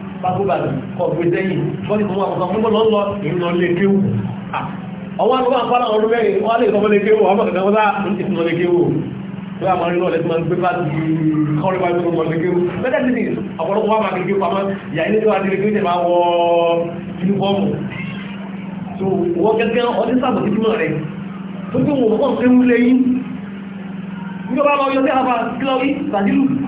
S2: pàgóbàdì kọ̀gbé sẹ́yìn kọ́lì fún àwọn ọmọ lọ́lọ́ ìrìnà lè kéwù ọwọ́ àwọn àpárá ọdún mẹ́rin wọ́n lè kọ́mọ́ lè kéwù ọmọ kẹta wọ́n láà ń tìtìnà lè kéwù tó yà máa rí lọ́lẹ̀ tí máa ń gbé bá ti kọ́rí bá gbé ọmọ lè kéwù bẹ́ẹ̀ tí ọ̀pọ̀lọpọ̀ wà máa kéwù pamọ́ yà ilé wa ti lè kéwù tẹ̀ máa wọ yunifọ́ọ̀mù tó wọ́n gẹ́gẹ́ ọdún sábà ti túmọ̀ rẹ̀ tó gbé wọn kọ́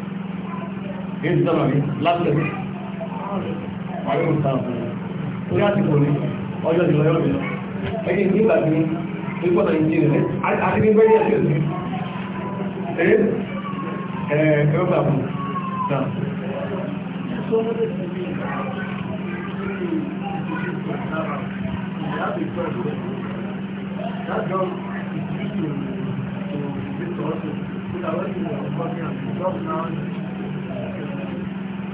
S2: èyí sọ̀rọ̀ ní lásìkò wàlẹ́ kò sáà torí àsìkò ní ọjọ́ ìlọ yọ̀ mìíràn ẹni ní ìgbà ní
S1: pípọ̀ náà ń jẹ́ rẹ̀ àti ní bẹ́ẹ̀ yẹ̀ sí ẹ̀rẹ́ ẹ̀rọ gbà fún náà. That job is useful to this also. Because I want to work in a job now.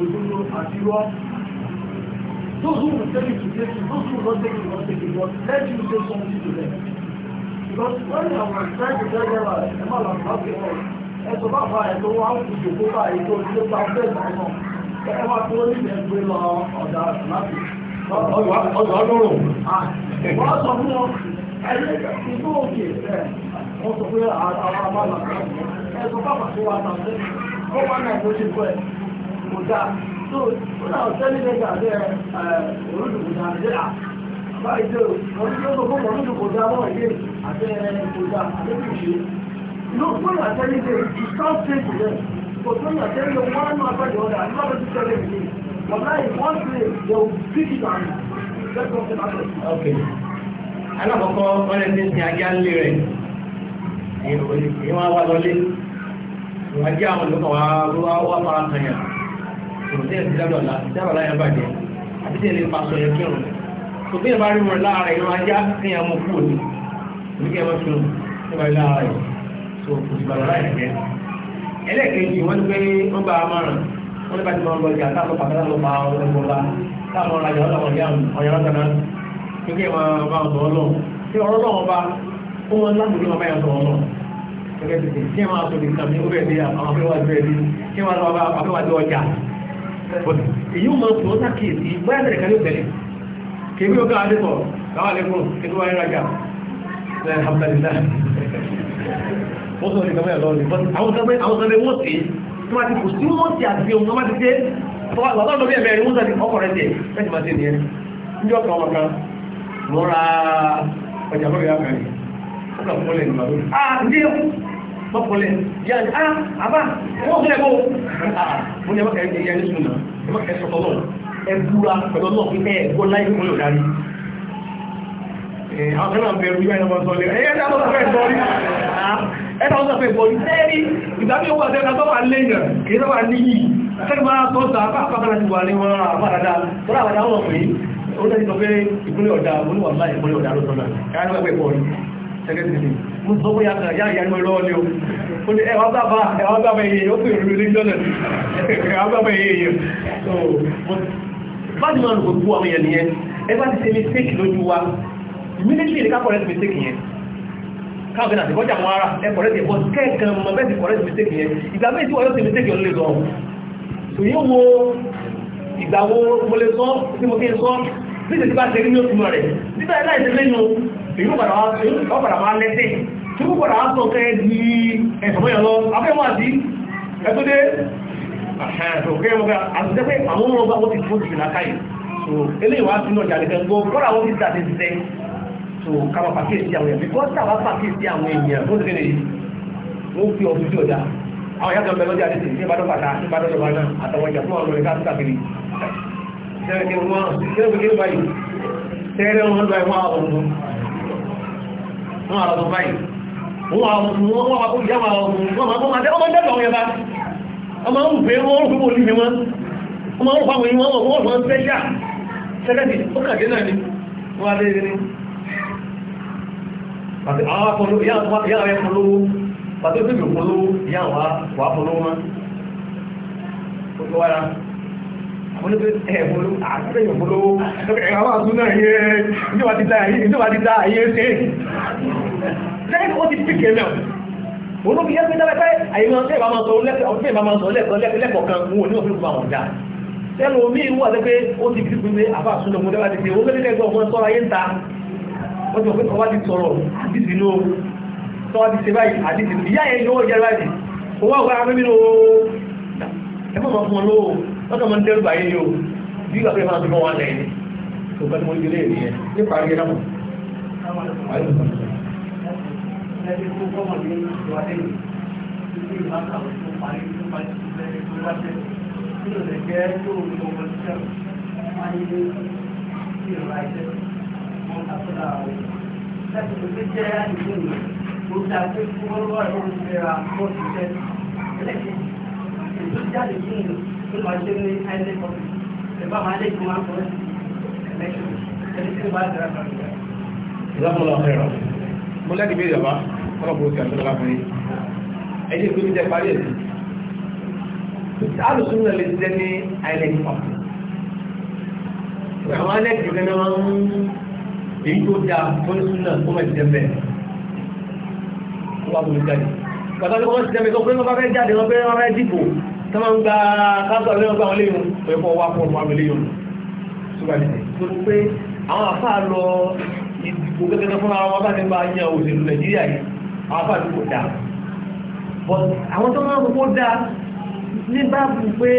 S1: òdúró àti rọ́ Those who will tell you to take it, those who will not take it, will not take it, but ìlẹ̀ gbé lọ Wọ́n sọ àwọn abá làkà. Ẹ sọ bá tàbí ọ̀pá
S2: náà ló ṣe fún متاح هنا الثاني ده عليه ورود المتاح بدعة بعد ورود يوم ورود المتاح هو يجيب عشان المتاح عشان يمشي لو كل الثاني ده يستوعب كده وكل الثاني ده ما ما فاضي ولا ما بده يتكلم فيه والله مصر لو فيك عنه ده كنت اوكي انا بقول وانا بنتي اجي لي ري ايوه يا ما والله لي واجي اعمل له واه واه واه ìrọ̀lẹ́ ẹ̀sìn dábàlá dábàlá yẹn bàjẹ́ àti tí ẹni pàṣọ yẹn kírun tó bí ẹ bá rí wọn láàárẹ̀ ìran ajá ní ẹmọ kú òní òní kí ẹ má kírun ní bá rí láàárẹ̀ tó kò sì bàbá láì jẹ́ ẹlẹ́ẹ̀kejì wọ́n ní pé wọ́n bá a márùn wọ́n ní bá ti máa ń lọ jà táwọn pàtàkì lọ pa ọgbọ̀n bá táwọn ọ̀rajà ọlọ́wọ̀n yà ọ̀yà lọ́tàná ní kí ẹ máa bá èyí ò máa tó sákèsí bóyá tẹ̀lé kan yóò tẹ̀lé kébí ó gáà lẹ́kọ̀ọ́ káwà lẹ́kùn kíkọ́ wáyé rájà lẹ́yìn hamdalilá wọ́n sọ nìkan mẹ́rin lọ́rùn bọ́n àwọn sọ pé àwọn sọ pé wọ́n ti tí wọ́n ti kù sí wọ́n ti àti ohun tó bá ti dé lọ́dọ̀ lọ́bí ẹ̀mẹ́rin wọ́n sọ ọkọ̀rẹ́ tẹ̀ fẹ́ẹ̀tì máa ṣe nìyẹn níjọ́ kan ọmọ kan mo ra ọjà lórí akàrí ó kà fún ọlẹ́ ìgbàlódé mọ́kànlẹ̀ yà ní á ah, àbá wọ́n fẹ́ mọ́ ah, mo ní ẹmọ́kẹ́ ẹ̀yẹ ní sùnà ẹmọ́kẹ́ sọ̀tọ̀ náà ẹ búra pẹ̀lú náà fi ẹ gbọ́ láì fún yóò darí eh, àwọn kan náà bẹ̀rù yóò ẹ̀yẹ sọ̀lẹ̀ ẹ̀yẹ tí a tọ́ta fẹ́ sọ́rí ẹ̀ tí a tọ́ta fẹ́ sọ́rí sẹ́ẹ̀rí ìdábí owó àti ẹ̀ka tó wà lẹ́yìn kì í sábà níyì sẹ́ni máa tọ́ sa apá apá kan ti wà ní wọn àbáradá tó láwọn àwọn ọmọ yìí ó lẹ́yìn sọ pé ìpínlẹ̀ ọ̀dà oníwàlá ìpínlẹ̀ ọ̀dà ló sọ náà káyọ̀ ẹgbẹ́ ìpọ̀ tẹ́lẹ̀tẹ́lẹ̀ mú sọ pé yá ìyanu ẹ̀rọ ọlẹ́ o ó ní ẹwà bàbá ẹwà bàbá èyí ó pè rí lẹ́jọ́nà ẹwà bàbá èyí fájúmọ́ ọ̀nà gbogbo àwọn èèyàn nìyẹn ẹgbà ti ṣe mistake lójú wa immediately ní ká correct mistake yẹn káàbí náà ti kọjá àwọn ará ẹ correct yẹn but kẹ́ẹ̀kan mọ̀ bẹ́ẹ̀ ti correct mistake yẹn ìgbà mẹ́rin tí wọ́n yóò ṣe mistake yẹn lè lọ so yóò wo ìgbà mo lè sọ tí mo fi ń sọ bí ìṣẹ́ bá ṣe rí ní òtúmọ̀ rẹ̀ nígbà láìsí lẹ́nu èyí ọ̀pàdà máa lẹ́sẹ̀ tí ó pàdà sọ kẹ́ di ẹ̀fọ̀mọ́yàn lọ afẹ́mọ́ àti ẹgbẹ́dẹ́ àwọn ìyá kan bẹ̀rẹ̀ lọ́jà àti ìsìn ìbádọ́ pàtàkì ìbádọ́ lọ́wọ́ náà àtàwọn ìjà fún àwọn olórin káàkiri tẹ́rẹ wọn tẹ́rẹ báyìí tẹ́rẹ wọn báyìí wọ́n àwọn ọmọ wọn àwọn ọmọ báyìí wọ́n àwọn ọmọ wọn wọ́n àwọn ọmọ wọn àwọn ọmọ ọmọ dẹ́gbà wọn yẹba ọmọ òun fẹ́ wọ́n rúgbò ní mi wọn ọmọ òun fáwọn ìwọ̀n wọ́n wọ́n wọ́n fẹ́ṣà sẹ́kẹ́tì ó kàdé náà olóbi yẹ́ pẹ́tẹ́lẹ́ pẹ́ àyíwọ̀n tẹ́ ìbámọ́ sọ lẹ́kọ̀ọ́ kan wọn ní òfin gbàmọ̀ dáa tẹ́lù omi ìwọ̀ àti pé ó ti kìí pínlẹ̀ àbá àṣúnà mú lẹ́wà ti pé ó lẹ́lẹ́ ẹgbẹ́ ọmọ sọ́ra yé ń ta wọ́n ti wọ́n pé ọwá ti sọ̀rọ̀ àdìsí ní ohun tọ́wá ti ṣe báyìí àdìsí ìyá ẹ̀ yóò jẹ́ báyìí owó àwọn ará mímí ní ohun ẹgbẹ́ ọmọ fún ọ lóhùn lọ́dọ̀ mọ́ dẹ́rù báyé yóò bí wà pé máa tó wà lẹ́yìn tó bá mọ́ ìdílé rí ẹ ní parí ẹ̀rọ
S1: Láti lè fi jẹ́ àìsí ìlú, ó dá pé fún ọlọ́rọ̀ ìfẹ́ ra mọ́ ti jẹ́. Ẹlẹ́kẹ̀ẹ́, ètò jáde fún ìlú tó máa ṣe ní ẹsẹ̀ kọ́pì ẹ̀bá máa lè kó máa ń kọ́ọ̀sì
S2: ẹ̀lẹ́kṣọ̀n ẹni tí ó bá dára kan. ìlànà ọ̀la ọ̀fẹ́ rẹ̀ mo lẹ́nu ìbéèrè ọ̀bá ọlọ́pùrọ̀ sí àti ọ̀la fún yín ẹ̀yẹ́ ìgbé mi jẹ́ parí ẹ̀ alùsùn náà lè ti jẹ́ ní island park àwọn alẹ́kì rẹ̀ náà ń èyí tó dáa fọ́nìsùn náà kó máa ti jẹ́ bẹ́ẹ̀ wọ́n wá bọ̀ mi jáde pàtàkì wọ́n ti jẹ́ mi sọ pé wọ́n bá fẹ́ jáde wọ́n fẹ́ dìbò kama ń gba kápẹ́ ọ̀lẹ́yìn ọgbà wọlé yòó pé kọ́ wá fọ́ wà wọlé yòó ṣùgbọ́n tó ń pé àwọn afá lọ ìdìbò gẹ́gẹ́ fún àwọn ọba nípa yan òṣèlú nàìjíríà yìí àwọn afá àdúgbò dáa but àwọn tó máa ń kókó dáa ní báàbù pé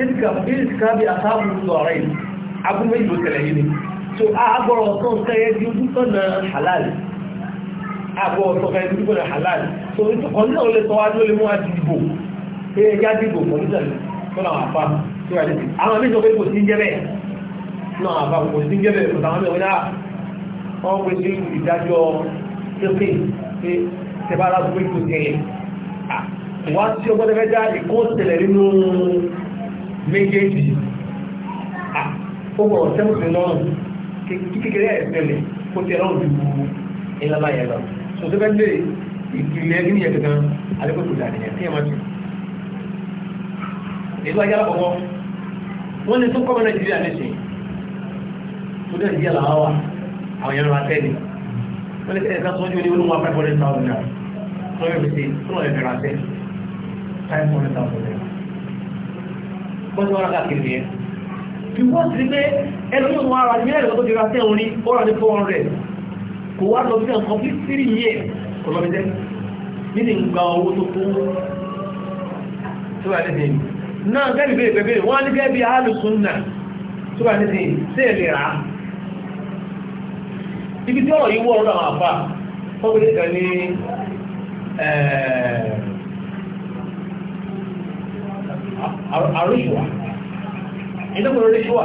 S2: ìdíkàbí eh, àtàbù sọ̀rọ̀ yìí agbóhùn méjì ló tẹ̀lé yìí ni so a gbọ́rọ̀ tó ń kẹ́yẹ́ di ojú tọ́nà halal àbọ̀ ọ̀sọ̀fẹ́ ní gbọ́dọ̀ halal so ọ̀nà olè sọ wájú olè mú wá di ìbò pé ẹjá dìbò pẹ̀lú ìtẹ̀lẹ̀ tó náà àfà tó wà níbi àwọn méjì ọ̀pẹ́ kò sí ń jẹ́bẹ̀ náà àfà kò sí ń jẹ́bẹ̀ kò táwọn mẹ́wọ́n náà wọ́n pè ah, sí ìdájọ́ pépè pé tẹ́bára tó pé kò tẹ̀lẹ̀ wá sí ọgbọ́dọ̀ fẹ́ já ìkó tẹ̀lẹ̀ nínú méjèèjì ó wọ̀ sẹ́mùsùn náà kékeré ẹ̀ tẹ̀lẹ̀ kó tẹ̀lẹ̀ ọ̀dùnkù ìlànà yẹn lọ sọ̀tẹ́fẹ́ lè ìpìlẹ̀ gíní yẹn kankan alẹ́kọ̀tò dàníyàn tí ẹ máa tù. ètò ajá lápapọ̀ wọ́n ní tó kọ́mọ nàìjíríà nìsín tó dẹ̀ díẹ̀ làwọn wà àwọn yẹn lọ́wọ́ tẹ́lẹ̀ wọ́n ní kẹ́kẹ́ sọ́jú ní olúmọ five hundred thousand naira tó yẹ fi tó lọ́ọ̀ ẹ̀fẹ̀ ránṣẹ́ five
S1: hundred thousand naira.
S2: bọ́sẹ̀ wọn rákà kiri yẹn. bí wọ́n ti rí pé ẹlòmíràn wọn ara ní ẹ̀rọ tó ti ránṣẹ́ kò wá lọ sí ọkọ̀ bí sírì yẹ ọlọ́mọdé nínú ìgbà owó tó kó tó wà ní sìn náà gẹ́bí bèèrè bèèrè wọ́n ní gẹ́bí alùsùn náà tó wà ní sìn sí èlè rà ibi tí ọ̀rọ̀ yìí wọ́n rọ̀ àfà fọ́bìnrin kan ní àrùsùwà ìdókòrò ríṣùwà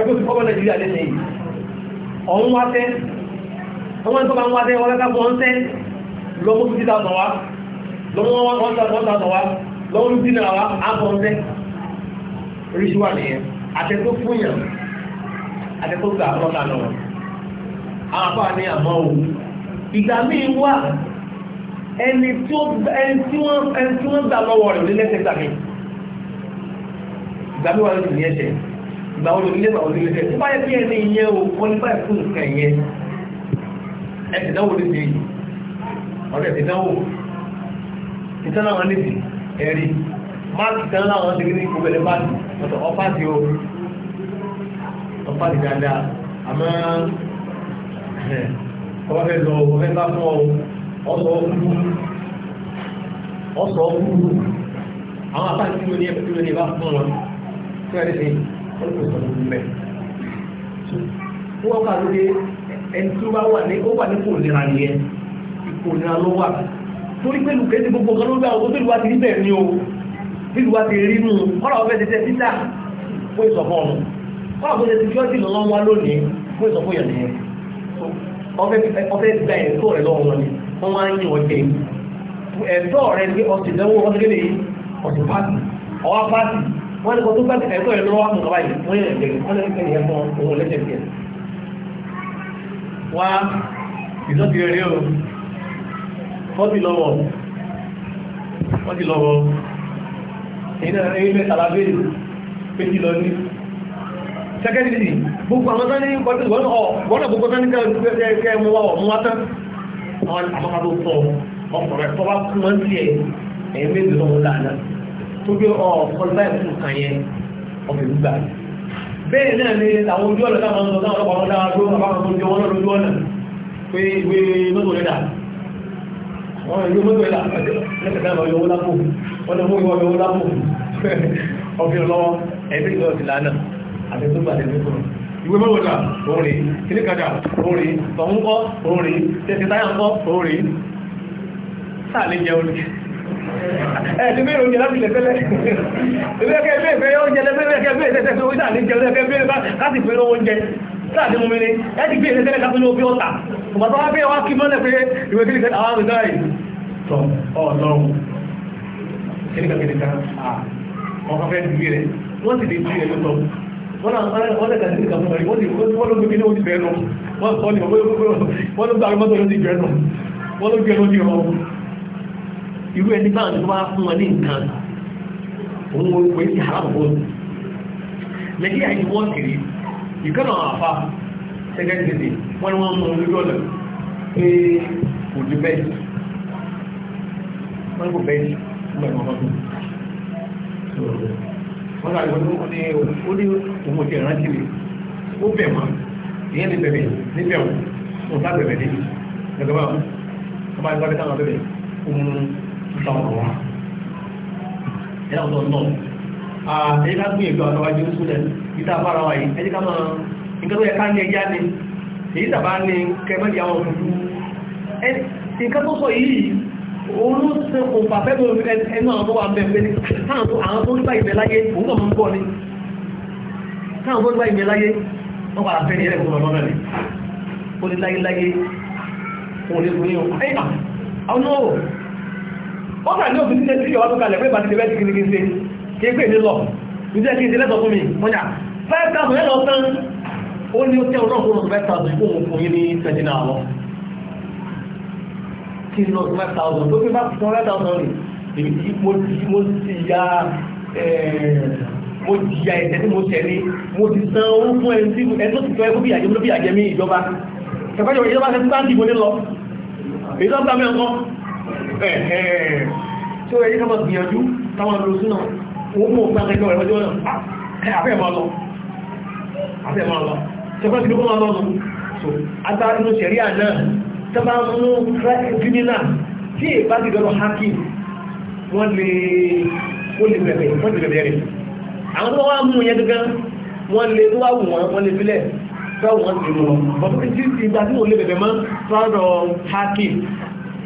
S2: ẹkùn ti fọ́bọ̀ nàìjíríà lẹ́nu yìí ọ̀hún wá tẹ́ wọ́n tó bá ń wá tẹ́ wọ́n kápọ̀ ń tẹ́ lọ́mú fifty thousand wa lọ́mú one thousand one thousand wa lọ́mú fifty naira wa àbọ̀ ń tẹ́ oríṣi wà nìyẹn àtẹ̀tọ́ fún yàn àtẹ̀tọ́ gbà lọ́ta náà àwọn afọ́ àní àmọ́ òun ìgbà míì wà ẹni tí wọ́n gbà lọ́wọ́ rẹ̀ lẹ́sẹ̀ gbà mí ìgbà míì wà lọ́sẹ̀ ní ẹ̀sẹ̀ ìgbà wo nílé ìgbà wo nílé tẹ́ bá yẹ kí ẹni yẹn o wọ́n ní báyìí fún nǹkan yẹn ẹ ti dánwò ọ̀rẹ́ ti ìtàn láwọn níbi ẹ̀rí máàkì tán láwọn ti ní gbogbo máàkì o ti dáadáa
S1: àmọ́ ọba fẹ́ lọ ọba fẹ́ bá fún ọ Ọsọ Ọsọ àwọn apá
S2: wọ́n kà lóde ẹni tí ó bá wà ní ó wà ní kò nira nìyẹn kò nira ló wà torí pé lùkẹ́ ti gbogbo kan ló gbà owó bílùwà ti rí bẹ́ẹ̀ ni o bílùwà ti rí nù kọ́lá ọ̀fẹ́ ti tẹ títà fún ìsọ̀fún ọ̀run kọ́lá ọ̀fẹ́ ti fíọ́tì lọ́wọ́ wá lónìí fún ìsọ̀fún yẹn nìyẹn ọ̀fẹ́ gba ẹ̀tọ́ rẹ̀ lọ́wọ́ wọn ni wọ́n wá ń yìn ọ̀jẹ̀ ẹ̀tọ́ rẹ̀ ní ọ̀sìn lọ́wọ́ ọ̀sìn wọ́n ní kò tó bá ti ẹ̀kọ́ ẹ̀ lọ́wọ́ mọ̀ báyìí wọ́n yẹn lè wọ́n lè fẹ́ yẹn fún òun lẹ́sẹ̀ tiẹ̀. wá ìtọ́jú rẹ̀ o wọ́n ti lọ́wọ́ wọ́n ti lọ́wọ́ èyí náà ẹ̀yìn mẹ́ta la bẹ́ẹ̀ pé kí lọ ní. sẹ́kẹ́ndì gbogbo àwọn tán ní kọ́tù wọ́n ọ̀ wọ́n náà gbogbo tán ní tó gbé ọ̀pọ̀lọpọ̀ ẹ̀kún kan yẹn ọmọ ìlú gbà bẹ́ẹ̀ náà ni àwọn ojú ọ̀nà táwọn ọ̀nà táwọn ọlọ́pàá dára tó àbáwọn tó jẹ wọn lọ́nà ojú ọ̀nà pé ìwé mọ́tò rẹ̀ dà wọ́n ìwé mọ́tò rẹ̀ dà lẹ́kẹ̀ẹ́ náà yọ owó lápò wọ́n lè mú ìwọ yọ owó lápò ọ̀fìn lọ́wọ́ ẹ̀mí ìlú ọ̀sìn lánà àtẹ́tọ́gbà tẹ́tọ́gbà ìwé mọ́wọ́dà orin kíníkàdà orin tọ̀húnkọ́ orin tẹ̀sítáyà ńkọ́ orin sáà lè jẹun ẹ̀ẹ́dì mẹ́rin oúnjẹ láti lẹ́fẹ́lẹ́ ẹgbẹ́kẹ́ ẹgbẹ́ ìfẹ́ oúnjẹ lẹ́fẹ́lẹ́ ẹgbẹ́ ìfẹ́ tó wíjà ní jẹ́ ẹgbẹ́ ìfẹ́ láti fẹ́ oúnjẹ láti mú mẹ́rin ẹ̀ẹ́dì bí ìfẹ́ láti ní obi ọ̀tà ọ̀pàá wá bẹ́ẹ̀ wá kí mọ́lẹ̀ pé ìwé kí àwọn ìdá yìí tọ́ ọ̀lọ́run kí ní kàkiri kan ọkọ̀ fẹ́ dìbí rẹ̀ wọ́n ti dìbí rẹ̀ lọ́tọ̀ lè kàtí ìkà fún oúnjẹ bẹ̀rẹ̀ nù wọ́n ló irú ẹni bá ń wá fún wọn ní nǹkan òun wo ìwé sí àràbò nàìjíríà yìí wọ́n kiri ìkànnà àfa sẹ́gẹ́dìdì wọ́n ni wọ́n mú un lójú ọ̀nà pé kò ju bẹ́ẹ̀ wọ́n kò bẹ́ẹ̀ nígbà tí wọ́n bá tó wọ́n náà wọ́n ní ó ní òun ò ti rántí mi ó bẹ̀ wọ́n ìyẹn ní bẹ̀rẹ̀ níbẹ̀ wọ́n ò sá bẹ̀rẹ̀ níbi gẹ́gẹ́ bá wọn káwọn bẹ̀rẹ̀ òun ìtàwọn wa ẹ̀dá ọ̀tọ̀ náà ẹ̀dí ká gbìyànjú àwọn àjọ ìṣúlẹ̀ ìta fara wa yìí ẹ̀dí ká máa nǹkan tó yẹ ká ní ẹjá ni èyí tàbá ní kẹmẹ́lì àwọn òkúrú nǹkan tó sọ yìí olóòsìn kò pàfẹ́ tó ẹnu àwọn tó wà ń bẹ̀ pé àwọn tó ń gbà ìbẹ̀ láyé òun náà ń bọ̀ ni káwọn tó ń gbà ìbẹ̀ láyé wọ́n padà fẹ́ ní ẹ̀rẹ́ kòrò lọ́nà rẹ̀ ó ní láyé láyé òun lè fún ó kà ní òfin títẹ́ sí ìwà tó kalẹ̀ pé ìbàdí bẹ́ẹ̀ ti kiri kiri ṣe kí é pè ní lọ ìjẹ́ kí n ṣe lẹ́tọ̀ fún mi wọ́n yà five thousand ẹ̀lọ́ tán ó ní ó tẹ́ ọ̀rọ̀ fún ọ̀rọ̀ five thousand kó òun fún yín ní twenty náà lọ kí lọ five thousand tó fi bá fún five thousand rè mo ti mo ti ya mo ti ya ẹ̀sẹ̀ tí mo tẹ̀ ní mo ti san owó fún ẹni tí ẹni tó ti tọ́ ẹkú bí àjẹmí ló bí àjẹmí ìjọba ìjọba ìjọba ti bá ń dìbò ní lọ ìjọba mi ọkọ tí ó yẹ ká máa gbìyànjú táwọn lò sínú ó mú òpin akẹ́kọ̀ọ́ rẹ̀ lọ́jọ́ náà àfẹ́ ah, máa lọ àfẹ́ máa lọ ṣẹfẹ́ kìlú kó so agbára inú sẹ̀ríà náà tó bá mú kínílà tí èbá ti dọ́rọ̀ hákì wọ́n lè ó lè bẹ̀rẹ̀ wọ́n lè bẹ̀rẹ̀ rẹ̀ àwọn tó wá mú yẹn gẹ́gẹ́ wọ́n lè tó wá wù wọ́n wọ́n lè filẹ̀ tó wọ́n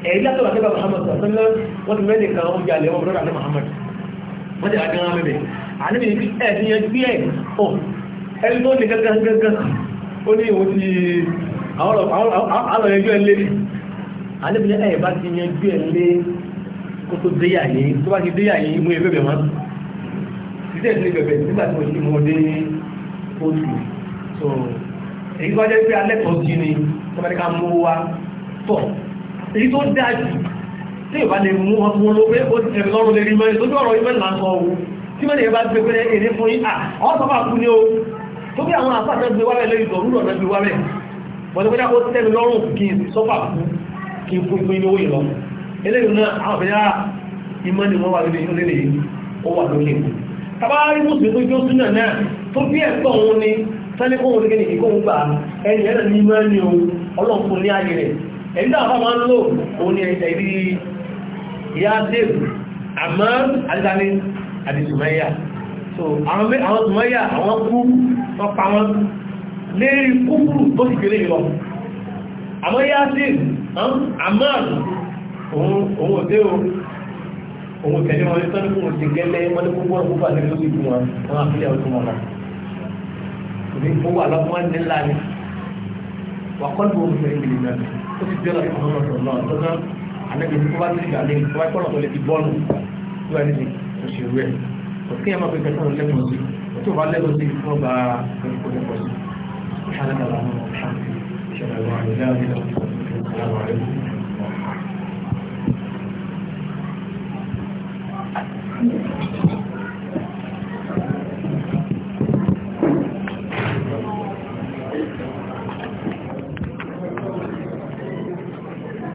S2: ẹ̀rí látọ̀rọ̀ àtẹ́bà Muhammad sọ́nà wọ́n ti mẹ́lẹ̀ kan oúnjẹ alẹ́ wọn brọ́dà Muhammad wọ́n ti àgbẹ̀rán mẹ́bẹ̀ àníbi ẹ̀sìn yẹn gbé ẹ̀ ọ̀ ẹni tó ní gángan gángan ó ní òun ti àwọn ẹjọ́ ẹ lé àníbi ẹ̀ bá ti yẹn gbé ẹ lé kó tó déyà yìí tó bá ti déyà yìí mú ebèbè wọn títẹ̀ sí bẹ̀bẹ̀ nígbà tí mo ṣe mọ́ dé oṣù so èyí tó wá jẹ́ pé alẹ́ kan sí ni tó bá ní ká mú wa tọ̀ èyí tó dájú tí ìbá lè mú ọmọ olóògbé ó ti ẹ̀rẹ̀ lọ́rùn lérí mẹ́rin lójú ọ̀rọ̀ ìmẹ́rin là sọ ohun tí mẹ́rin bá gbé pẹ́rẹ́ èrè fún yí ọ̀sọ́fà kú ní o tó bí àwọn àpáta gbé wárẹ̀ lórí tó bí ẹ̀tọ́ òun ni sẹ́ni kóhun ní ìkóhun gbà ẹni ẹ̀rọ ní mẹ́rin ni òun ní ayé ẹ̀rí náà fà máa ń lò òun ni ẹ̀rí ìyá dèbù àmọ́ àdìsálẹ̀ àdìsùmáyà so àwọn tùmáyà àwọn kú wọ́n pa wọn lérí kúkúrú tó sì kéré lọ àmọ́ yá dèbù àmọ́ òun òdé o òun tẹ̀lé wọn ní sọ́dún fún òsì gẹ́lẹ́ wọn ní gbogbo ọ̀gbọ́n bá tẹ̀lé lórí ìgbìmọ̀ wọn àfihàn ọdún wọn náà òní fún wa lọ́kùnrin nílá ni wà ó ti bẹ́ẹ̀ láti fún ọ̀sán náà tọ́jọ́ àlejò tó bá ti gbà lé tó bá kọ́nà tó lè fi bọ́ọ̀lù tó wà níbi tó ṣe rú ẹ̀ kò kí ẹ
S1: má fi kẹta lẹ́kọ̀ọ́ sí kò tó Thank you.